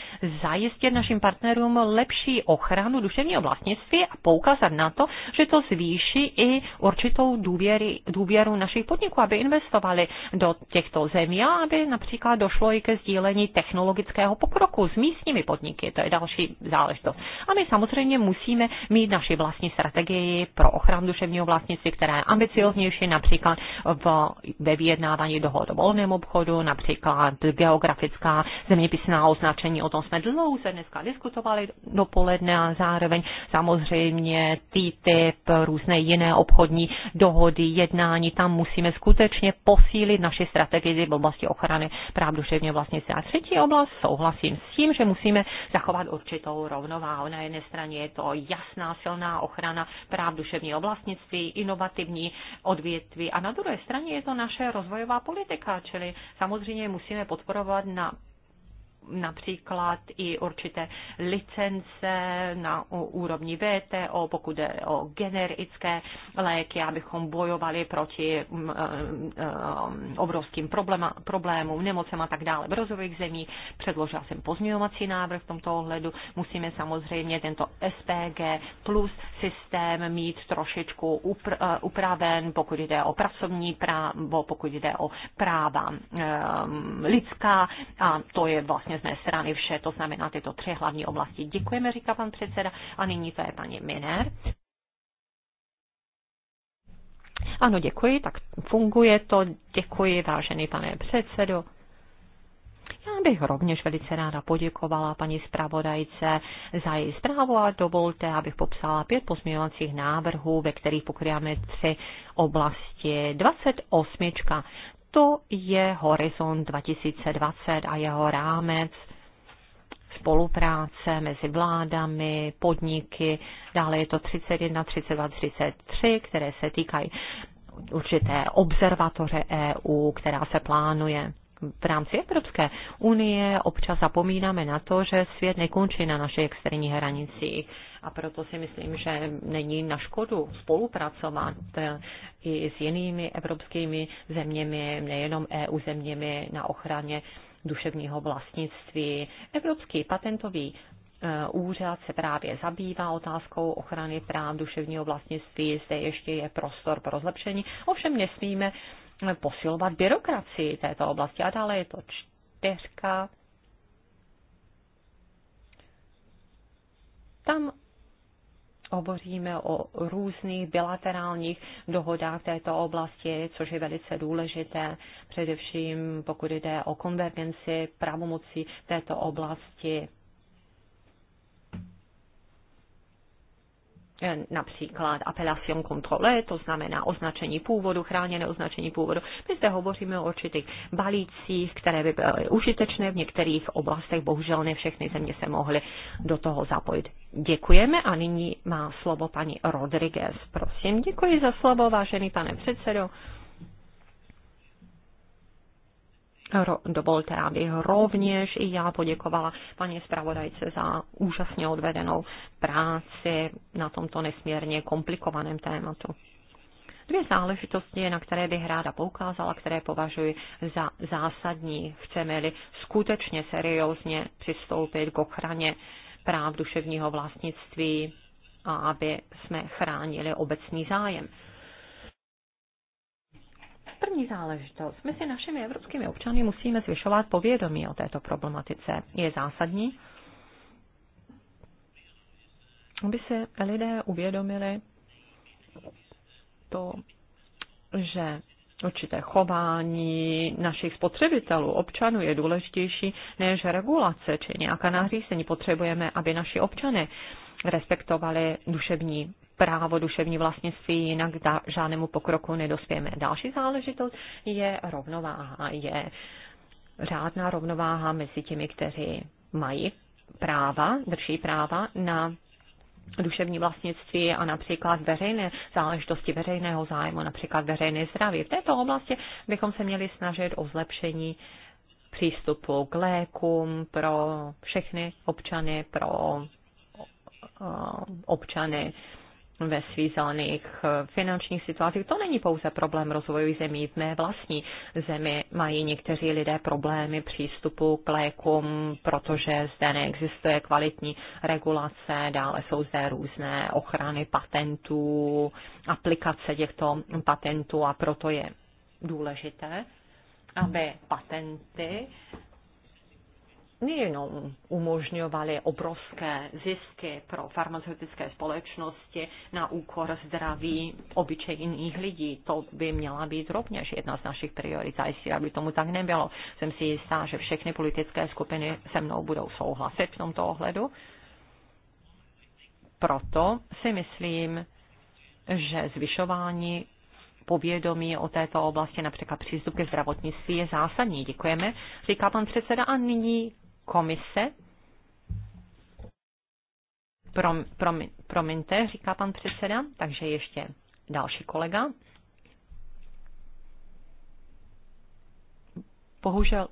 zajistit našim partnerům lepší ochranu duševního vlastnictví a poukázat na to, že to zvýší i určitou důvěry, důvěru našich podniků, aby investovali do těchto zemí a aby například došlo i ke sdílení technologického pokroku s místními podniky. To je další záležitost. A my samozřejmě musíme mít naši vlastní strategii pro ochranu duševního vlastnictví, která je ambicioznější například v ve vyjednávání dohod o volném obchodu, například geografická zeměpisná označení, o tom jsme dlouze dneska diskutovali dopoledne a zároveň samozřejmě TTIP, různé jiné obchodní dohody, jednání, tam musíme skutečně posílit naši strategii v oblasti ochrany práv duševního vlastnictví. A třetí oblast, souhlasím s tím, že musíme zachovat určitou rovnováhu. Na jedné straně je to jasná, silná ochrana práv duševního vlastnictví, inovativní odvětví a na druhé straně je to na naše rozvojová politika, čili samozřejmě musíme podporovat na například i určité licence na úrovni VTO, pokud jde o generické léky, abychom bojovali proti mm, eh, eh, obrovským problémům, nemocem a tak dále v rozvojových zemích. Předložila jsem pozměňovací návrh v tomto ohledu. Musíme samozřejmě tento SPG plus systém mít trošičku upr- eh, upraven, pokud jde o pracovní právo, pokud jde o práva lidská a to je vlastně skutečně strany vše, to znamená tyto tři hlavní oblasti. Děkujeme, říká pan předseda. A nyní to je paní Miner. Ano, děkuji, tak funguje to. Děkuji, vážený pane předsedo. Já bych rovněž velice ráda poděkovala paní zpravodajce za její zprávu a dovolte, abych popsala pět pozměňovacích návrhů, ve kterých pokryjeme tři oblasti. 28 to je horizont 2020 a jeho rámec spolupráce mezi vládami, podniky, dále je to 31, 32, 33, které se týkají určité observatoře EU, která se plánuje v rámci Evropské unie občas zapomínáme na to, že svět nekončí na našich externích hranicích a proto si myslím, že není na škodu spolupracovat eh, i s jinými evropskými zeměmi, nejenom EU zeměmi na ochraně duševního vlastnictví. Evropský patentový eh, úřad se právě zabývá otázkou ochrany práv duševního vlastnictví, zde ještě je prostor pro zlepšení. Ovšem nesmíme posilovat byrokracii této oblasti. A dále je to čtyřka. Tam hovoříme o různých bilaterálních dohodách této oblasti, což je velice důležité, především pokud jde o konvergenci pravomocí této oblasti E, například apelacion kontrole, to znamená označení původu, chráněné označení původu. My zde hovoříme o určitých balících, které by byly užitečné v některých oblastech. Bohužel ne všechny země se mohly do toho zapojit. Děkujeme a nyní má slovo paní Rodriguez. Prosím, děkuji za slovo, vážený pane předsedo. Dovolte, aby rovněž i já poděkovala paní zpravodajce za úžasně odvedenou práci na tomto nesmírně komplikovaném tématu. Dvě záležitosti, na které bych ráda poukázala, které považuji za zásadní, chceme-li skutečně seriózně přistoupit k ochraně práv duševního vlastnictví a aby jsme chránili obecný zájem První záležitost. My si našimi evropskými občany musíme zvyšovat povědomí o této problematice. Je zásadní, aby se lidé uvědomili to, že určité chování našich spotřebitelů, občanů je důležitější než regulace či nějaká nařízení. Potřebujeme, aby naši občany respektovali duševní právo duševní vlastnictví, jinak da, žádnému pokroku nedospějeme. Další záležitost je rovnováha, je řádná rovnováha mezi těmi, kteří mají práva, drží práva na duševní vlastnictví a například veřejné záležitosti veřejného zájmu, například veřejné zdraví. V této oblasti bychom se měli snažit o zlepšení přístupu k lékům pro všechny občany, pro eh, občany ve svízelných eh, finančních situacích. To není pouze problém rozvojových zemí. V mé vlastní zemi mají někteří lidé problémy přístupu k lékům, protože zde neexistuje kvalitní regulace, dále jsou zde různé ochrany patentů, aplikace těchto patentů a proto je důležité, aby patenty nejenom umožňovaly obrovské zisky pro farmaceutické společnosti na úkor zdraví obyčejných lidí. To by měla být rovněž jedna z našich priorit. jestli aby tomu tak nebylo. Jsem si jistá, že všechny politické skupiny se mnou budou souhlasit v tomto ohledu. Proto si myslím, že zvyšování povědomí o této oblasti, například přístup ke zdravotnictví, je zásadní. Děkujeme, říká pan předseda. A nyní komise. Prom, prom, promiňte, říká pan předseda, takže ještě další kolega. Bohužel,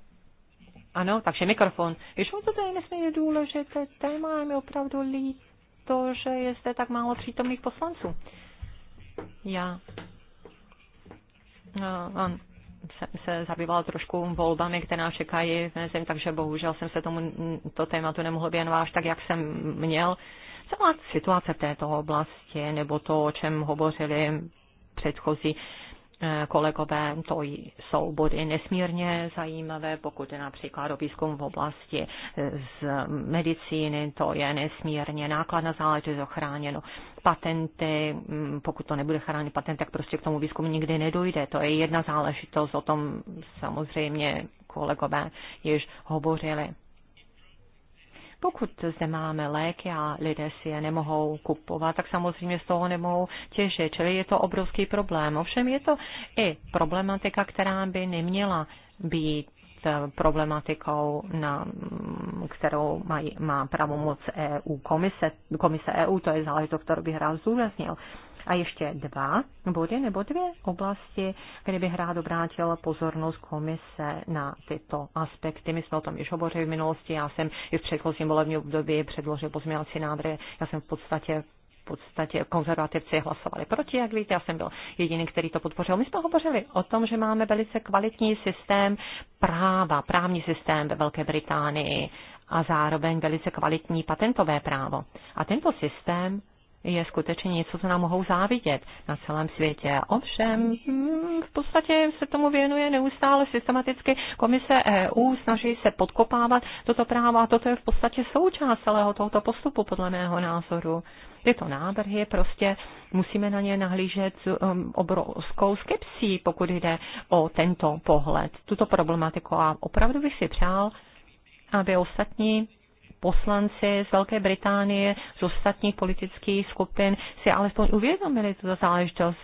ano, takže mikrofon. Víš, to je nesmírně důležité téma, je mi opravdu líto, že je zde tak málo přítomných poslanců. Já. No, on se, se zabýval trošku volbami, které nás čekají v zemi, takže bohužel jsem se tomu to tématu nemohl věnovat tak, jak jsem měl. Celá situace v této oblasti, nebo to, o čem hovořili předchozí kolegové, to jsou body nesmírně zajímavé, pokud je například o výzkum v oblasti eh, z medicíny, to je nesmírně nákladná záležitost ochráněno. Patenty, mm, pokud to nebude chránit patent, tak prostě k tomu výzkumu nikdy nedojde. To je jedna záležitost, o tom samozřejmě kolegové již hovořili. Pokud zde máme léky a lidé si je nemohou kupovat, tak samozřejmě z toho nemohou těžit. Čili je to obrovský problém. Ovšem je to i problematika, která by neměla být eh, problematikou, na, mm, kterou mají, má pravomoc EU. Komise, komise EU, to je záležitost, kterou bych rád zúraznil. A ještě dva body nebo dvě oblasti, kde bych rád obrátil pozornost komise na tyto aspekty. My jsme o tom již hovořili v minulosti, já jsem i v předchozím volebním období předložil pozměňovací návrhy, já jsem v podstatě v podstatě konzervativci hlasovali proti, jak víte, já jsem byl jediný, který to podpořil. My jsme hovořili o tom, že máme velice kvalitní systém práva, právní systém ve Velké Británii a zároveň velice kvalitní patentové právo. A tento systém je skutečně něco, co nám mohou závidět na celém světě. Ovšem, v podstatě se tomu věnuje neustále systematicky komise EU, snaží se podkopávat toto právo a toto je v podstatě součást celého tohoto postupu, podle mého názoru. Tyto návrhy prostě musíme na ně nahlížet um, obrovskou skepsí, pokud jde o tento pohled, tuto problematiku a opravdu bych si přál, aby ostatní poslanci z Velké Británie, z ostatních politických skupin si alespoň uvědomili tuto záležitost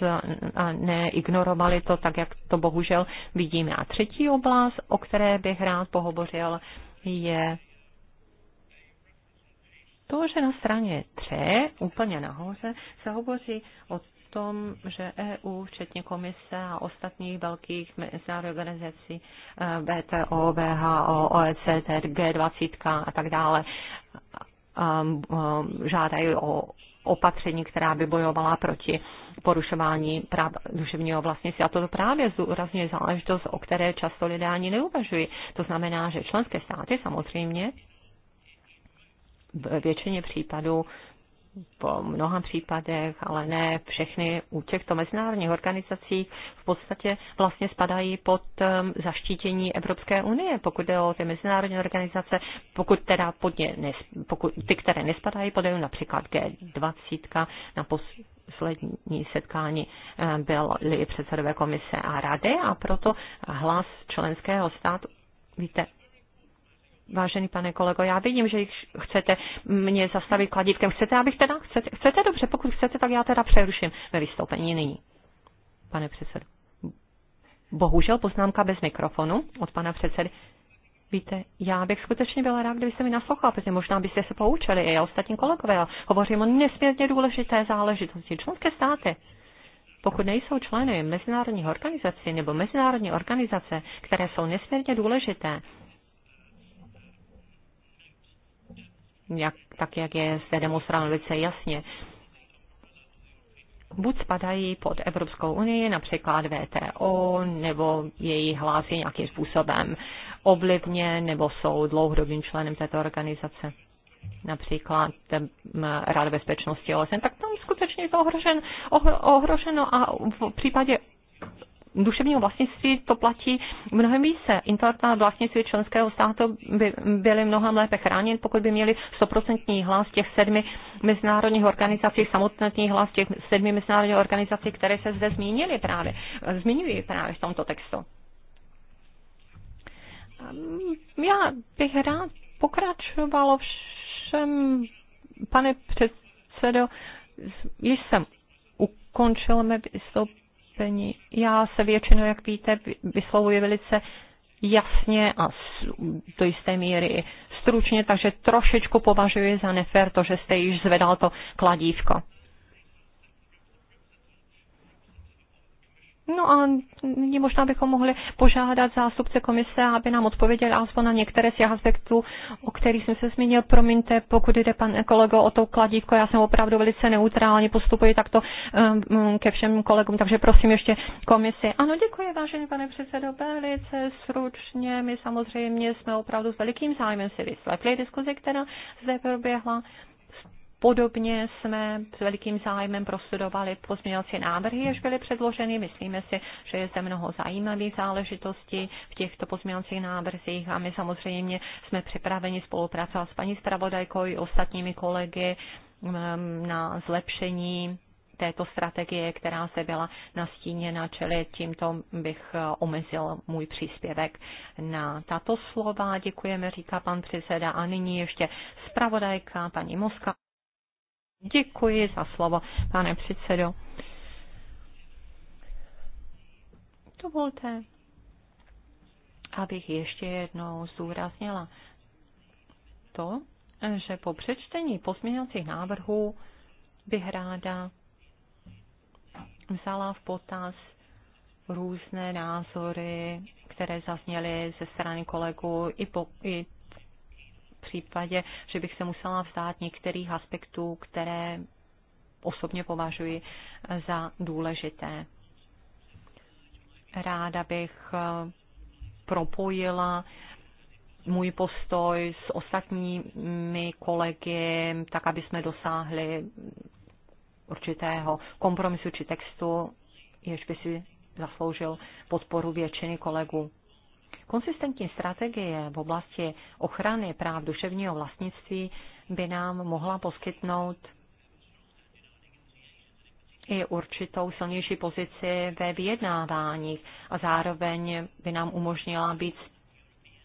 a neignorovali to tak, jak to bohužel vidíme. A třetí oblast, o které bych rád pohovořil, je to, že na straně 3, úplně nahoře, se hovoří o tom, že EU, včetně komise a ostatních velkých mezinárodních organizací, BTO, eh, VHO, OECD, G20 a tak dále, ehm, eh, žádají o opatření, která by bojovala proti porušování práv duševního vlastnictví. A to právě zúrazně záležitost, o které často lidé ani neuvažují. To znamená, že členské státy samozřejmě v většině případů po mnoha případech, ale ne všechny u těchto mezinárodních organizací v podstatě vlastně spadají pod um, zaštítění Evropské unie, pokud jde o ty mezinárodní organizace, pokud teda pod ně, pokud, ty, které nespadají podají například G20 na poslední setkání um, byly předsedové komise a rady a proto hlas členského státu Víte, vážený pane kolego, já vidím, že jich chcete mě zastavit kladívkem. Chcete, abych teda, chcete, chcete dobře, pokud chcete, tak já teda přeruším ve vystoupení nyní. Pane předsedo. Bohužel poznámka bez mikrofonu od pana předsedy. Víte, já bych skutečně byla rád, se mi naslouchala, protože možná byste se poučili i ostatní kolegové. Hovořím o nesmírně důležité záležitosti. Členské státy, pokud nejsou členy mezinárodní organizace nebo mezinárodní organizace, které jsou nesmírně důležité, jak, tak jak je zde demonstrováno velice jasně, buď spadají pod Evropskou unii, například VTO, nebo její hlas je nějakým způsobem ovlivně, nebo jsou dlouhodobým členem této organizace například eh, Rada bezpečnosti OSN, tak tam skutečně je to ohrožen, ohroženo a v případě duševního vlastnictví to platí mnohem více. Intelektuální vlastnictví členského státu by byly mnohem lépe chráněn, pokud by měli stoprocentní hlas těch sedmi mezinárodních organizací, samotný hlas těch sedmi mezinárodních organizací, které se zde zmínily právě, zmiňují právě v tomto textu. Ehm, já bych rád pokračoval všem, pane předsedo, již jsem ukončil mé vystoupení vystoupení. Já se většinou, jak víte, vyslovuji velice jasně a do jisté míry stručně, takže trošičku považuji za nefér to, že jste již zvedal to kladívko. No a nyní možná bychom mohli požádat zástupce komise, aby nám odpověděl aspoň na některé z těch aspektů, o kterých jsem se zmínil. Promiňte, pokud jde, pan kolego, o to kladívko, já jsem opravdu velice neutrálně postupuji takto um, ke všem kolegům, takže prosím ještě komisi. Ano, děkuji, vážený pane předsedo, velice stručně. My samozřejmě jsme opravdu s velikým zájmem si vyslechli diskuzi, která zde proběhla. Podobně jsme s velikým zájmem prostudovali pozměňovací návrhy, jež byly předloženy. Myslíme si, že je zde mnoho zajímavých záležitostí v těchto pozměňovacích návrzích a my samozřejmě jsme připraveni spolupracovat s paní zpravodajkou i ostatními kolegy mm, na zlepšení této strategie, která se byla nastíněna, čili tímto bych eh, omezil můj příspěvek na tato slova. Děkujeme, říká pan předseda. A nyní ještě zpravodajka paní Moska. Děkuji za slovo, pane předsedo. Dovolte, abych ještě jednou zúraznila to, že po přečtení pozměňovacích návrhů bych ráda vzala v potaz různé názory, které zazněly ze strany kolegů i, po, i případě, že bych se musela vzdát některých aspektů, které osobně považuji za důležité. Ráda bych eh, propojila můj postoj s ostatními kolegy, tak aby jsme dosáhli určitého kompromisu či textu, jež by si zasloužil podporu většiny kolegů. Konsistentní strategie v oblasti ochrany práv duševního vlastnictví by nám mohla poskytnout i určitou silnější pozici ve vyjednáváních a zároveň by nám umožnila být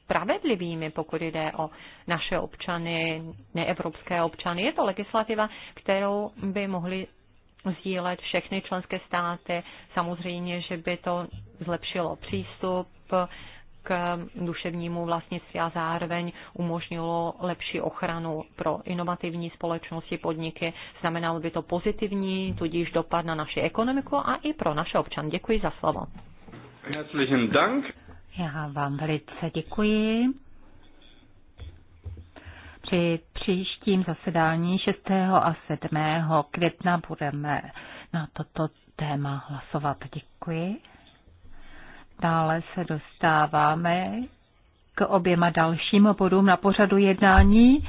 spravedlivými, pokud jde o naše občany, neevropské občany. Je to legislativa, kterou by mohli sdílet všechny členské státy. Samozřejmě, že by to zlepšilo přístup k duševnímu vlastnictví a zároveň umožnilo lepší ochranu pro inovativní společnosti, podniky. Znamenalo by to pozitivní, tudíž dopad na naši ekonomiku a i pro naše občany. Děkuji za slovo. Herzlichen Dank. Já vám velice děkuji. Při příštím zasedání 6. a 7. května budeme na toto téma hlasovat. Děkuji. Dále se dostáváme k oběma dalším bodům na pořadu jednání.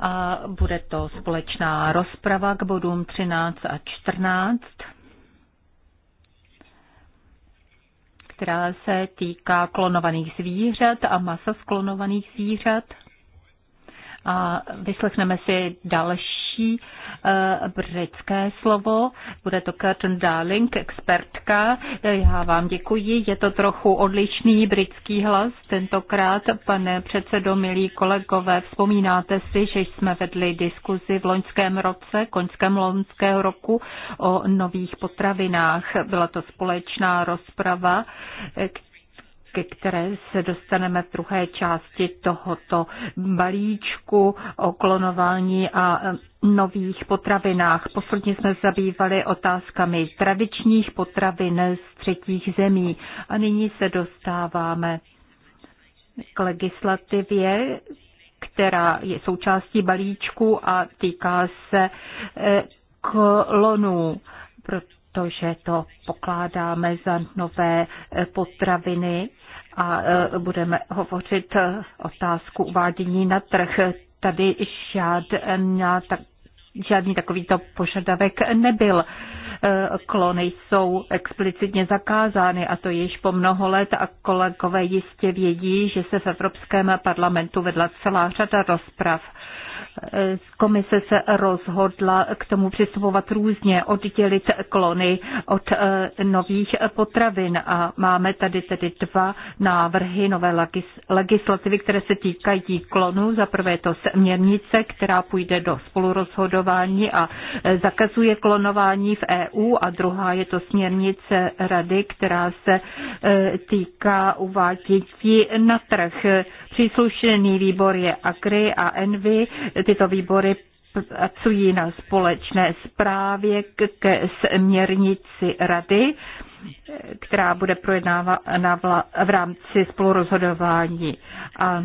A bude to společná rozprava k bodům 13 a 14, která se týká klonovaných zvířat a masa z klonovaných zvířat. A vyslechneme si další další eh, britské slovo. Bude to Curtin Darling, expertka. Já vám děkuji. Je to trochu odlišný britský hlas. Tentokrát, pane předsedo, milí kolegové, vzpomínáte si, že jsme vedli diskuzi v loňském roce, koňském loňského roku, o nových potravinách. Byla to společná rozprava, ke které se dostaneme v druhé části tohoto balíčku o klonování a e, nových potravinách. Posledně jsme zabývali otázkami tradičních potravin z třetích zemí a nyní se dostáváme k legislativě, která je součástí balíčku a týká se e, klonů, Proto že to pokládáme za nové eh, potraviny a eh, budeme hovořit eh, otázku uvádění na trh. Tady žádná tak žádný takovýto požadavek nebyl. Klony jsou explicitně zakázány a to již po mnoho let a kolegové jistě vědí, že se v Evropském parlamentu vedla celá řada rozprav Eh, komise se rozhodla k tomu přistupovat různě, oddělit klony od eh, nových potravin a máme tady tedy dva návrhy nové legislativy, které se týkají klonů. Za prvé je to směrnice, která půjde do spolurozhodování a eh, zakazuje klonování v EU a druhá je to směrnice rady, která se týká uvádění na trh. Příslušený výbor je Agri a Envy Tyto výbory pracují na společné zprávě ke směrnici rady, která bude projednávána v rámci spolurozhodování. A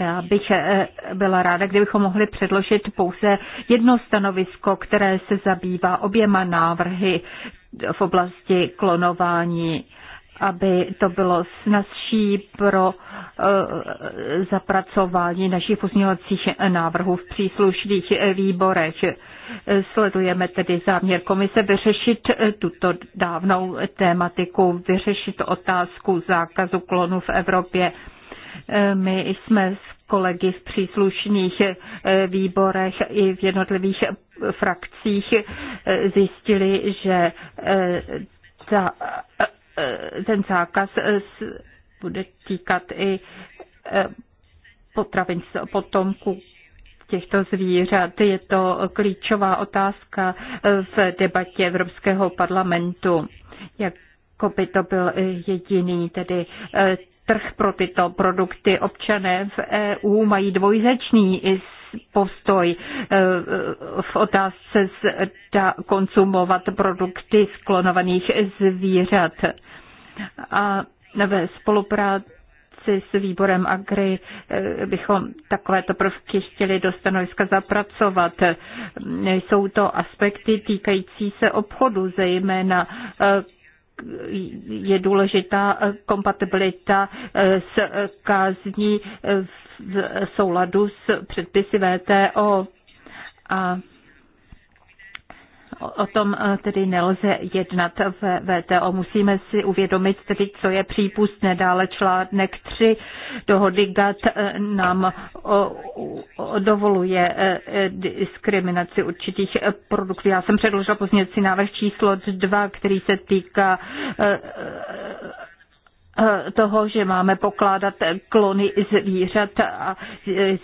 já bych eh, byla ráda, kdybychom mohli předložit pouze jedno stanovisko, které se zabývá oběma návrhy v oblasti klonování aby to bylo snazší pro eh, zapracování našich pozměňovacích návrhů v příslušných eh, výborech. Sledujeme tedy záměr komise vyřešit eh, tuto dávnou tématiku, vyřešit otázku zákazu klonů v Evropě. My jsme s kolegy v příslušných výborech i v jednotlivých frakcích zjistili, že ta Eh, ten zákaz eh, bude týkat i eh, potravin potomku těchto zvířat. Je to klíčová otázka v debatě Evropského parlamentu. Jako by to byl jediný tedy trh pro tyto produkty. Občané v EU mají dvojzečný postoj eh, v otázce zda konzumovat produkty sklonovaných zvířat. A ve spolupráci spolupráci s výborem Agri eh, bychom takovéto prvky chtěli do stanoviska zapracovat. Jsou to aspekty týkající se obchodu, zejména eh, je důležitá eh, kompatibilita eh, s eh, kázní v souladu s předpisy VTO. A O tom eh, tedy nelze jednat v VTO. Musíme si uvědomit tedy, co je přípustné. Dále článek 3 dohody GATT eh, nám dovoluje eh, diskriminaci určitých produktů. Já jsem předložila pozměňovací návrh číslo 2, který se týká Eh, toho, že máme pokládat klony zvířat a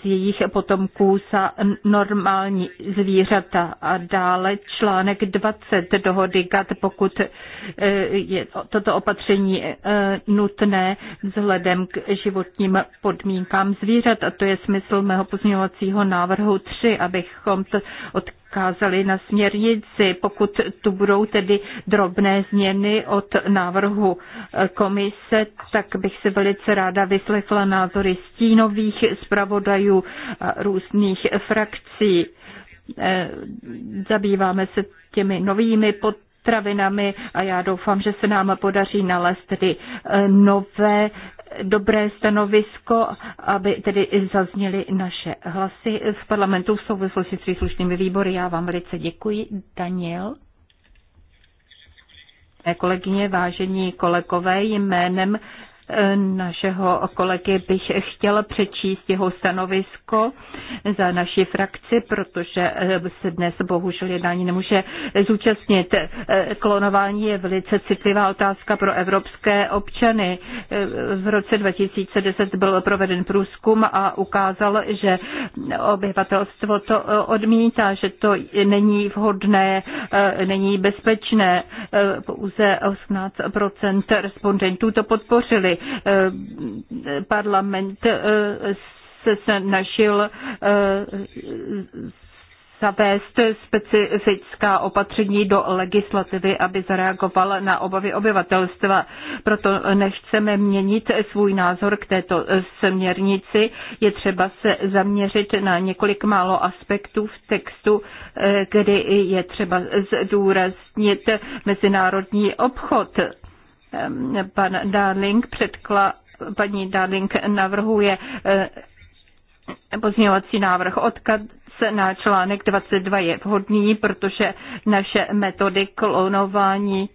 z jejich potomků za normální zvířata. A dále článek 20 dohody GATT, pokud eh, je toto opatření eh, nutné vzhledem k životním podmínkám zvířat. A to je smysl mého pozměňovacího návrhu 3, abychom to od odkázali na směrnici, pokud tu budou tedy drobné změny od návrhu eh, komise, tak bych se velice ráda vyslechla názory stínových zpravodajů a různých frakcí. Eh, zabýváme se těmi novými pod potravinami a já doufám, že se nám podaří nalézt tedy eh, nové dobré stanovisko, aby tedy zazněly naše hlasy v parlamentu v souvislosti s příslušnými výbory. Já vám velice děkuji. Daniel? Kolegyně, vážení kolegové, jménem našeho kolegy bych chtěla přečíst jeho stanovisko za naši frakci, protože eh, se dnes bohužel jednání nemůže zúčastnit. Eh, klonování je velice citlivá otázka pro evropské občany. Eh, v roce 2010 byl proveden průzkum a ukázal, že obyvatelstvo to odmítá, že to není vhodné, není bezpečné. Pouze 18% respondentů to podpořili. Eh, parlament eh, se snažil eh, zavést specifická opatření do legislativy, aby zareagoval na obavy obyvatelstva. Proto nechceme měnit svůj názor k této směrnici. Je třeba se zaměřit na několik málo aspektů v textu, kdy je třeba zdůraznit mezinárodní obchod Pan Darling předkla, paní Darling navrhuje eh, pozměňovací návrh odkaz na článek 22 je vhodný, protože naše metody klonování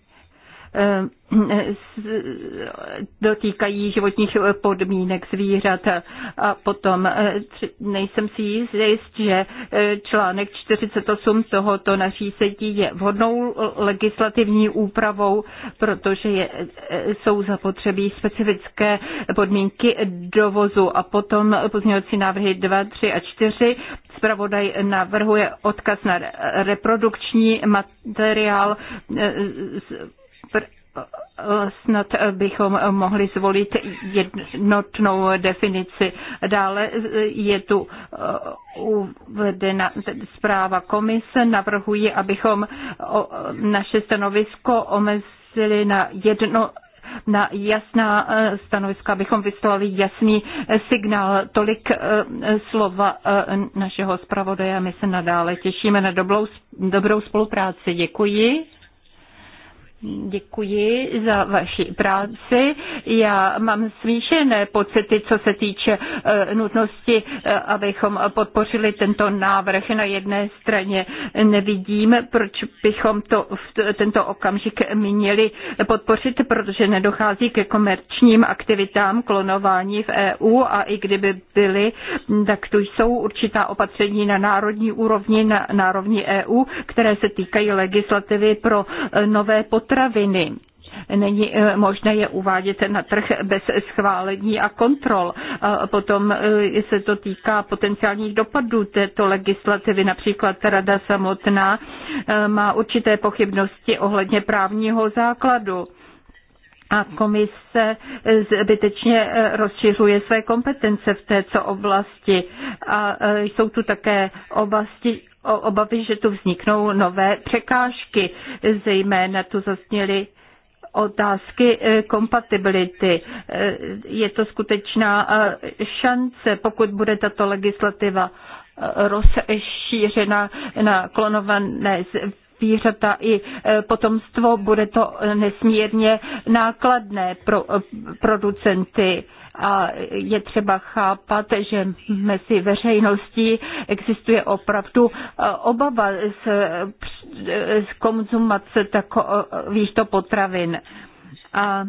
Eh, dotýkají životních podmínek zvířat. A potom eh, nejsem si jist, že eh, článek 48 tohoto sedí je vhodnou legislativní úpravou, protože je, jsou zapotřebí specifické podmínky dovozu. A potom pozměňovací návrhy 2, 3 a 4. Zpravodaj navrhuje odkaz na reprodukční materiál snad bychom mohli zvolit jednotnou definici. Dále je tu uh, uvedena zpráva komise. Navrhuji, abychom naše stanovisko omezili na jedno na jasná uh, stanoviska, abychom vyslali jasný uh, signál. Tolik slova našeho zpravodaje. My se nadále těšíme na dobrou, dobrou spolupráci. Děkuji. Děkuji za vaši práci. Já mám smíšené pocity, co se týče eh, nutnosti, eh, abychom podpořili tento návrh. Na jedné straně nevidím, proč bychom to v tento okamžik měli podpořit, protože nedochází ke komerčním aktivitám klonování v EU a i kdyby byly, tak tu jsou určitá opatření na národní úrovni, na, národní úrovni EU, které se týkají legislativy pro eh, nové potřeby potraviny. Není eh, možné je uvádět na trh bez schválení a kontrol. A potom eh, se to týká potenciálních dopadů této legislativy. Například Rada samotná eh, má určité pochybnosti ohledně právního základu a komise zbytečně rozšiřuje své kompetence v této oblasti. A jsou tu také oblasti, obavy, že tu vzniknou nové překážky, zejména tu zasněly otázky e, kompatibility. E, je to skutečná e, šance, pokud bude tato legislativa rozšířena na klonované zvířata i potomstvo, bude to nesmírně nákladné pro producenty a je třeba chápat, že mezi veřejností existuje opravdu e, obava z, e, z konzumace takovýchto potravin a e,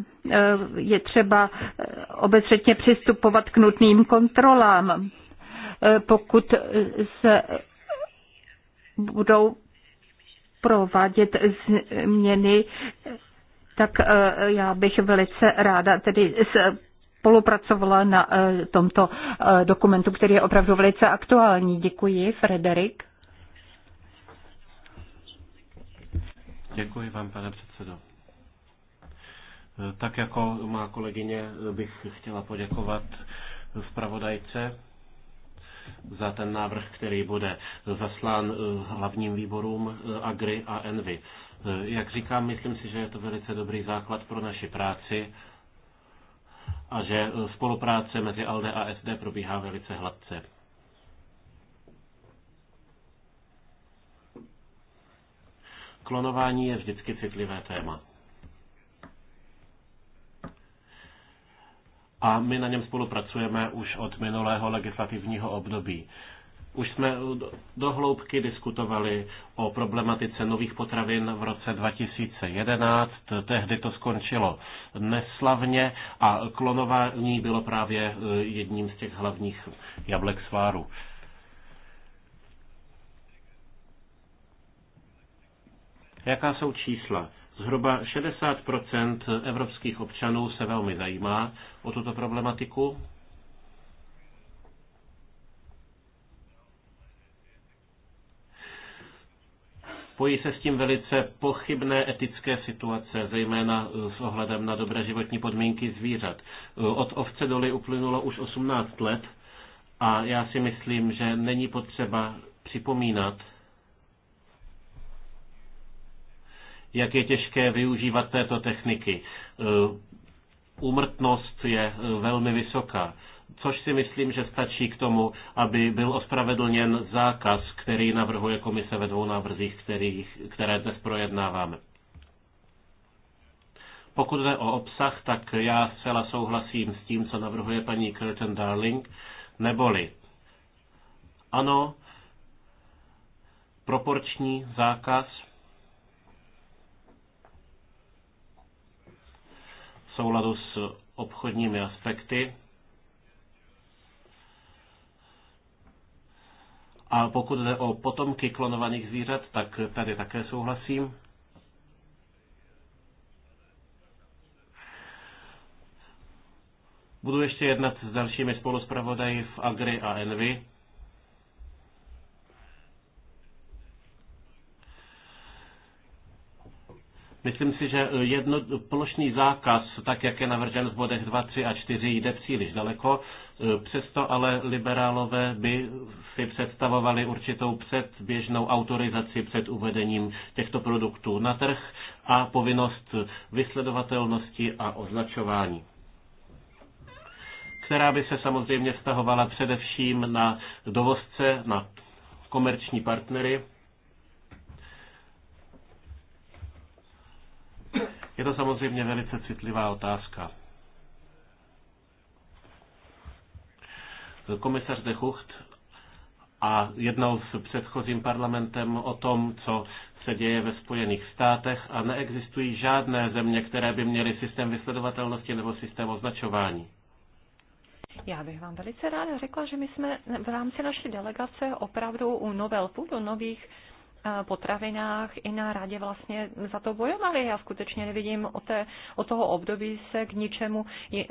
je třeba obecně přistupovat k nutným kontrolám. Pokud se budou provádět změny, tak já bych velice ráda tedy s spolupracovala na eh, tomto eh, dokumentu, který je opravdu velice aktuální. Děkuji, Frederik. Děkuji vám, pane předsedo. Eh, tak jako má kolegyně bych chtěla poděkovat zpravodajce za ten návrh, který bude zaslán hlavním výborům Agri a Envy. Jak říkám, myslím si, že je to velice dobrý základ pro naši práci a že e, spolupráce mezi ALDE a SD probíhá velice hladce. Klonování je vždycky citlivé téma. A my na něm spolupracujeme už od minulého legislativního období. Už jsme dohloubky diskutovali o problematice nových potravin v roce 2011. Tehdy to skončilo neslavně a klonování bylo právě e, jedním z těch hlavních jablek sváru. Jaká jsou čísla? Zhruba 60 evropských občanů se velmi zajímá o tuto problematiku. Pojí se s tím velice pochybné etické situace, zejména e, s ohledem na dobré životní podmínky zvířat. E, od ovce doly uplynulo už 18 let a já si myslím, že není potřeba připomínat, jak je těžké využívat této techniky. E, úmrtnost je velmi vysoká což si myslím, že stačí k tomu, aby byl ospravedlněn zákaz, který navrhuje komise ve dvou návrzích, kterých, které dnes projednáváme. Pokud jde o obsah, tak já zcela souhlasím s tím, co navrhuje paní Curtin Darling, neboli ano, proporční zákaz v souladu s obchodními aspekty A pokud jde o potomky klonovaných zvířat, tak tady také souhlasím. Budu ještě jednat s dalšími spoluspravodaji v Agri a Envy. Myslím si, že jedno, plošný zákaz, tak jak je navržen v bodech 2, 3 a 4, jde příliš daleko. Přesto ale liberálové by si představovali určitou předběžnou autorizaci před uvedením těchto produktů na trh a povinnost vysledovatelnosti a označování která by se samozřejmě vztahovala především na dovozce, na komerční partnery. Je to samozřejmě velice citlivá otázka. Komisař de Hucht a jednal s předchozím parlamentem o tom, co se děje ve Spojených státech a neexistují žádné země, které by měly systém vysledovatelnosti nebo systém označování. Já bych vám velice ráda řekla, že my jsme v rámci naší delegace opravdu u novel půdu, nových Eh, potravinách i na radě vlastně za to bojovali. Já skutečně nevidím o, té, o toho období se k ničemu eh,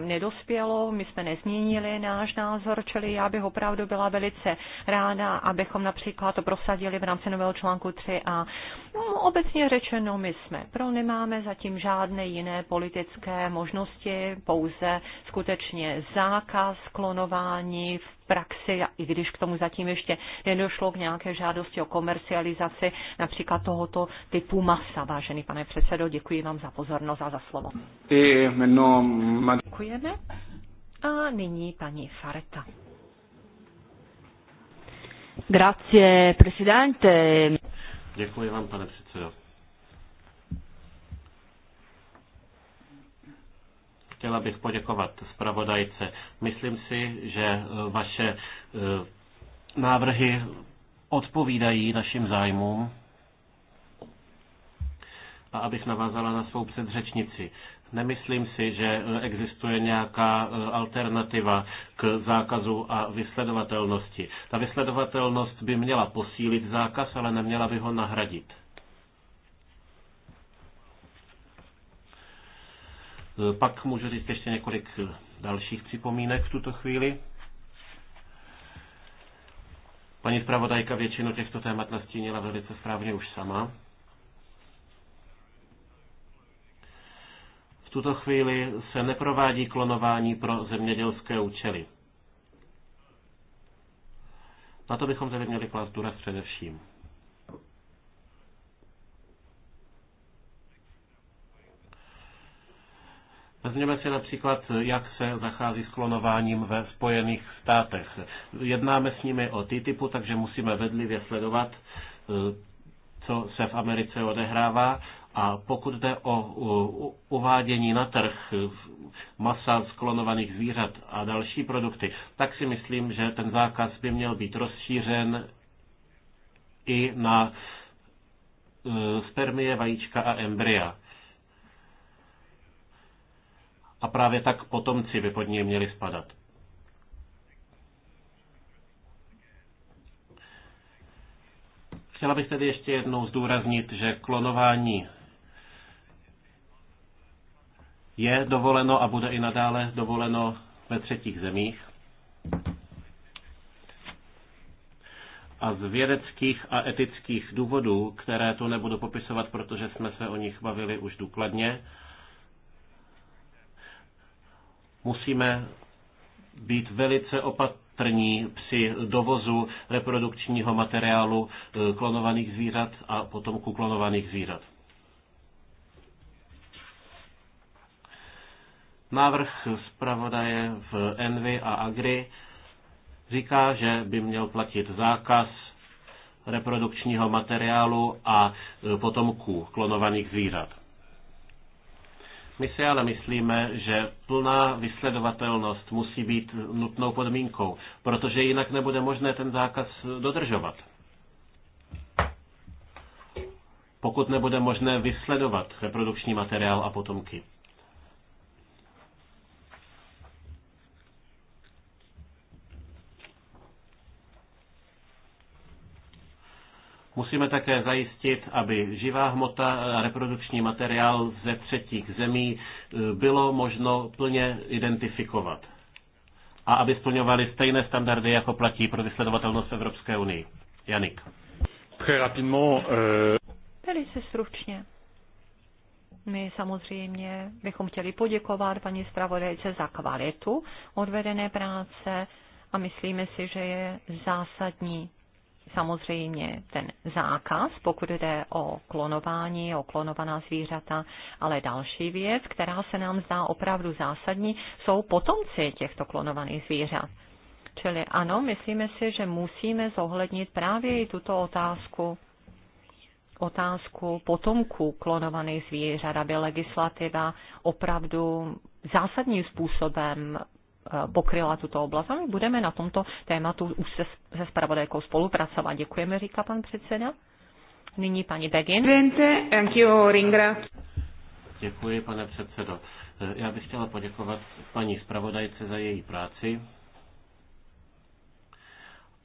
nedospělo. My jsme nezměnili náš názor, čili já bych opravdu byla velice ráda, abychom například to prosadili v rámci nového článku 3 a no, obecně řečeno my jsme pro, nemáme zatím žádné jiné politické možnosti, pouze skutečně zákaz klonování v praxi, i když k tomu zatím ještě nedošlo k nějaké žádosti o komercializaci například tohoto typu masa. Vážený pane předsedo, děkuji vám za pozornost a za slovo. Děkujeme. A nyní paní Fareta. Grazie, presidente. Děkuji vám, pane předsedo. Chtěla bych poděkovat zpravodajce. Myslím si, že e, vaše e, návrhy odpovídají našim zájmům. A abych navázala na svou předřečnici. Nemyslím si, že e, existuje nějaká alternativa k zákazu a vysledovatelnosti. Ta vysledovatelnost by měla posílit zákaz, ale neměla by ho nahradit. Eh, pak můžu říct ještě několik eh, dalších připomínek v tuto chvíli. Paní zpravodajka většinu těchto témat nastínila velice správně už sama. V tuto chvíli se neprovádí klonování pro zemědělské účely. Na to bychom tedy měli klást důraz především. Vezměme si například, jak se zachází s klonováním ve Spojených státech. Jednáme s nimi o TTIPu, takže musíme vedlivě sledovat, eh, co se v Americe odehrává. A pokud jde o uvádění na trh eh, masa z klonovaných zvířat a další produkty, tak si myslím, že ten zákaz by měl být rozšířen i na eh, spermie, vajíčka a embrya a právě tak potomci by pod něj měli spadat. Chtěla bych tedy ještě jednou zdůraznit, že klonování je dovoleno a bude i nadále dovoleno ve třetích zemích. A z vědeckých a etických důvodů, které tu nebudu popisovat, protože jsme se o nich bavili už důkladně, musíme být velice opatrní při dovozu reprodukčního materiálu e, klonovaných zvířat a potomků klonovaných zvířat. Návrh zpravodaje v Envy a Agri říká, že by měl platit zákaz reprodukčního materiálu a e, potomků klonovaných zvířat. My si ale myslíme, že plná vysledovatelnost musí být nutnou podmínkou, protože jinak nebude možné ten zákaz dodržovat. Pokud nebude možné vysledovat reprodukční materiál a potomky. Musíme také zajistit, aby živá hmota a reprodukční materiál ze třetích zemí e, bylo možno plně identifikovat a aby splňovali stejné standardy, jako platí pro vysledovatelnost Evropské unii. Janik. Velice euh, stručně. My samozřejmě bychom chtěli poděkovat paní zpravodajce za kvalitu odvedené práce a myslíme si, že je zásadní samozřejmě ten zákaz, pokud jde o klonování, o klonovaná zvířata, ale další věc, která se nám zdá opravdu zásadní, jsou potomci těchto klonovaných zvířat. Čili ano, myslíme si, že musíme zohlednit právě i tuto otázku otázku potomků klonovaných zvířat, aby legislativa opravdu zásadním způsobem Eh, pokryla tuto oblast a my budeme na tomto tématu už se, se spravodajkou spolupracovat. Děkujeme, říká pan předseda. Nyní paní Begin. Děkuji, pane předsedo. Eh, já bych chtěla poděkovat paní zpravodajce za její práci.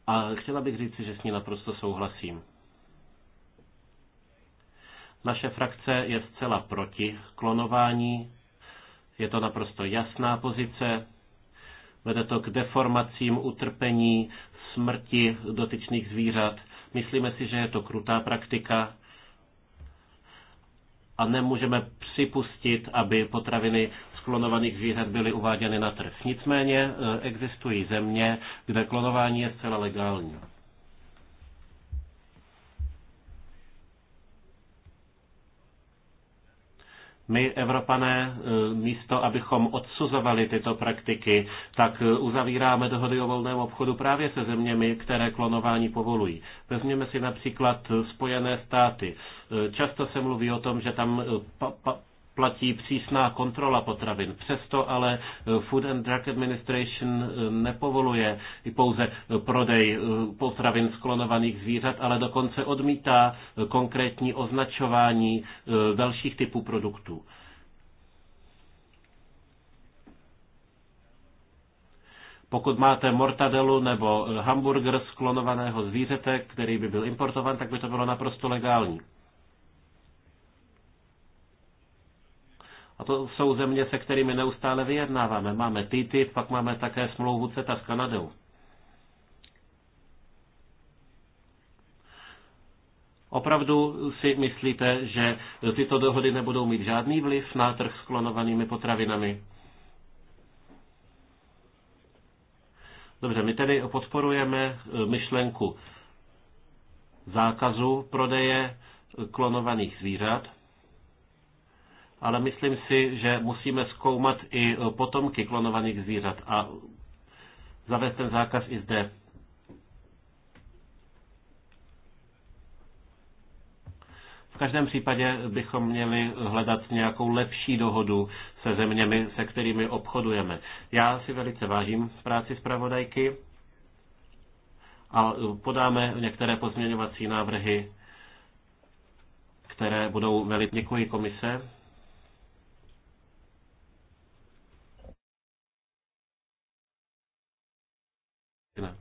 A chtěla bych říct, že s ní naprosto souhlasím. Naše frakce je zcela proti klonování. Je to naprosto jasná pozice, Vede to k deformacím, utrpení, smrti dotyčných zvířat. Myslíme si, že je to krutá praktika a nemůžeme připustit, aby potraviny klonovaných zvířat byly uváděny na trh. Nicméně eh, existují země, kde klonování je zcela legální. My, Evropané, eh, místo abychom odsuzovali tyto praktiky, tak eh, uzavíráme dohody o volném obchodu právě se zeměmi, které klonování povolují. Vezměme si například eh, Spojené státy. Často se mluví o tom, že tam platí přísná kontrola potravin. Přesto ale eh, Food and Drug Administration eh, nepovoluje pouze eh, prodej potravin sklonovaných zvířat, ale dokonce odmítá konkrétní označování dalších typů produktů. Pokud máte mortadelu nebo hamburger z klonovaného zvířete, který by byl importovan, tak by to bylo naprosto legální. A to jsou země, se kterými neustále vyjednáváme. Máme TTIP, pak máme také smlouvu CETA s Kanadou. Opravdu si myslíte, že tyto dohody nebudou mít žádný vliv na trh s klonovanými potravinami? Dobře, my tedy podporujeme eh, myšlenku zákazu prodeje klonovaných zvířat ale myslím si, že musíme zkoumat i eh, potomky klonovaných zvířat a zavést ten zákaz i zde. V každém případě bychom měli hledat nějakou lepší dohodu se zeměmi, se kterými obchodujeme. Já si velice vážím práci zpravodajky a eh, podáme některé pozměňovací návrhy, které budou velice. Děkuji komise. Ne.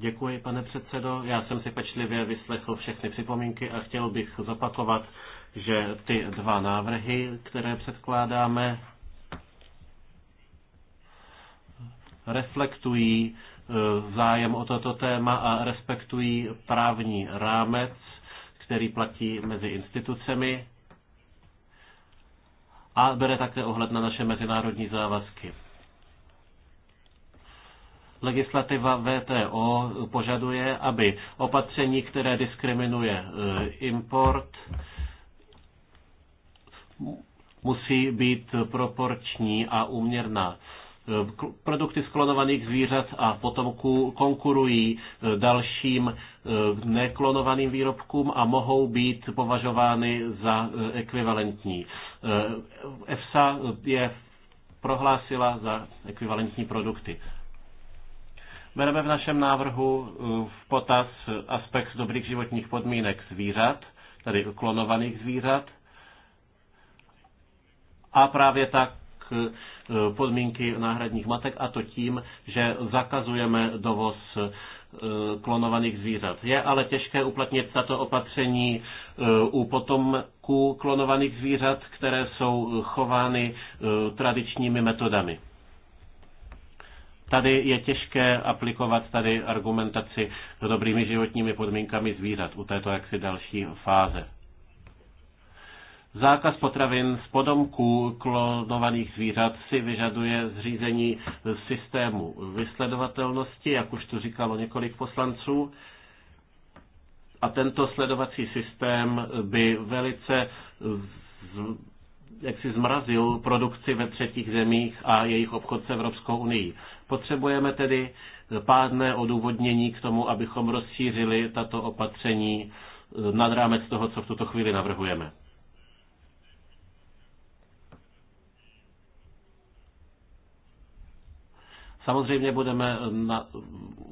Děkuji, pane předsedo. Já jsem si pečlivě vyslechl všechny připomínky a chtěl bych zopakovat, že ty dva návrhy, které předkládáme, reflektují Eh, zájem o toto téma a respektují právní rámec, který platí mezi institucemi a bere také ohled na naše mezinárodní závazky. Legislativa VTO požaduje, aby opatření, které diskriminuje eh, import, musí být proporční a úměrná. Produkty sklonovaných zvířat a potomků konkurují e, dalším e, neklonovaným výrobkům a mohou být považovány za e, ekvivalentní. EFSA je prohlásila za ekvivalentní produkty. Bereme v našem návrhu v potaz aspekt dobrých životních podmínek zvířat, tedy klonovaných zvířat, a právě tak Eh, podmínky náhradních matek a to tím, že zakazujeme dovoz eh, klonovaných zvířat. Je ale těžké uplatnit tato opatření eh, u potomků klonovaných zvířat, které jsou chovány tradičními metodami. Tady je těžké aplikovat tady argumentaci dobrými životními podmínkami zvířat u této jaksi další fáze. Zákaz potravin z podomků klonovaných zvířat si vyžaduje zřízení systému vysledovatelnosti, jak už tu říkalo několik poslanců. A tento sledovací systém by velice jak si zmrazil produkci ve třetích zemích a jejich obchod s Evropskou unii. Potřebujeme tedy pádné odůvodnění k tomu, abychom rozšířili tato opatření nad rámec toho, co v tuto chvíli navrhujeme. Samozřejmě budeme eh,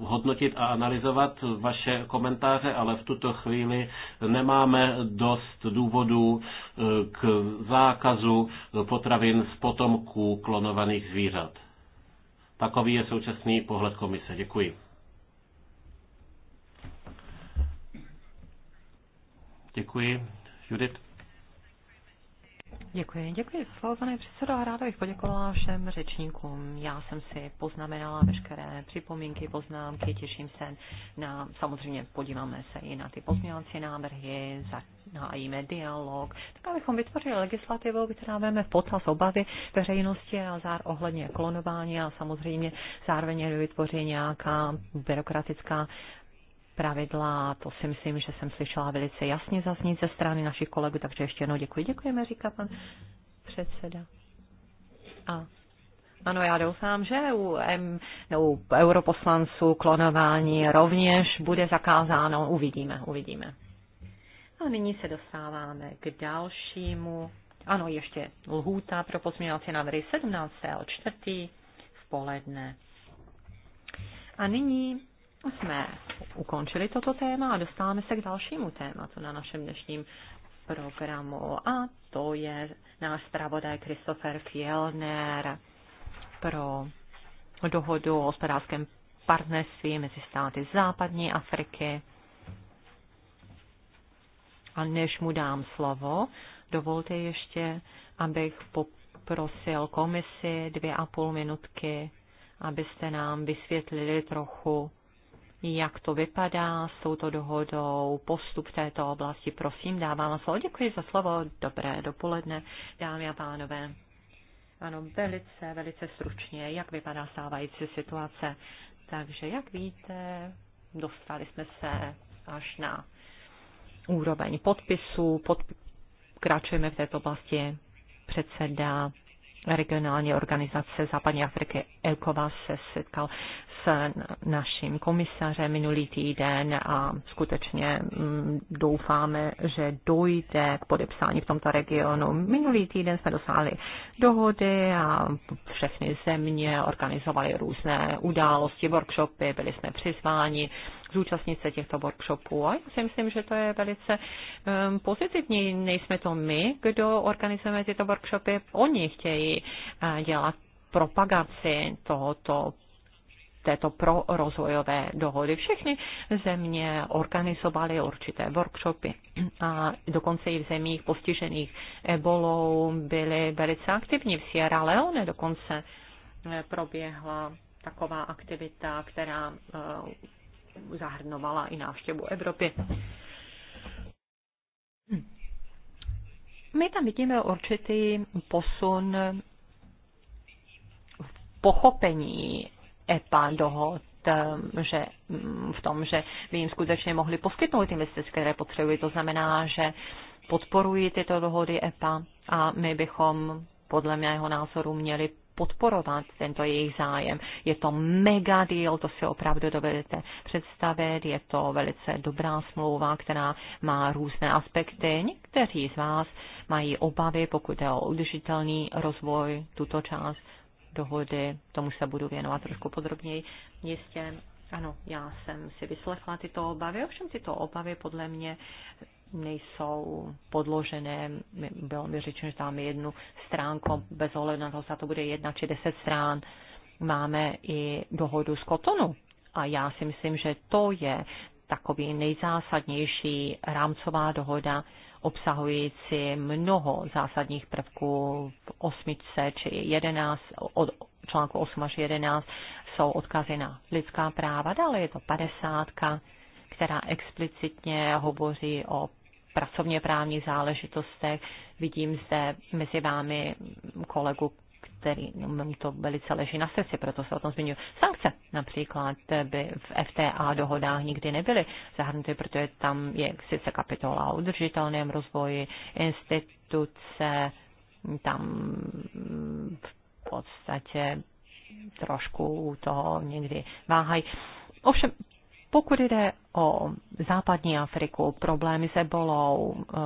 hodnotit a analyzovat vaše komentáře, ale v tuto chvíli nemáme dost důvodů eh, k zákazu potravin z potomků klonovaných zvířat. Takový je současný pohled komise. Děkuji. Děkuji. Judith? Děkuji, děkuji za slovo, pane předsedo, a ráda bych poděkovala všem řečníkům. Já jsem si poznamenala veškeré připomínky, poznámky, těším se na, samozřejmě podíváme se i na ty pozměňovací návrhy, zahájíme dialog, tak abychom vytvořili legislativu, která veme v potaz obavy veřejnosti a zár ohledně klonování a samozřejmě zároveň vytvoření nějaká byrokratická pravidla. To si myslím, že jsem slyšela velice jasně zaznít ze strany našich kolegů, takže ještě jednou děkuji. Děkujeme, říká pan předseda. A ano, já doufám, že u, M, no, u europoslanců klonování rovněž bude zakázáno. Uvidíme, uvidíme. A nyní se dostáváme k dalšímu. Ano, ještě lhůta pro pozměňovací návrhy 17.4. v poledne. A nyní a jsme ukončili toto téma a dostáváme se k dalšímu tématu na našem dnešním programu. A to je náš zpravodaj Christopher Fielner pro dohodu o hospodářském partnerství mezi státy západní Afriky. A než mu dám slovo, dovolte ještě, abych poprosil komisi dvě a půl minutky, abyste nám vysvětlili trochu jak to vypadá s touto dohodou, postup v této oblasti. Prosím, dávám vám slovo. Děkuji za slovo. Dobré dopoledne, dámy a pánové. Ano, velice, velice stručně, jak vypadá stávající situace. Takže, jak víte, dostali jsme se až na úroveň podpisů, pod, v této oblasti předseda regionální organizace Západní Afriky ELKOVA se setkal naším komisařem minulý týden a skutečně mm, doufáme, že dojde k podepsání v tomto regionu. Minulý týden jsme dosáhli dohody a všechny země organizovaly různé události, workshopy, byli jsme přizváni zúčastnit se těchto workshopů. A já si myslím, že to je velice um, pozitivní. Nejsme to my, kdo organizujeme tyto workshopy. Oni chtějí uh, dělat propagaci tohoto této prorozvojové dohody. Všechny země organizovaly určité workshopy a dokonce i v zemích postižených ebolou byly velice aktivní. V Sierra Leone dokonce eh, proběhla taková aktivita, která eh, zahrnovala i návštěvu Evropy. My tam vidíme určitý posun v pochopení EPA dohod ehm, že mm, v tom, že by jim skutečně mohli poskytnout investice, které potřebují. To znamená, že podporují tyto dohody EPA a my bychom podle mého názoru měli podporovat tento jejich zájem. Je to mega deal, to si opravdu dovedete představit, je to velice dobrá smlouva, která má různé aspekty. Někteří z vás mají obavy, pokud je o udržitelný rozvoj, tuto část dohody, tomu se budu věnovat trošku podrobněji. Jistě, ano, já jsem si vyslechla tyto obavy, ovšem tyto obavy podle mě nejsou podložené. Bylo mi řečeno, že dáme jednu stránku, bez ohledu na to, zda to bude jedna či deset strán. Máme i dohodu z Kotonu. A já si myslím, že to je takový nejzásadnější rámcová dohoda, obsahující mnoho zásadních prvků v osmičce či jedenáct od článku 8 až 11 jsou odkazy na lidská práva. Dále je to padesátka, která explicitně hovoří o pracovně právních záležitostech. Vidím zde mezi vámi kolegu který mi mm, to velice leží na srdci, proto se o tom zmiňuji. Sankce například by v FTA dohodách nikdy nebyly zahrnuty, protože tam je sice kapitola o udržitelném rozvoji, instituce, tam v podstatě trošku toho někdy váhají. Ovšem, pokud jde o západní Afriku, problémy s ebolou, eh,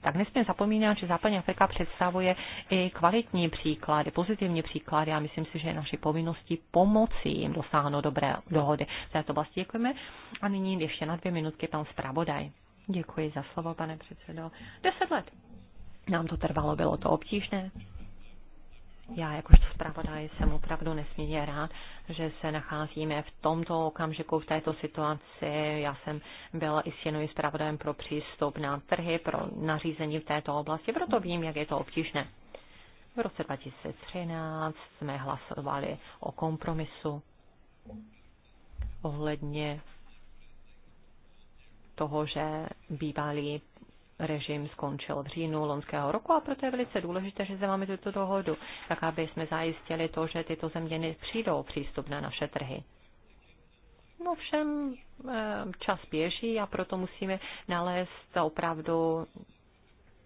tak nesmím zapomínat, že západní Afrika představuje i kvalitní příklady, pozitivní příklady a myslím si, že je naší povinností pomoci jim dosáhnout dobré dohody. V této oblasti děkujeme. A nyní ještě na dvě minutky pan zpravodaj. Děkuji za slovo, pane předsedo. Deset let. Nám to trvalo, bylo to obtížné. Já jakožto zpravodaj jsem opravdu nesmírně rád, že se nacházíme v tomto okamžiku, v této situaci. Já jsem byla i s stěnovým zpravodajem pro přístup na trhy, pro nařízení v této oblasti, proto vím, jak je to obtížné. V roce 2013 jsme hlasovali o kompromisu ohledně toho, že bývalý režim skončil v říjnu loňského roku a proto je velice důležité, že se máme tuto dohodu, tak aby jsme zajistili to, že tyto země přijdou přístup na naše trhy. No všem eh, čas běží a proto musíme nalézt opravdu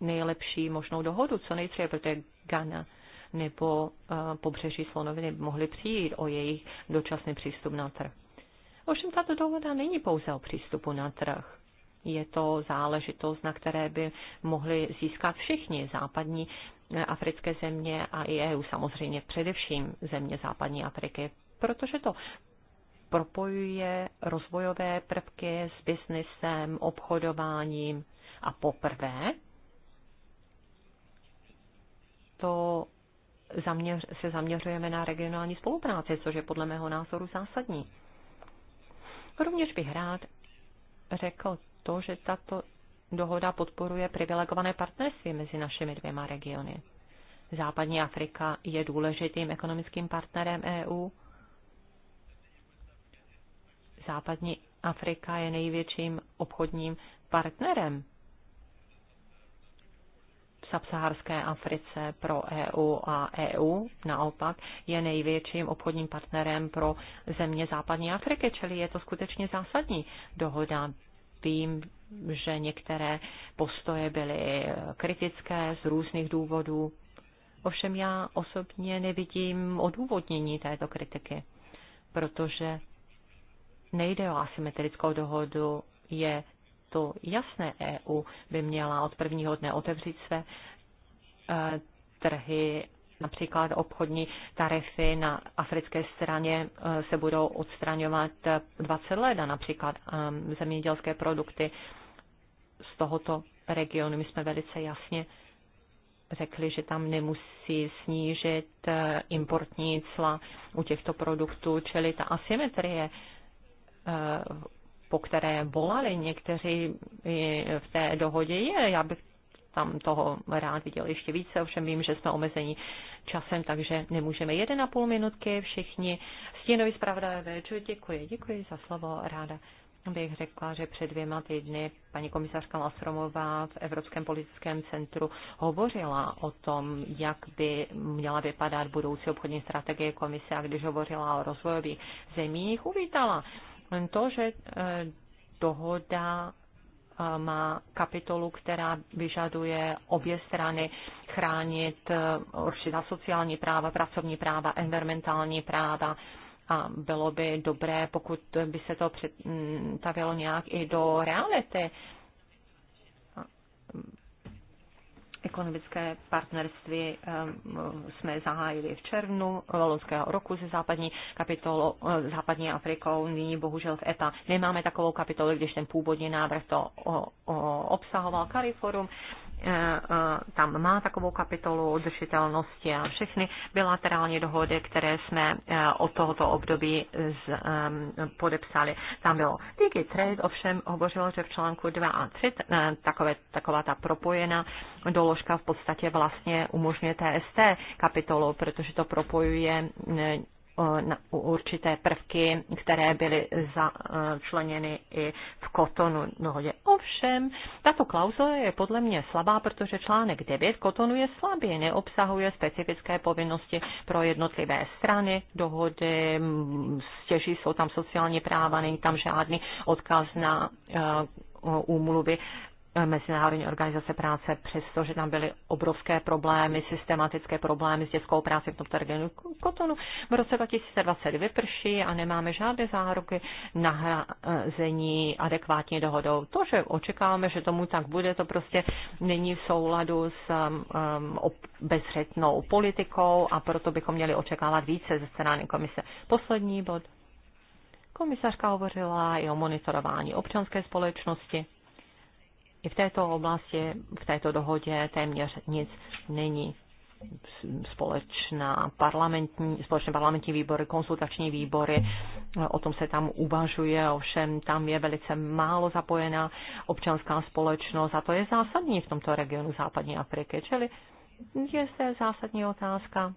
nejlepší možnou dohodu, co nejdříve, protože Ghana nebo eh, pobřeží slonoviny mohly přijít o jejich dočasný přístup na trh. Ovšem tato dohoda není pouze o přístupu na trh je to záležitost, na které by mohli získat všichni západní eh, africké země a i EU, samozřejmě především země západní Afriky, protože to propojuje rozvojové prvky s biznesem, obchodováním a poprvé to zaměř, se zaměřujeme na regionální spolupráci, což je podle mého názoru zásadní. Rovněž bych rád řekl to, že tato dohoda podporuje privilegované partnerství mezi našimi dvěma regiony. Západní Afrika je důležitým ekonomickým partnerem EU. Západní Afrika je největším obchodním partnerem v subsaharské Africe pro EU a EU naopak je největším obchodním partnerem pro země západní Afriky, čili je to skutečně zásadní dohoda. Vím, že některé postoje byly kritické z různých důvodů. Ovšem já osobně nevidím odůvodnění této kritiky, protože nejde o asymetrickou dohodu, je to jasné, EU by měla od prvního dne otevřít své eh, trhy Například obchodní tarify na africké straně eh, se budou odstraňovat 20 eh, let a například eh, zemědělské produkty z tohoto regionu. My jsme velice jasně řekli, že tam nemusí snížit importní cla u těchto produktů, čili ta asymetrie, po které volali někteří v té dohodě je. Já bych tam toho rád viděl ještě více, ovšem vím, že jsme omezení časem, takže nemůžeme. půl minutky všichni. Stínovi zpravodajové, děkuji, děkuji za slovo, ráda bych řekla, že před dvěma týdny paní komisařka Lasromová v Evropském politickém centru hovořila o tom, jak by měla vypadat budoucí obchodní strategie komise a když hovořila o rozvojových zemích, uvítala to, že eh, dohoda má kapitolu, která vyžaduje obě strany chránit eh, určitá sociální práva, pracovní práva, environmentální práva a bylo by dobré, pokud by se to představilo nějak i do reality ekonomické partnerství ehm, jsme zahájili v červnu loňského roku se západní kapitolou, eh, západní Afrikou. Nyní bohužel v ETA nemáme takovou kapitolu, když ten původní návrh to obsahoval Cariforum. Eh, eh, tam má takovou kapitolu udržitelnosti a všechny bilaterální dohody, které jsme eh, od tohoto období z, podepsali. Tam bylo DigiTrade, ovšem hovořilo, že v článku 2 a 3 takové, taková ta propojená doložka v podstatě vlastně umožňuje TST kapitolu, protože to propojuje u určité prvky, které byly začleněny e, i v Kotonu dohodě. Ovšem, tato klauzule je podle mě slabá, protože článek 9 Kotonu je slabý, neobsahuje specifické povinnosti pro jednotlivé strany dohody, stěží jsou tam sociální práva, není tam žádný odkaz na e, úmluvy Mezinárodní organizace práce, přestože tam byly obrovské problémy, systematické problémy s dětskou práci v tomto regionu Kotonu. V roce 2020 vyprší a nemáme žádné záruky nahrazení adekvátní dohodou. To, že očekáváme, že tomu tak bude, to prostě není v souladu s um, um bezřetnou politikou a proto bychom měli očekávat více ze strany komise. Poslední bod. Komisařka hovořila i o monitorování občanské společnosti. I v této oblasti, v této dohodě téměř nic není společná parlamentní, společné parlamentní výbory, konsultační výbory, o tom se tam uvažuje, ovšem tam je velice málo zapojená občanská společnost a to je zásadní v tomto regionu západní Afriky, čili je zde zásadní otázka,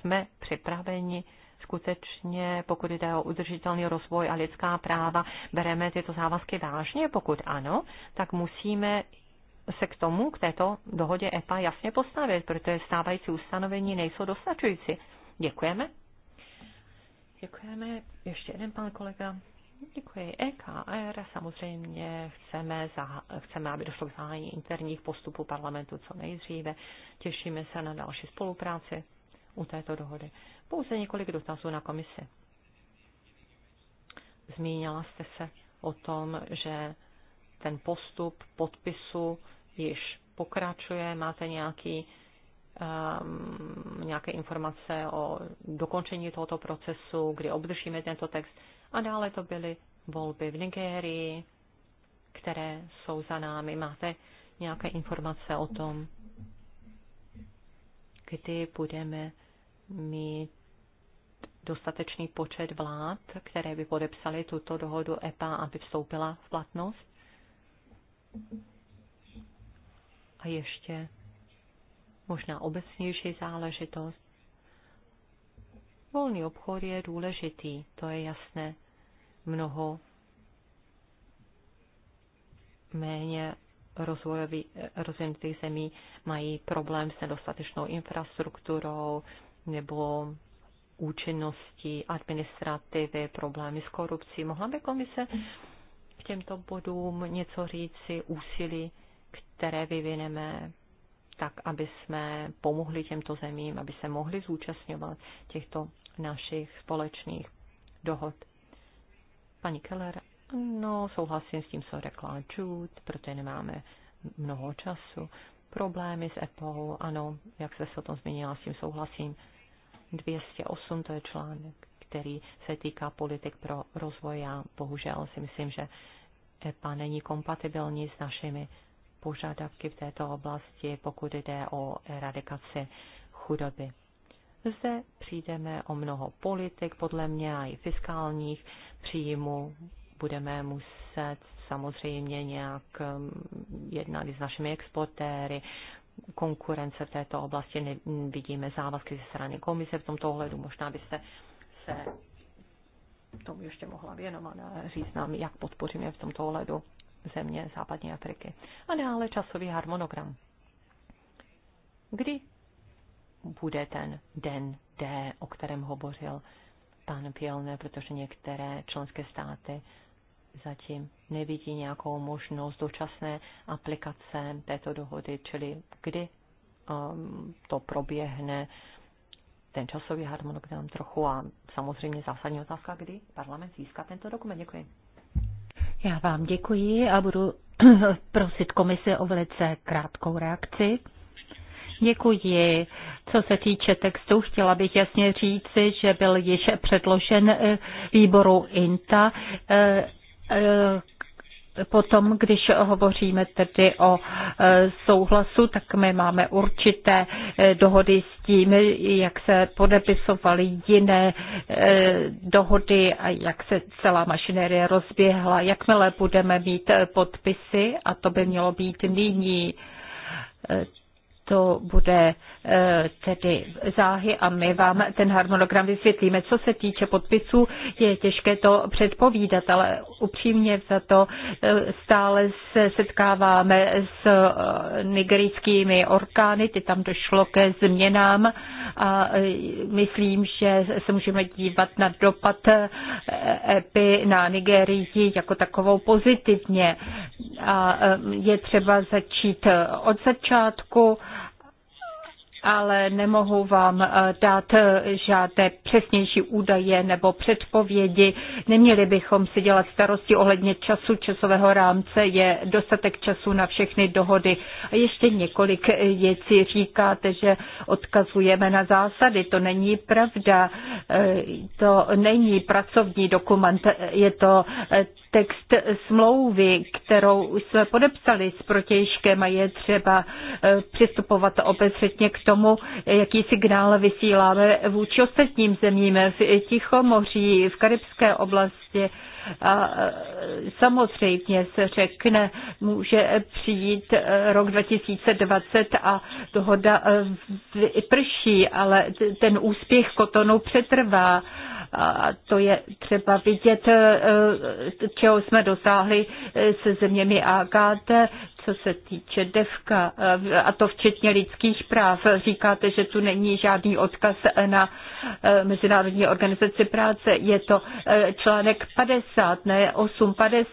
jsme připraveni skutečně, pokud jde o udržitelný rozvoj a lidská práva, bereme tyto závazky vážně? Pokud ano, tak musíme se k tomu, k této dohodě EPA jasně postavit, protože stávající ustanovení nejsou dostačující. Děkujeme. Děkujeme. Ještě jeden pan kolega. Děkuji. EKR samozřejmě chceme, za, chceme, aby došlo k zahájení interních postupů parlamentu co nejdříve. Těšíme se na další spolupráci u této dohody. Pouze několik dotazů na komisi. Zmínila jste se o tom, že ten postup podpisu již pokračuje, máte nějaký, um, nějaké informace o dokončení tohoto procesu, kdy obdržíme tento text. A dále to byly volby v Nigérii, které jsou za námi. Máte nějaké informace o tom, kdy budeme mít dostatečný počet vlád, které by podepsaly tuto dohodu EPA, aby vstoupila v platnost? A ještě možná obecnější záležitost. Volný obchod je důležitý, to je jasné. Mnoho méně rozvojových zemí mají problém s nedostatečnou infrastrukturou, nebo účinnosti administrativy, problémy s korupcí. Mohla by komise k těmto bodům něco říci, úsilí, které vyvineme tak, aby jsme pomohli těmto zemím, aby se mohli zúčastňovat těchto našich společných dohod. Pani Keller, no, souhlasím s tím, co řekla Jude, protože nemáme mnoho času. Problémy s Apple, ano, jak se o tom zmínila, s tím souhlasím. 208, to je článek, který se týká politik pro rozvoj. Já bohužel si myslím, že EPA není kompatibilní s našimi požadavky v této oblasti, pokud jde o eradikaci chudoby. Zde přijdeme o mnoho politik, podle mě a i fiskálních příjmů. Budeme muset samozřejmě nějak um, jednat s našimi exportéry, konkurence v této oblasti, nevidíme závazky ze strany komise v tomto ohledu. Možná byste se tomu ještě mohla věnovat a říct nám, jak podpoříme v tomto ohledu země západní Afriky. A dále časový harmonogram. Kdy bude ten den D, o kterém hovořil pan Pielne, protože některé členské státy zatím nevidí nějakou možnost dočasné aplikace této dohody, čili kdy um, to proběhne, ten časový harmonogram trochu a samozřejmě zásadní otázka, kdy parlament získá tento dokument. Děkuji. Já vám děkuji a budu [clears throat] prosit komise o velice krátkou reakci. Děkuji. Co se týče textu, chtěla bych jasně říci, že byl již předložen eh, výboru INTA eh, Eh, potom, když hovoříme tedy o eh, souhlasu, tak my máme určité eh, dohody s tím, jak se podepisovaly jiné dohody a jak se celá mašinérie rozběhla. Jakmile budeme mít podpisy, a to by mělo být nyní, to bude eh, tedy záhy a my vám ten harmonogram vysvětlíme. Co se týče podpisů, je těžké to předpovídat, ale upřímně za to eh, stále se setkáváme s eh, nigerickými orkány, ty tam došlo ke změnám a myslím, že se můžeme dívat na dopad EPI e na Nigerii jako takovou pozitivně. A je třeba začít od začátku ale nemohu vám eh, dát eh, žádné přesnější údaje nebo předpovědi. Neměli bychom si dělat starosti ohledně času, časového rámce je dostatek času na všechny dohody. A ještě několik eh, věcí říkáte, že odkazujeme na zásady. To není pravda. To není pracovní dokument, je to text smlouvy, kterou jsme podepsali s protějškem a je třeba eh, přistupovat obecně k tomu, jaký signál vysíláme vůči ostatním zemím v Tichomoří, v Karibské oblasti. A eh, samozřejmě se řekne, může přijít eh, rok 2020 a dohoda prší, ale ten úspěch kotonu přetrvá a to je třeba vidět, eh, čeho jsme dosáhli eh, se zeměmi AKT, co se týče devka, eh, a to včetně lidských práv. Říkáte, že tu není žádný odkaz na Mezinárodní organizaci práce. Je to článek 50, ne 850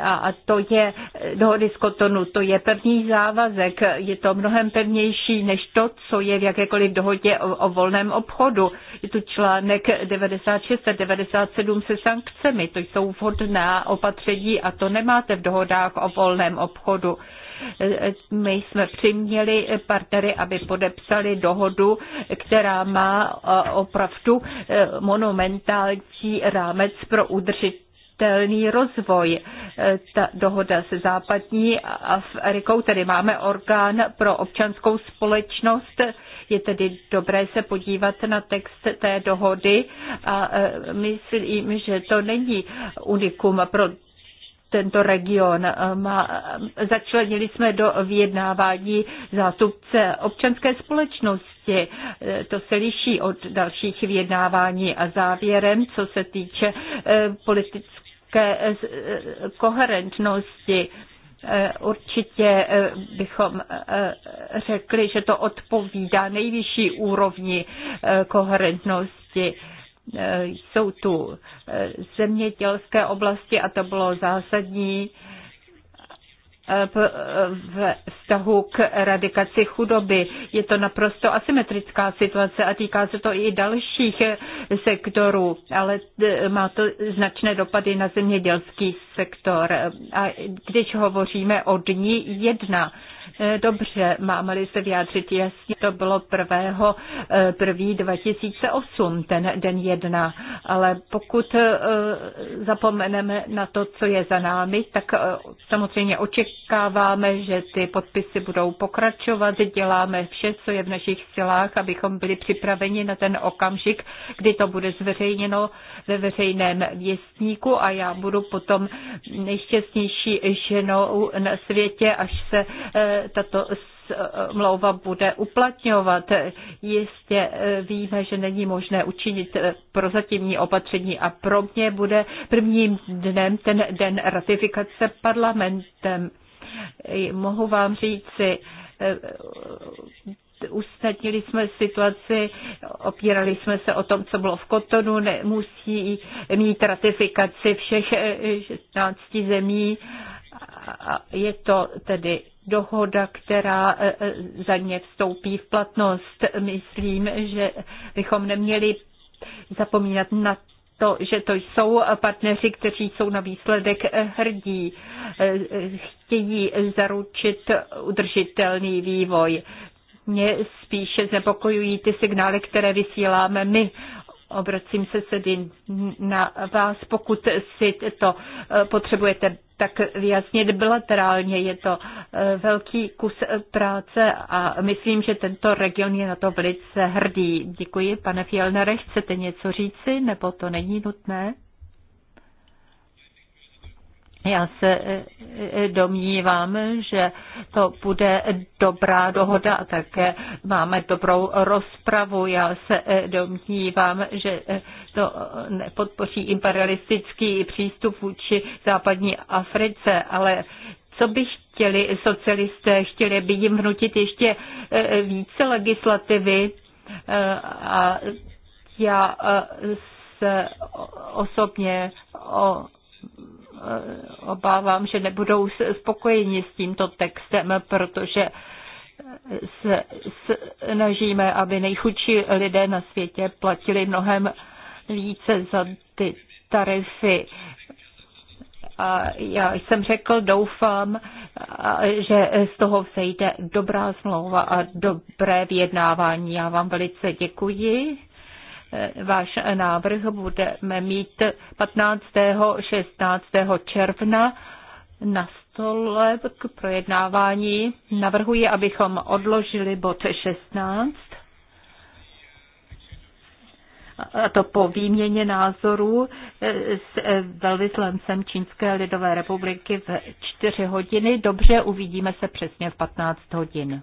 a to je dohody z Kotonu, to je pevný závazek, je to mnohem pevnější než to, co je v jakékoliv dohodě o, o volném obchodu. Je tu článek 96 a 97 se sankcemi, to jsou vhodná opatření a to nemáte v dohodách o volném obchodu. My jsme přiměli partnery, aby podepsali dohodu, která má opravdu eh, monumentální rámec pro udržitelnost udržitelný rozvoj. E, ta dohoda se západní Afrikou, tedy máme orgán pro občanskou společnost, je tedy dobré se podívat na text té dohody a e, myslím, že to není unikum pro tento region. Ehm, ehm, začlenili jsme do vyjednávání zástupce občanské společnosti. E, to se liší od dalších vyjednávání a závěrem, co se týče e, politické e, koherentnosti. Určitě bychom řekli, že to odpovídá nejvyšší úrovni koherentnosti E, jsou tu e, zemědělské oblasti a to bylo zásadní e, v vztahu k eradikaci chudoby. Je to naprosto asymetrická situace a týká se to i dalších sektorů, ale má to značné dopady na zemědělský sektor. A když hovoříme o dní jedna, Eh, dobře, máme li se vyjádřit jasně, to bylo prvého, eh, první 2008, ten den jedna, ale pokud eh, zapomeneme na to, co je za námi, tak samozřejmě očekáváme, že ty podpisy budou pokračovat, děláme vše, co je v našich silách, abychom byli připraveni na ten okamžik, kdy to bude zveřejněno ve veřejném věstníku a já budu potom nejšťastnější ženou na světě, až se tato smlouva bude uplatňovat. Jistě eh, víme, že není možné učinit eh, prozatímní opatření a pro mě bude prvním dnem ten den ratifikace parlamentem. Mohu vám říci, eh, usnadnili jsme situaci, opírali jsme se o tom, co bylo v Kotonu, nemusí mít ratifikaci všech 16 zemí. Je to tedy dohoda, která e, e, za ně vstoupí v platnost. Myslím, že bychom neměli zapomínat na to, že to jsou partneři, kteří jsou na výsledek hrdí, e, chtějí zaručit udržitelný vývoj. Mě spíše znepokojují ty signály, které vysíláme my. Obracím se tedy na vás, pokud si to potřebujete tak vyjasnit bilaterálně. Je to eh, velký kus eh, práce a myslím, že tento region je na to velice hrdý. Děkuji, pane Fjellnere, chcete něco říci, nebo to není nutné? Já se e, e, domnívám, že to bude dobrá dohoda a také máme dobrou rozpravu. Já se e, domnívám, že to nepodpoří imperialistický přístup vůči západní Africe, ale co by chtěli socialisté? Chtěli by jim vnutit ještě více legislativy a já se osobně o Eh, obávám, že nebudou spokojeni s tímto textem, protože se snažíme, aby nejchudší lidé na světě platili mnohem více za ty tarify. A já jsem řekl, doufám, že z toho vzejde dobrá smlouva a dobré vyjednávání. Já vám velice děkuji. Eh, váš návrh budeme mít 15. 16. června na stole k projednávání. Navrhuji, abychom odložili bod 16 a to po výměně názorů eh, s eh, velvyslancem Čínské lidové republiky v 4 hodiny. Dobře, uvidíme se přesně v 15 hodin.